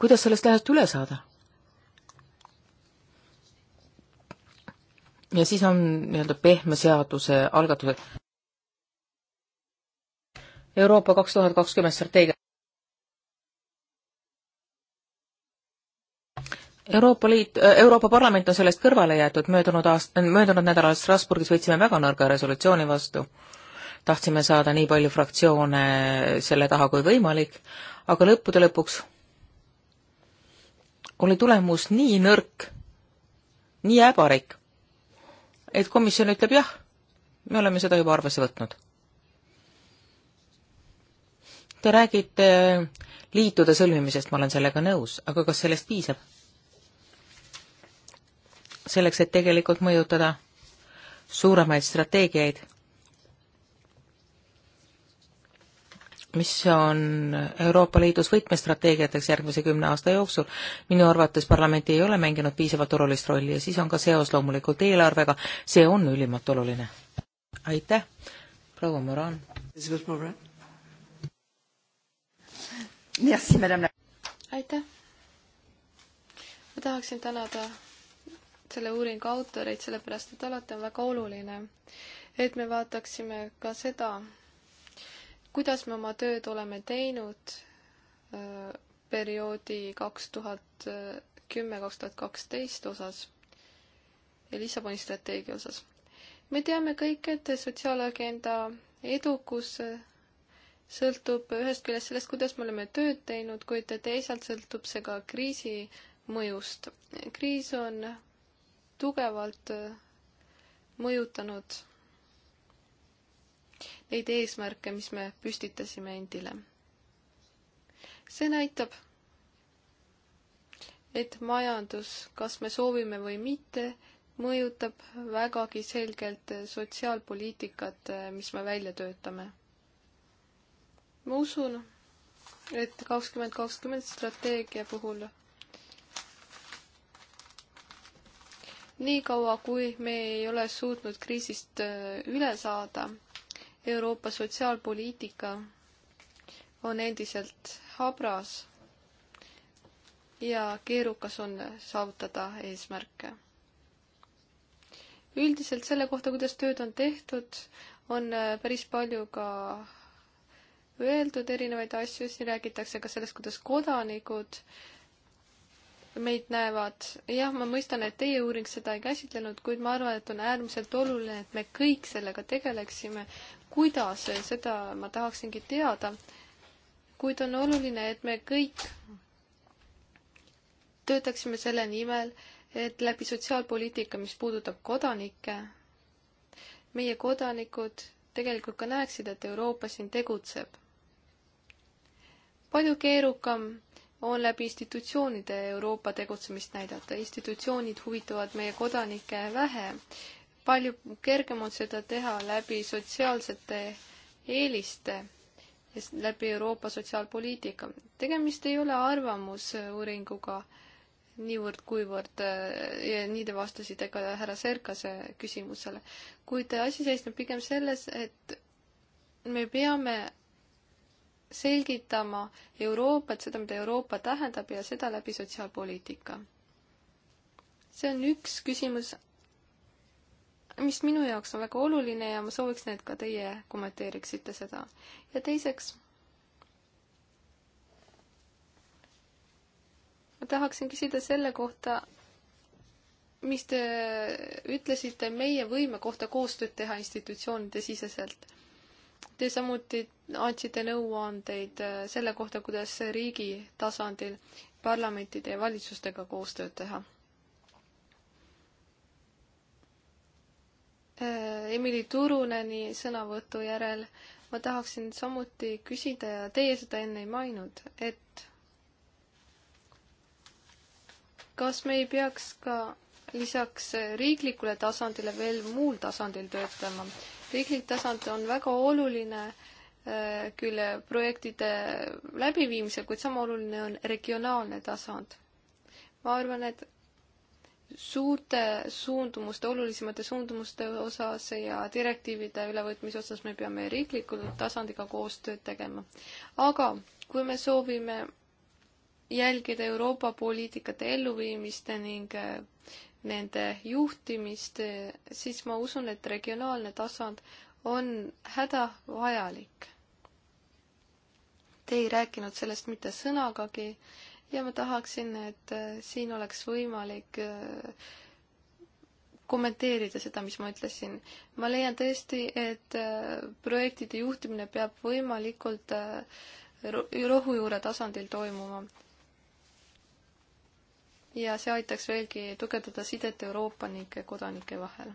S4: kuidas sellest lõhest üle saada? ja siis on nii-öelda pehme seaduse algatused. Euroopa kaks tuhat kakskümmend strateegia. Euroopa Liit, äh, Euroopa Parlament on sellest kõrvale jäetud, möödunud aast-, äh, möödunud nädalal Strasbourgis võtsime väga nõrga resolutsiooni vastu. tahtsime saada nii palju fraktsioone selle taha kui võimalik, aga lõppude lõpuks oli tulemus nii nõrk, nii äbarik et komisjon ütleb jah, me oleme seda juba arvesse võtnud. Te räägite liitude sõlmimisest, ma olen sellega nõus, aga kas sellest piisab? selleks, et tegelikult mõjutada suuremaid strateegiaid mis on Euroopa Liidus võtmestrateegiateks järgmise kümne aasta jooksul. minu arvates parlament ei ole mänginud piisavalt olulist rolli ja siis on ka seos loomulikult eelarvega, see on ülimalt oluline. aitäh, proua Moran. aitäh.
S1: ma tahaksin tänada selle uuringu autoreid, sellepärast et alati on väga oluline, et me vaataksime ka seda, kuidas me oma tööd oleme teinud äh, perioodi kaks tuhat kümme, kaks tuhat kaksteist osas ja Lissaboni strateegia osas. me teame kõik, et sotsiaalagenda edukus äh, sõltub ühest küljest sellest, kuidas me oleme tööd teinud, kuid teisalt sõltub see ka kriisi mõjust. kriis on tugevalt äh, mõjutanud neid eesmärke, mis me püstitasime endile. see näitab, et majandus, kas me soovime või mitte, mõjutab vägagi selgelt sotsiaalpoliitikat, mis me välja töötame. ma usun, et kakskümmend kakskümmend strateegia puhul niikaua, kui me ei ole suutnud kriisist äh, üle saada Euroopa sotsiaalpoliitika on endiselt habras ja keerukas on saavutada eesmärke. üldiselt selle kohta, kuidas tööd on tehtud, on äh, päris palju ka öeldud erinevaid asju, siin räägitakse ka sellest, kuidas kodanikud meid näevad. jah, ma mõistan, et teie uuring seda ei käsitlenud, kuid ma arvan, et on äärmiselt oluline, et me kõik sellega tegeleksime kuidas, seda ma tahaksingi teada, kuid on oluline, et me kõik töötaksime selle nimel, et läbi sotsiaalpoliitika, mis puudutab kodanikke, meie kodanikud tegelikult ka näeksid, et Euroopa siin tegutseb. palju keerukam on läbi institutsioonide Euroopa tegutsemist näidata, institutsioonid huvitavad meie kodanikke vähe palju kergem on seda teha läbi sotsiaalsete eeliste ja läbi Euroopa sotsiaalpoliitika. tegemist ei ole arvamusuuringuga niivõrd-kuivõrd äh, ja nii te vastasite ka härra Serkase küsimusele, kuid asi seisneb pigem selles, et me peame selgitama Euroopat, seda, mida Euroopa tähendab ja seda läbi sotsiaalpoliitika. see on üks küsimus, mis minu jaoks on väga oluline ja ma sooviksin, et ka teie kommenteeriksite seda. ja teiseks, ma tahaksin küsida selle kohta, mis te ütlesite meie võime kohta koostööd teha institutsioonide siseselt. Te samuti andsite nõuandeid äh, selle kohta, kuidas riigi tasandil parlamentide ja valitsustega koostööd teha Äh, Emily Turuneni sõnavõtu järel ma tahaksin samuti küsida ja teie seda enne ei maininud, et kas me ei peaks ka lisaks riiklikule tasandile veel muul tasandil töötama? riiklik tasand on väga oluline äh, küll projektide läbiviimisel, kuid sama oluline on regionaalne tasand. ma arvan, et suurte suundumuste, olulisemate suundumuste osas ja direktiivide ülevõtmise osas me peame riiklikul tasandiga koostööd tegema. aga kui me soovime jälgida Euroopa poliitikate elluviimist ning eh, nende juhtimist, siis ma usun, et regionaalne tasand on hädavajalik. Te ei rääkinud sellest mitte sõnagagi ja ma tahaksin, et äh, siin oleks võimalik äh, kommenteerida seda, mis ma ütlesin. ma leian tõesti, et äh, projektide juhtimine peab võimalikult rohujuure tasandil toimuma. ja see aitaks veelgi tugevdada sidet Euroopa ning kodanike vahel.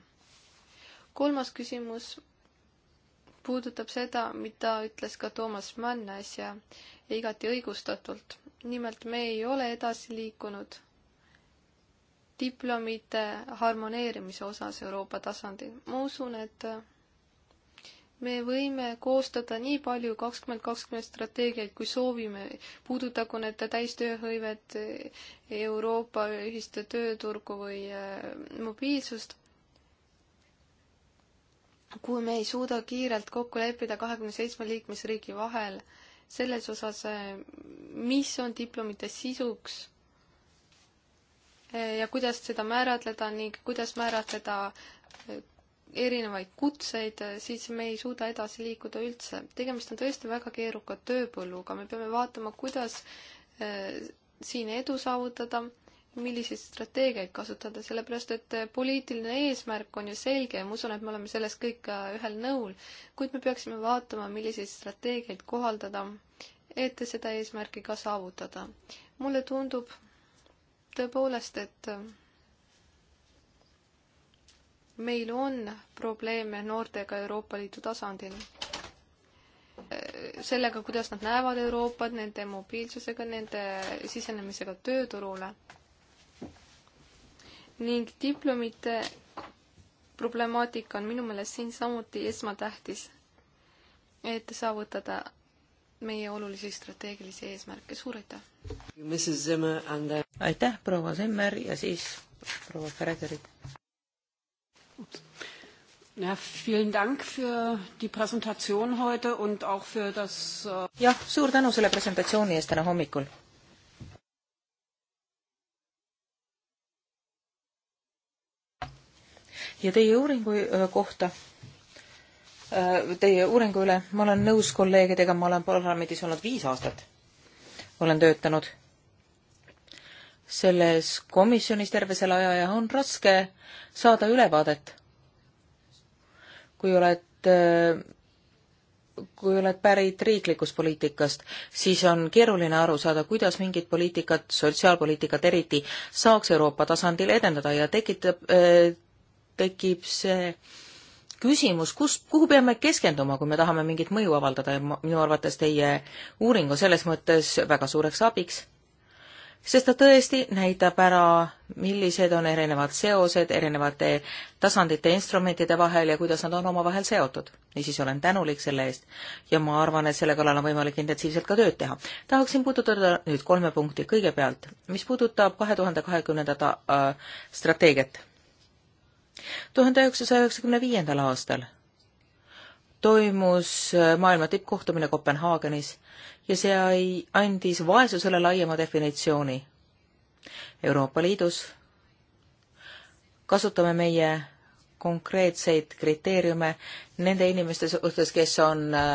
S1: kolmas küsimus puudutab seda, mida ütles ka Toomas Mann äsja ja igati õigustatult nimelt me ei ole edasi liikunud diplomite harmoneerimise osas Euroopa tasandil. ma usun, et me võime koostada nii palju kakskümmend kakskümmend strateegiaid, kui soovime, puudutagu need täistööhõivet, Euroopa ühist tööturgu või äh, mobiilsust. kui me ei suuda kiirelt kokku leppida kahekümne seitsme liikmesriigi vahel äh, selles osas, eh, mis on diplomite sisuks eh, ja kuidas seda määratleda ning kuidas määratleda eh, erinevaid kutseid, siis me ei suuda edasi liikuda üldse. tegemist on tõesti väga keeruka tööpõlluga, me peame vaatama, kuidas siin edu saavutada milliseid strateegiaid kasutada, sellepärast et äh, poliitiline eesmärk on ju selge ja ma usun, et me oleme selles kõik ka ühel nõul, kuid me peaksime vaatama, milliseid strateegiaid kohaldada, et seda eesmärki ka saavutada. mulle tundub tõepoolest, et äh, meil on probleeme noortega Euroopa Liidu tasandil äh, sellega, kuidas nad näevad Euroopat, nende mobiilsusega, nende sisenemisega tööturule ning diplomite problemaatika on minu meelest siin samuti esmatähtis, et saavutada meie olulisi strateegilisi eesmärke. suur aitäh!
S4: aitäh, proua Semmer ja siis proua Frederik. Ja, vielen Dank für die Präsentation heute und
S3: auch für das... Äh
S4: jah, suur tänu selle presentatsiooni eest täna hommikul ja teie uuringu äh, kohta, äh, teie uuringu üle, ma olen nõus kolleegidega, ma olen parlamendis olnud viis aastat, olen töötanud selles komisjonis terve selle aja ja on raske saada ülevaadet, kui oled äh, kui oled pärit riiklikust poliitikast, siis on keeruline aru saada, kuidas mingit poliitikat, sotsiaalpoliitikat eriti, saaks Euroopa tasandil edendada ja tekitab tekib see küsimus, kus, kuhu peame keskenduma, kui me tahame mingit mõju avaldada ja minu arvates teie uuring on selles mõttes väga suureks abiks, sest ta tõesti näitab ära, millised on erinevad seosed erinevate tasandite instrumentide vahel ja kuidas nad on omavahel seotud. niisiis olen tänulik selle eest ja ma arvan, et selle kallal on võimalik intensiivselt ka tööd teha. tahaksin puudutada nüüd kolme punkti. kõigepealt, mis puudutab kahe tuhande kahekümnendat äh, strateegiat tuhande üheksasaja üheksakümne viiendal aastal toimus äh, maailma tippkohtumine Kopenhaagenis ja see andis vaesusele laiema definitsiooni. Euroopa Liidus kasutame meie konkreetseid kriteeriume nende inimeste suhtes, kes on äh,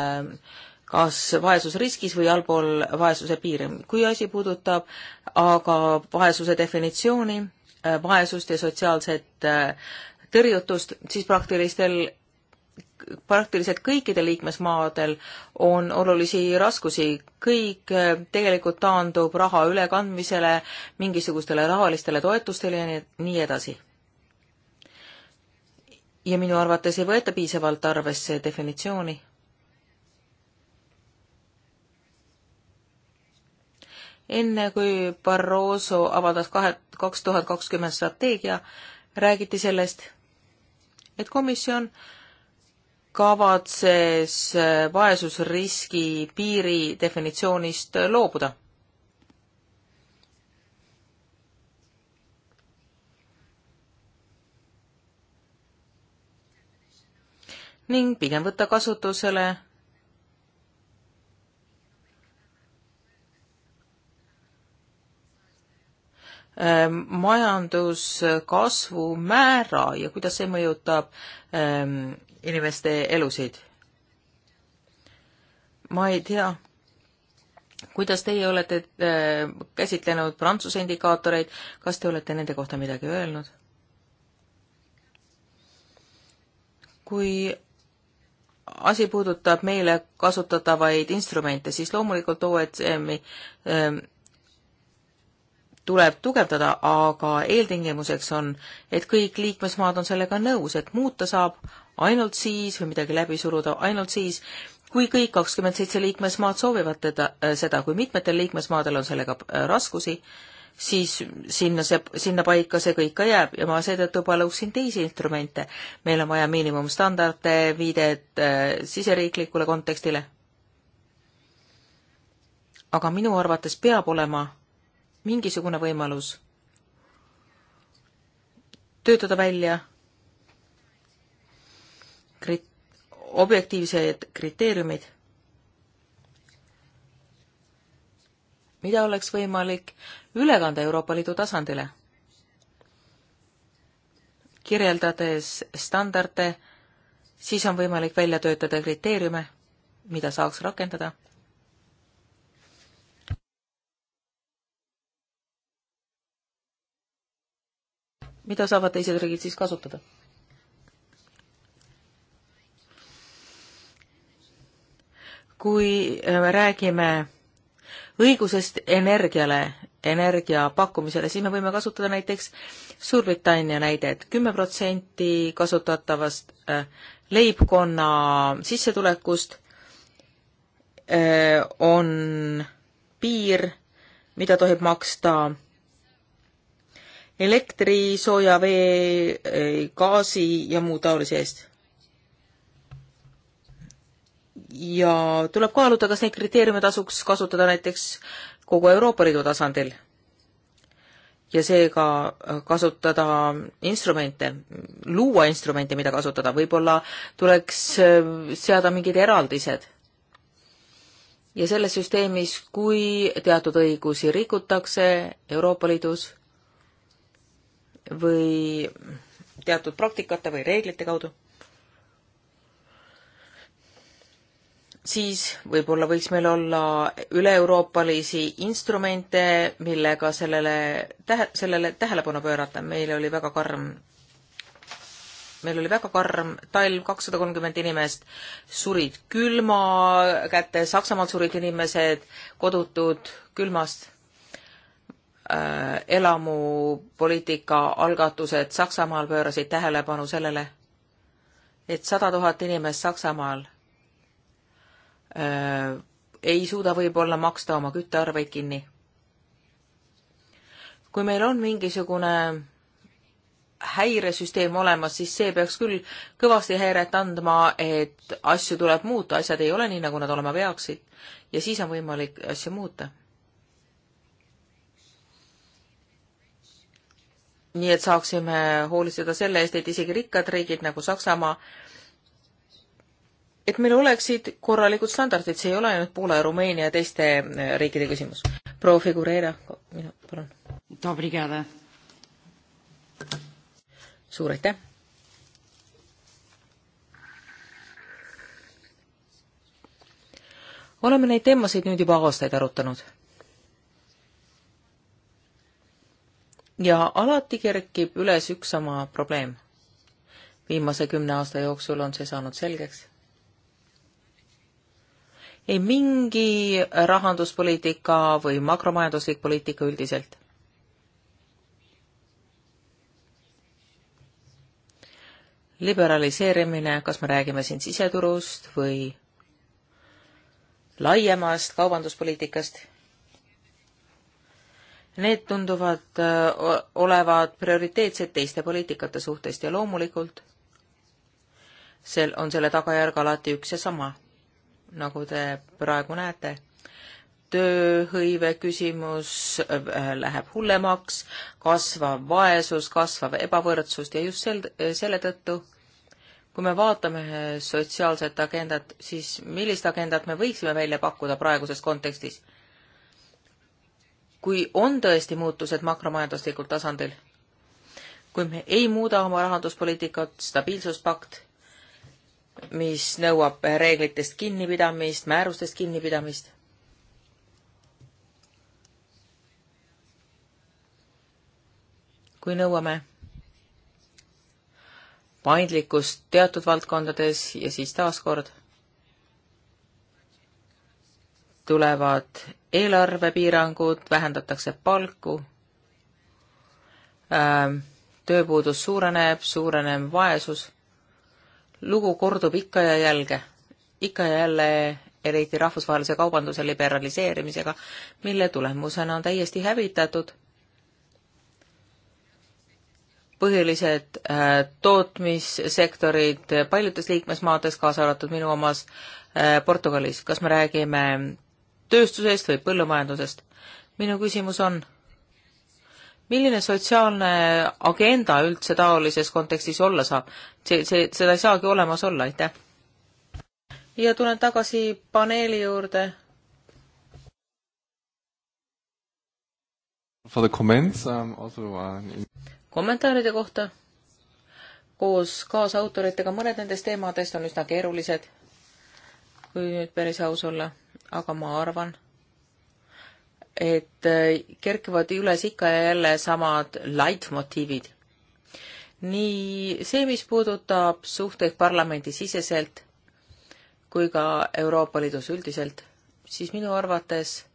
S4: kas vaesusriskis või allpool vaesuse piiri. kui asi puudutab aga vaesuse definitsiooni, äh, vaesust ja sotsiaalset tõrjutust, siis praktilistel, praktiliselt kõikidel liikmesmaadel on olulisi raskusi. kõik eh, tegelikult taandub raha ülekandmisele, mingisugustele rahalistele toetustele ja nii edasi. ja minu arvates ei võeta piisavalt arvesse definitsiooni enne kui Barroso avaldas kahe, kaks tuhat kakskümmend strateegia, räägiti sellest, et komisjon kavatses äh, vaesusriski piiri definitsioonist äh, loobuda. ning pigem võtta kasutusele Ähm, majanduskasvu määra ja kuidas see mõjutab ähm, inimeste elusid? ma ei tea, kuidas teie olete äh, käsitlenud Prantsuse indikaatoreid, kas te olete nende kohta midagi öelnud? kui asi puudutab meile kasutatavaid instrumente, siis loomulikult OECD tuleb tugevdada, aga eeltingimuseks on, et kõik liikmesmaad on sellega nõus, et muuta saab ainult siis või midagi läbi suruda ainult siis, kui kõik kakskümmend seitse liikmesmaad soovivad teda, äh, seda, kui mitmetel liikmesmaadel on sellega äh, raskusi, siis sinna see, sinna paika see kõik ka jääb ja ma seetõttu paluksin teisi instrumente. meil on vaja miinimumstandarde, viidet äh, siseriiklikule kontekstile. aga minu arvates peab olema mingisugune võimalus töötada välja krit-, objektiivsed kriteeriumid, mida oleks võimalik üle kanda Euroopa Liidu tasandile, kirjeldades standarde, siis on võimalik välja töötada kriteeriume, mida saaks rakendada mida saavad teised riigid siis kasutada? kui äh, me räägime õigusest energiale, energia pakkumisele, siis me võime kasutada näiteks Suurbritannia näidet, kümme protsenti kasutatavast äh, leibkonna sissetulekust äh, on piir, mida tohib maksta elektri, soojavee, eh, gaasi ja muu taolise eest. ja tuleb kaaluda, kas neid kriteeriume tasuks kasutada näiteks kogu Euroopa Liidu tasandil ja seega eh, kasutada instrumente, luua instrumente, mida kasutada, võib-olla tuleks eh, seada mingid eraldised. ja selles süsteemis, kui teatud õigusi rikutakse Euroopa Liidus, või teatud praktikate või reeglite kaudu, siis võib-olla võiks meil olla üle-euroopalisi instrumente, millega sellele tähe, sellele tähelepanu pöörata. meil oli väga karm, meil oli väga karm talv, kakssada kolmkümmend inimest surid külma kätte, Saksamaal surid inimesed kodutud külmast Äh, elamupoliitika algatused Saksamaal pöörasid tähelepanu sellele, et sada tuhat inimest Saksamaal öö, äh, ei suuda võib-olla maksta oma küttearveid kinni. kui meil on mingisugune häiresüsteem olemas, siis see peaks küll kõvasti häiret andma, et asju tuleb muuta, asjad ei ole nii, nagu nad olema peaksid ja siis on võimalik asju muuta nii et saaksime hoolitseda selle eest, et isegi rikkad riigid nagu Saksamaa, et meil oleksid korralikud standardid, see ei ole ainult Poola ja Rumeenia ja teiste eh, riikide küsimus. proua Figureira, minu, palun. suur aitäh. oleme neid teemasid nüüd juba aastaid arutanud ja alati kerkib üles üks sama probleem. viimase kümne aasta jooksul on see saanud selgeks. ei mingi rahanduspoliitika või makromajanduslik poliitika üldiselt liberaliseerimine, kas me räägime siin siseturust või laiemast kaubanduspoliitikast, Need tunduvad äh, olevat prioriteetsed teiste poliitikate suhtest ja loomulikult sel, on selle tagajärg alati üks ja sama, nagu te praegu näete. tööhõive küsimus äh, läheb hullemaks, kasvav vaesus, kasvav ebavõrdsus ja just sel, selle tõttu, kui me vaatame sotsiaalset agendat, siis millist agendat me võiksime välja pakkuda praeguses kontekstis kui on tõesti muutused makromajanduslikul tasandil, kui me ei muuda oma rahanduspoliitikat, stabiilsuspakt, mis nõuab reeglitest kinnipidamist, määrustest kinnipidamist, kui nõuame paindlikkust teatud valdkondades ja siis taaskord tulevad eelarvepiirangud, vähendatakse palku, ähm, tööpuudus suureneb, suureneb vaesus, lugu kordub ikka ja jälge, ikka ja jälle, eriti rahvusvahelise kaubanduse liberaliseerimisega, mille tulemusena on täiesti hävitatud põhilised äh, tootmissektorid paljudes liikmesmaades, kaasa arvatud minu omas äh, Portugalis. kas me räägime tööstusest või põllumajandusest. minu küsimus on, milline sotsiaalne agenda üldse taolises kontekstis olla saab? see, see, seda ei saagi olemas olla, aitäh. ja tulen tagasi paneeli juurde.
S3: Um, uh,
S4: kommentaaride kohta koos kaasautoritega, mõned nendest teemadest on üsna keerulised, kui nüüd päris aus olla aga ma arvan, et äh, kerkivad üles ikka ja jälle samad laitmotiivid. nii see, mis puudutab suhteid parlamendisiseselt kui ka Euroopa Liidus üldiselt, siis minu arvates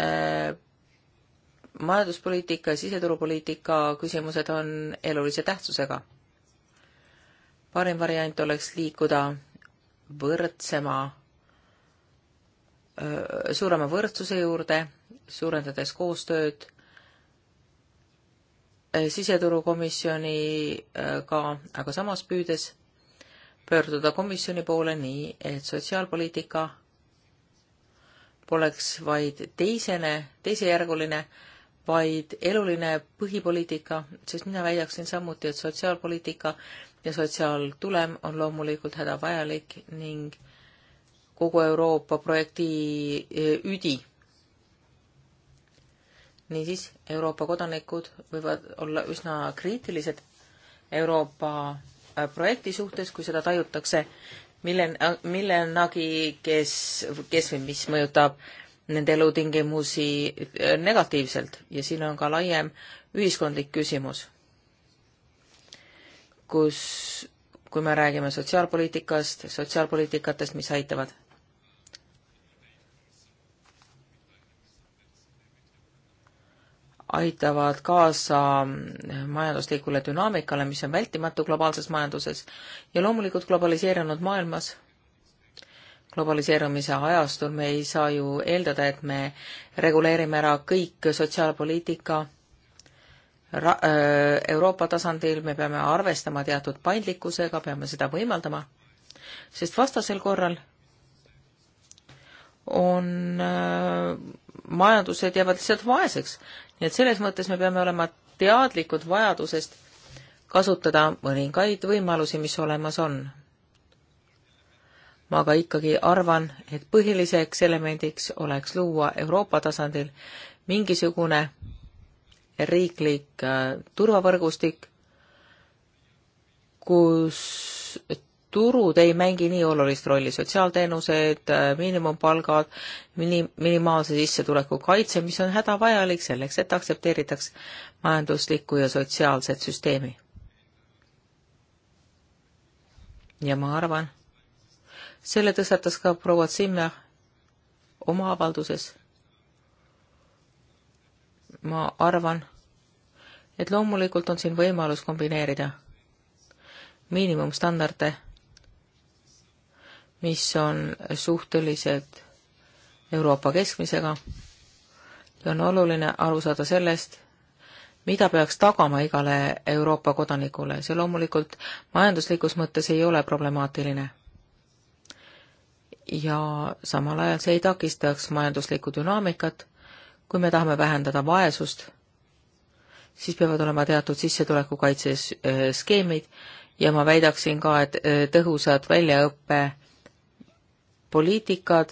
S4: äh, majanduspoliitika ja siseturupoliitika küsimused on elulise tähtsusega. parim variant oleks liikuda võrdsema, suurema võrdsuse juurde, suurendades koostööd siseturukomisjoniga, aga samas püüdes pöörduda komisjoni poole nii, et sotsiaalpoliitika poleks vaid teisene, teisejärguline, vaid eluline põhipoliitika, sest mina väidaksin samuti, et sotsiaalpoliitika ja sotsiaaltulem on loomulikult hädavajalik ning kogu Euroopa projekti eh, üdi. niisiis, Euroopa kodanikud võivad olla üsna kriitilised Euroopa eh, projekti suhtes, kui seda tajutakse millen-, millenagi, kes, kes või mis mõjutab nende elutingimusi eh, negatiivselt ja siin on ka laiem ühiskondlik küsimus kus, kui me räägime sotsiaalpoliitikast, sotsiaalpoliitikatest, mis aitavad aitavad kaasa majanduslikule dünaamikale, mis on vältimatu globaalses majanduses ja loomulikult globaliseerunud maailmas, globaliseerumise ajastul me ei saa ju eeldada, et me reguleerime ära kõik sotsiaalpoliitika ra-, äh, Euroopa tasandil me peame arvestama teatud paindlikkusega, peame seda võimaldama, sest vastasel korral on äh,, majandused jäävad lihtsalt vaeseks. nii et selles mõttes me peame olema teadlikud vajadusest kasutada mõningaid võimalusi, mis olemas on. ma aga ikkagi arvan, et põhiliseks elemendiks oleks luua Euroopa tasandil mingisugune riiklik äh, turvavõrgustik, kus turud ei mängi nii olulist rolli, sotsiaalteenused, äh, miinimumpalgad, mini-, minimaalse sissetuleku kaitse, mis on hädavajalik selleks, et aktsepteeritaks majanduslikku ja sotsiaalset süsteemi. ja ma arvan, selle tõstatas ka proua Zimmer oma avalduses ma arvan, et loomulikult on siin võimalus kombineerida miinimumstandarde, mis on suhteliselt Euroopa keskmisega ja on oluline aru saada sellest, mida peaks tagama igale Euroopa kodanikule, see loomulikult majanduslikus mõttes ei ole problemaatiline. ja samal ajal see ei takistaks majanduslikku dünaamikat kui me tahame vähendada vaesust, siis peavad olema teatud sissetulekukaitseskeemid äh, ja ma väidaksin ka, et äh, tõhusad väljaõppepoliitikad,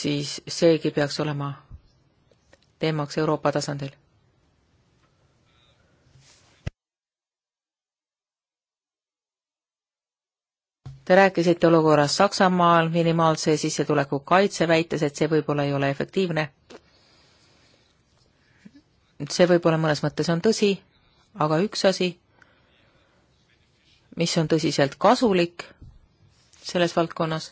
S4: siis seegi peaks olema teemaks Euroopa tasandil Te rääkisite olukorrast Saksamaal minimaalse sissetuleku kaitse, väites, et see võib-olla ei ole efektiivne. see võib-olla mõnes mõttes on tõsi, aga üks asi, mis on tõsiselt kasulik selles valdkonnas,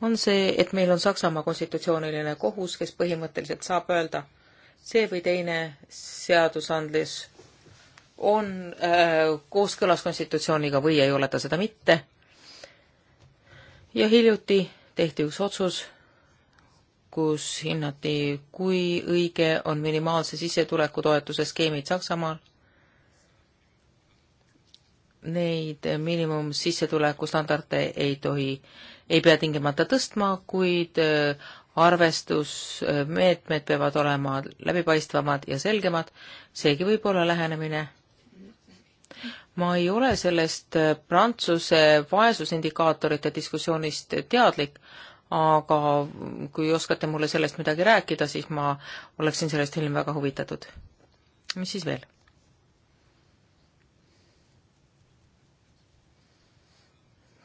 S4: on see, et meil on Saksamaa konstitutsiooniline kohus, kes põhimõtteliselt saab öelda, see või teine seadusandlus on äh, kooskõlas konstitutsiooniga või ei ole ta seda mitte ja hiljuti tehti üks otsus, kus hinnati, kui õige on minimaalse sissetulekutoetuse skeemid Saksamaal. Neid miinimumsissetulekustandarde ei tohi, ei pea tingimata tõstma, kuid äh, arvestusmeetmed peavad olema läbipaistvamad ja selgemad, seegi võib olla lähenemine ma ei ole sellest äh, Prantsuse vaesusindikaatorite diskussioonist teadlik, aga kui oskate mulle sellest midagi rääkida, siis ma oleksin sellest hiljem väga huvitatud. mis siis veel?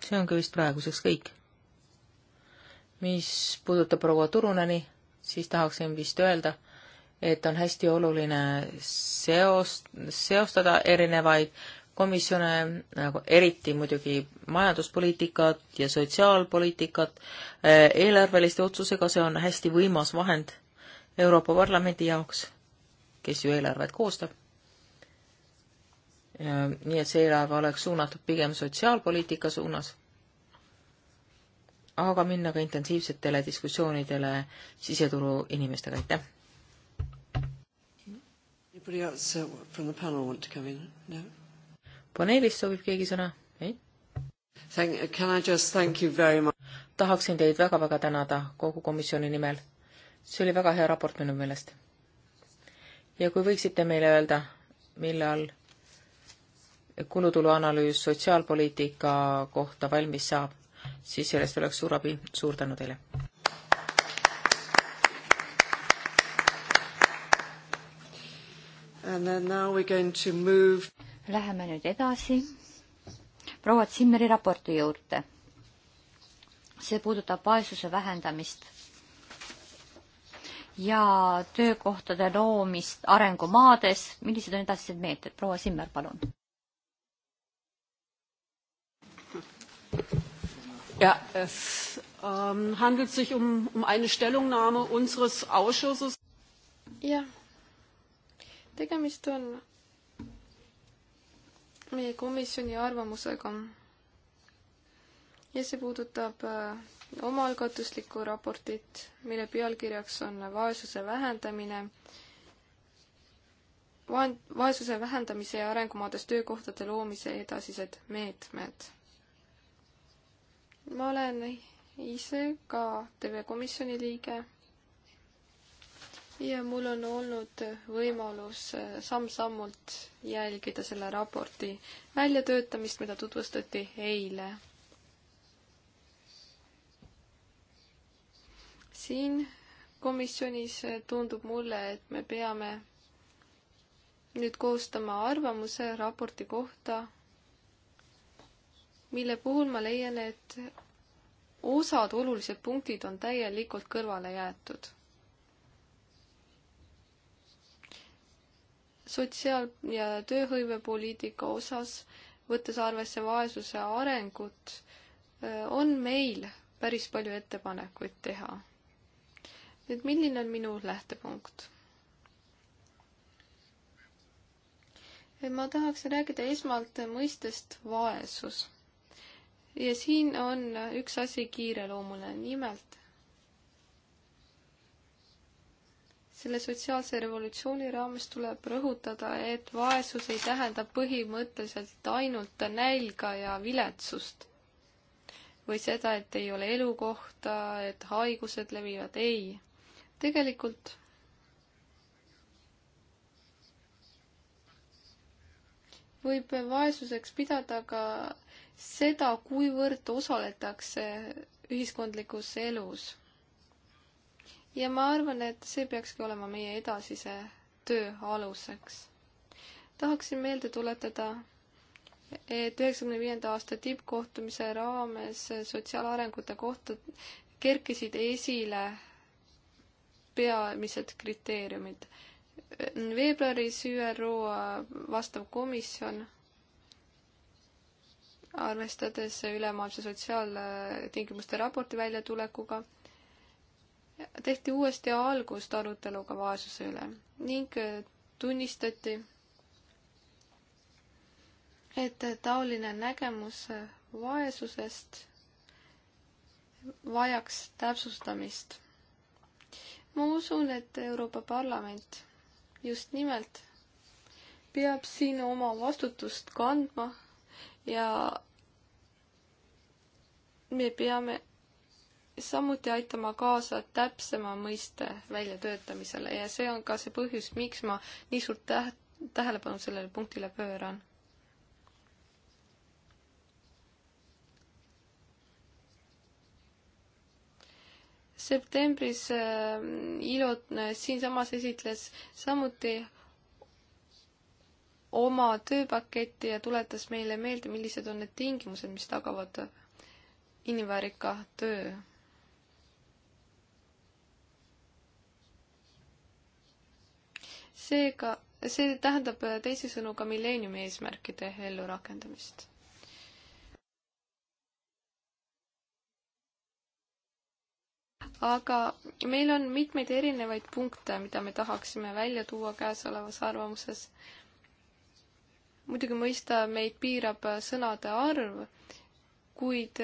S4: see ongi vist praeguseks kõik. mis puudutab proua Turuneni, siis tahaksin vist öelda, et on hästi oluline seos, seostada erinevaid komisjone, nagu eriti muidugi majanduspoliitikat ja sotsiaalpoliitikat, eh, eelarveliste otsusega, see on hästi võimas vahend Euroopa Parlamendi jaoks, kes ju eelarvet koostab. nii et see eelarve oleks suunatud pigem sotsiaalpoliitika suunas, aga minna ka intensiivsetele diskussioonidele siseturu inimestega, aitäh!
S3: Anybody else uh, from the panel want to come in?
S4: No? paneelist soovib keegi sõna? ei? tahaksin teid väga-väga tänada kogu komisjoni nimel. see oli väga hea raport minu meelest. ja kui võiksite meile öelda, millal kulutulu analüüs sotsiaalpoliitika kohta valmis saab, siis sellest oleks suur abi, suur tänu teile!
S2: And then now we're going to move Läheme nüüd edasi proua Zimmeri raporti juurde. see puudutab vaesuse vähendamist ja töökohtade loomist arengumaades. millised on edasised meetmed? proua Simmer, palun.
S3: Ja, es ähm, handelt sich um, um eine Stellungnahme unseres Ausschusses. Ja, tegemist on
S1: meie komisjoni arvamusega. ja see puudutab äh, omaalgatuslikku raportit, mille pealkirjaks on vaesuse vähendamine, vaesuse vähendamise ja arengumaades töökohtade loomise edasised meetmed. ma olen ise ka TV Komisjoni liige ja mul on olnud võimalus äh, samm-sammult jälgida selle raporti väljatöötamist, mida tutvustati eile. siin komisjonis äh, tundub mulle, et me peame nüüd koostama arvamuse raporti kohta, mille puhul ma leian, et osad olulised punktid on täielikult kõrvale jäetud sotsiaal- ja tööhõivepoliitika osas, võttes arvesse vaesuse arengut, on meil päris palju ettepanekuid teha. nüüd milline on minu lähtepunkt? ma tahaksin rääkida esmalt mõistest vaesus. ja siin on üks asi kiireloomuline, nimelt selle sotsiaalse revolutsiooni raames tuleb rõhutada, et vaesus ei tähenda põhimõtteliselt ainult nälga ja viletsust või seda, et ei ole elukohta, et haigused levivad, ei. tegelikult võib vaesuseks pidada ka seda, kuivõrd osaletakse ühiskondlikus elus ja ma arvan, et see peakski olema meie edasise töö aluseks. tahaksin meelde tuletada, et üheksakümne viienda aasta tippkohtumise raames sotsiaalarengute kohta kerkisid esile peamised kriteeriumid. veebruaris ÜRO vastav komisjon, arvestades ülemaailmse sotsiaaltingimuste raporti väljatulekuga, tehti uuesti algust aruteluga vaesuse üle ning äh, tunnistati, et taoline nägemus äh, vaesusest vajaks täpsustamist. ma usun, et Euroopa Parlament just nimelt peab siin oma vastutust kandma ja me peame samuti aitama kaasa täpsema mõiste väljatöötamisele ja see on ka see põhjus, miks ma nii suurt täht-, tähelepanu sellele punktile pööran. septembris äh, ILO äh, siinsamas esitles samuti oma tööpaketti ja tuletas meile meelde, millised on need tingimused, mis tagavad inimväärika töö seega see tähendab teisisõnu ka milleeniumi eesmärkide ellurakendamist. aga meil on mitmeid erinevaid punkte, mida me tahaksime välja tuua käesolevas arvamuses. muidugi mõista meid piirab sõnade arv, kuid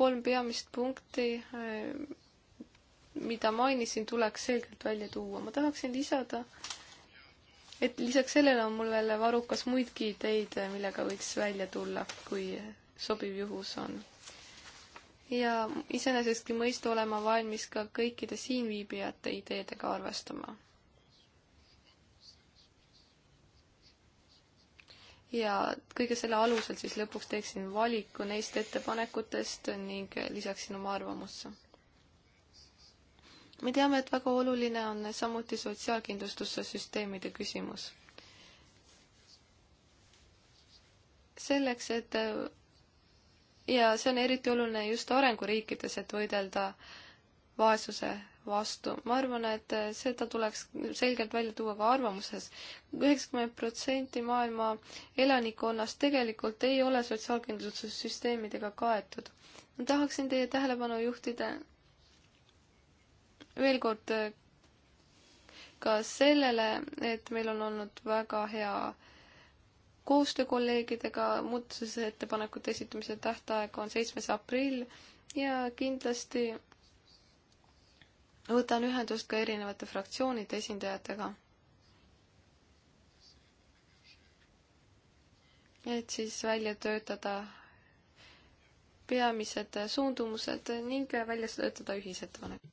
S1: kolm peamist punkti, eh, mida mainisin, tuleks selgelt välja tuua. ma tahaksin lisada äh, et lisaks sellele on mul veel varukas muidki ideid, millega võiks välja tulla, kui sobiv juhus on. ja iseenesestki mõista olema valmis ka kõikide siinviibijate ideedega arvestama. ja kõige selle alusel siis lõpuks teeksin valiku neist ettepanekutest ning lisaksin oma arvamusse me teame, et väga oluline on samuti sotsiaalkindlustussüsteemide küsimus. selleks, et ja see on eriti oluline just arenguriikides, et võidelda vaesuse vastu. ma arvan, et seda tuleks selgelt välja tuua ka arvamuses. üheksakümmend protsenti maailma elanikkonnast tegelikult ei ole sotsiaalkindlustussüsteemidega kaetud. ma tahaksin teie tähelepanu juhtida veel kord äh, ka sellele, et meil on olnud väga hea koostöö kolleegidega, muudatusettepanekute esitamise tähtaeg on seitsmes aprill ja kindlasti võtan ühendust ka erinevate fraktsioonide esindajatega. et siis välja töötada peamised suundumused ning välja töötada ühisettepanek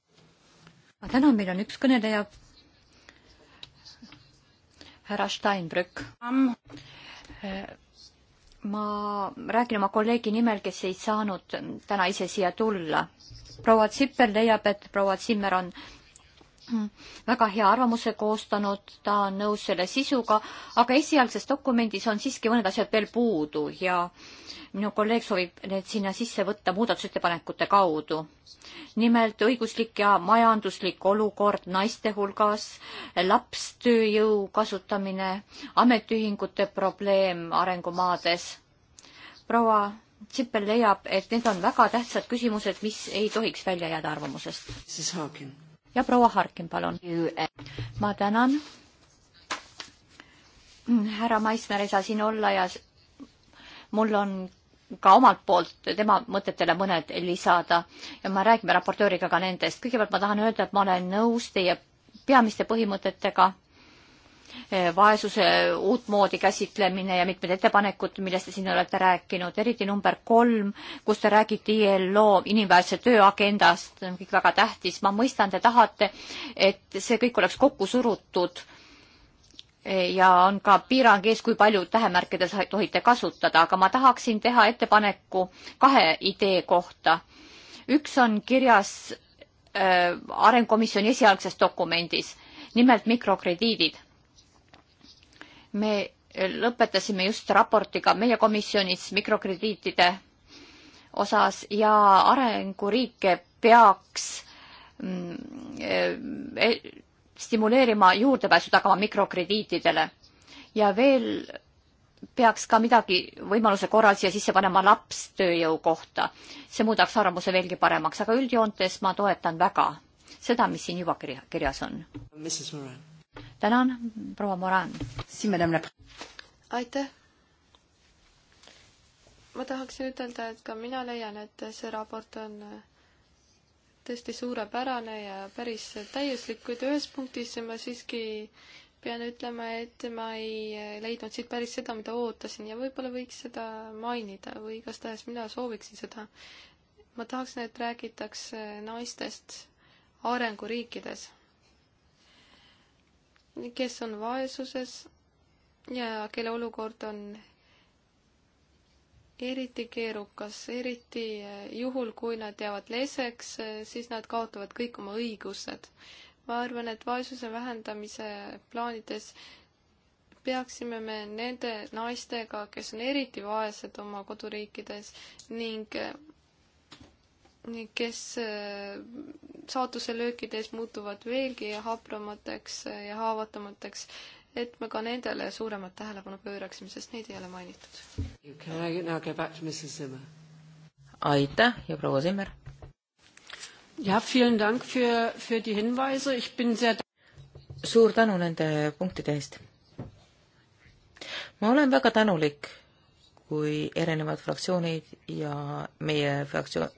S2: ma tänan, meil on üks kõneleja. härra Steinbrück. ma räägin oma kolleegi nimel, kes ei saanud täna ise siia tulla. proua Zipper leiab, et proua Zimmer on väga hea arvamuse koostanud, ta on nõus selle sisuga, aga esialgses dokumendis on siiski mõned asjad veel puudu ja minu kolleeg soovib need sinna sisse võtta muudatusettepanekute kaudu. nimelt õiguslik ja majanduslik olukord naiste hulgas, lapstööjõu kasutamine, ametiühingute probleem arengumaades. proua Tsipel leiab, et need on väga tähtsad küsimused, mis ei tohiks välja jääda arvamusest.
S3: siis Haagin
S2: ja proua Harkin, palun. ma tänan. härra Maismäe ei saa siin olla ja mul on ka omalt poolt tema mõtetele mõned lisada ja me räägime raportööriga ka nendest. kõigepealt ma tahan öelda, et ma olen nõus teie peamiste põhimõtetega Eh, vaesuse uutmoodi käsitlemine ja mitmed ettepanekud, millest te siin olete rääkinud, eriti number kolm, kus te räägite ILO inimväärse töö agendast, kõik väga tähtis, ma mõistan, te tahate, et see kõik oleks kokku surutud eh, ja on ka piirang ees, kui palju tähemärkide tohite kasutada, aga ma tahaksin teha ettepaneku kahe idee kohta. üks on kirjas äh, arengukomisjoni esialgses dokumendis, nimelt mikrokrediidid me lõpetasime just raportiga meie komisjonis mikrokrediitide osas ja arenguriike peaks mm, eh, stimuleerima juurdepääsu tagama mikrokrediitidele ja veel peaks ka midagi võimaluse korral siia sisse panema lapstööjõu kohta. see muudaks arvamuse veelgi paremaks, aga üldjoontes ma toetan väga seda, mis siin juba kirjas on tänan, proua Moran. aitäh.
S1: ma tahaksin ütelda, et ka mina leian, et see raport on tõesti suurepärane ja päris täiuslik, kuid ühes punktis ma siiski pean ütlema, et ma ei leidnud siit päris seda, mida ootasin ja võib-olla võiks seda mainida või igastahes mina sooviksin seda. ma tahaksin, et räägitaks naistest arenguriikides kes on vaesuses ja kelle olukord on eriti keerukas, eriti eh, juhul, kui nad jäävad leseks, eh, siis nad kaotavad kõik oma õigused. ma arvan, et vaesuse vähendamise plaanides peaksime me nende naistega, kes on eriti vaesed oma koduriikides ning eh, kes äh, saatuse löökides muutuvad veelgi hapramateks ja haavatamateks, et me ka nendele suuremat tähelepanu pööraksime, sest neid ei ole
S3: mainitud.
S4: aitäh ja proua Simmer. jah, suur tänu nende punktide eest. ma olen väga tänulik kui erinevad fraktsioonid ja meie fraktsioon,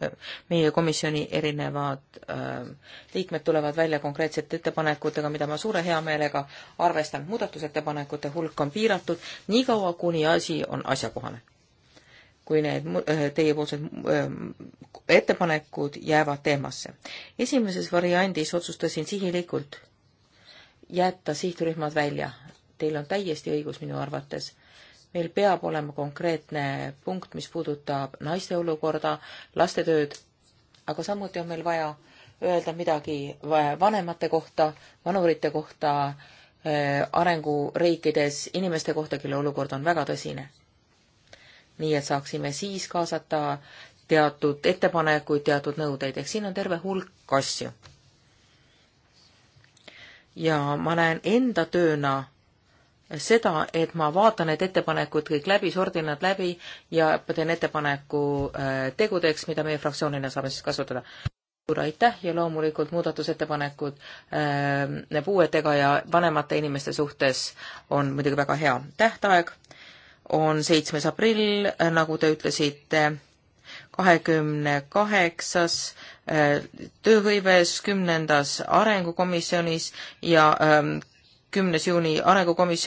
S4: meie komisjoni erinevad äh, liikmed tulevad välja konkreetsete ettepanekutega, mida ma suure heameelega arvestan. muudatusettepanekute hulk on piiratud niikaua, kuni asi on asjakohane. kui need äh, teiepoolsed ähm, ettepanekud jäävad teemasse. esimeses variandis otsustasin sihilikult jätta sihtrühmad välja. Teil on täiesti õigus minu arvates meil peab olema konkreetne punkt, mis puudutab naiste olukorda, laste tööd, aga samuti on meil vaja öelda midagi vanemate kohta, vanurite kohta, eh, arenguriikides inimeste kohta, kelle olukord on väga tõsine. nii et saaksime siis kaasata teatud ettepanekuid, teatud nõudeid, ehk siin on terve hulk asju. ja ma näen enda tööna seda, et ma vaatan need ettepanekud kõik läbi, sordin nad läbi ja teen ettepaneku äh, tegudeks, mida meie fraktsioonina saame siis kasutada. suur aitäh ja loomulikult muudatusettepanekud äh, puuetega ja vanemate inimeste suhtes on muidugi väga hea tähtaeg, on seitsmes aprill, äh, nagu te ütlesite, kahekümne kaheksas äh, tööhõives, kümnendas arengukomisjonis ja ähm, kümnes juuni arengukomisjon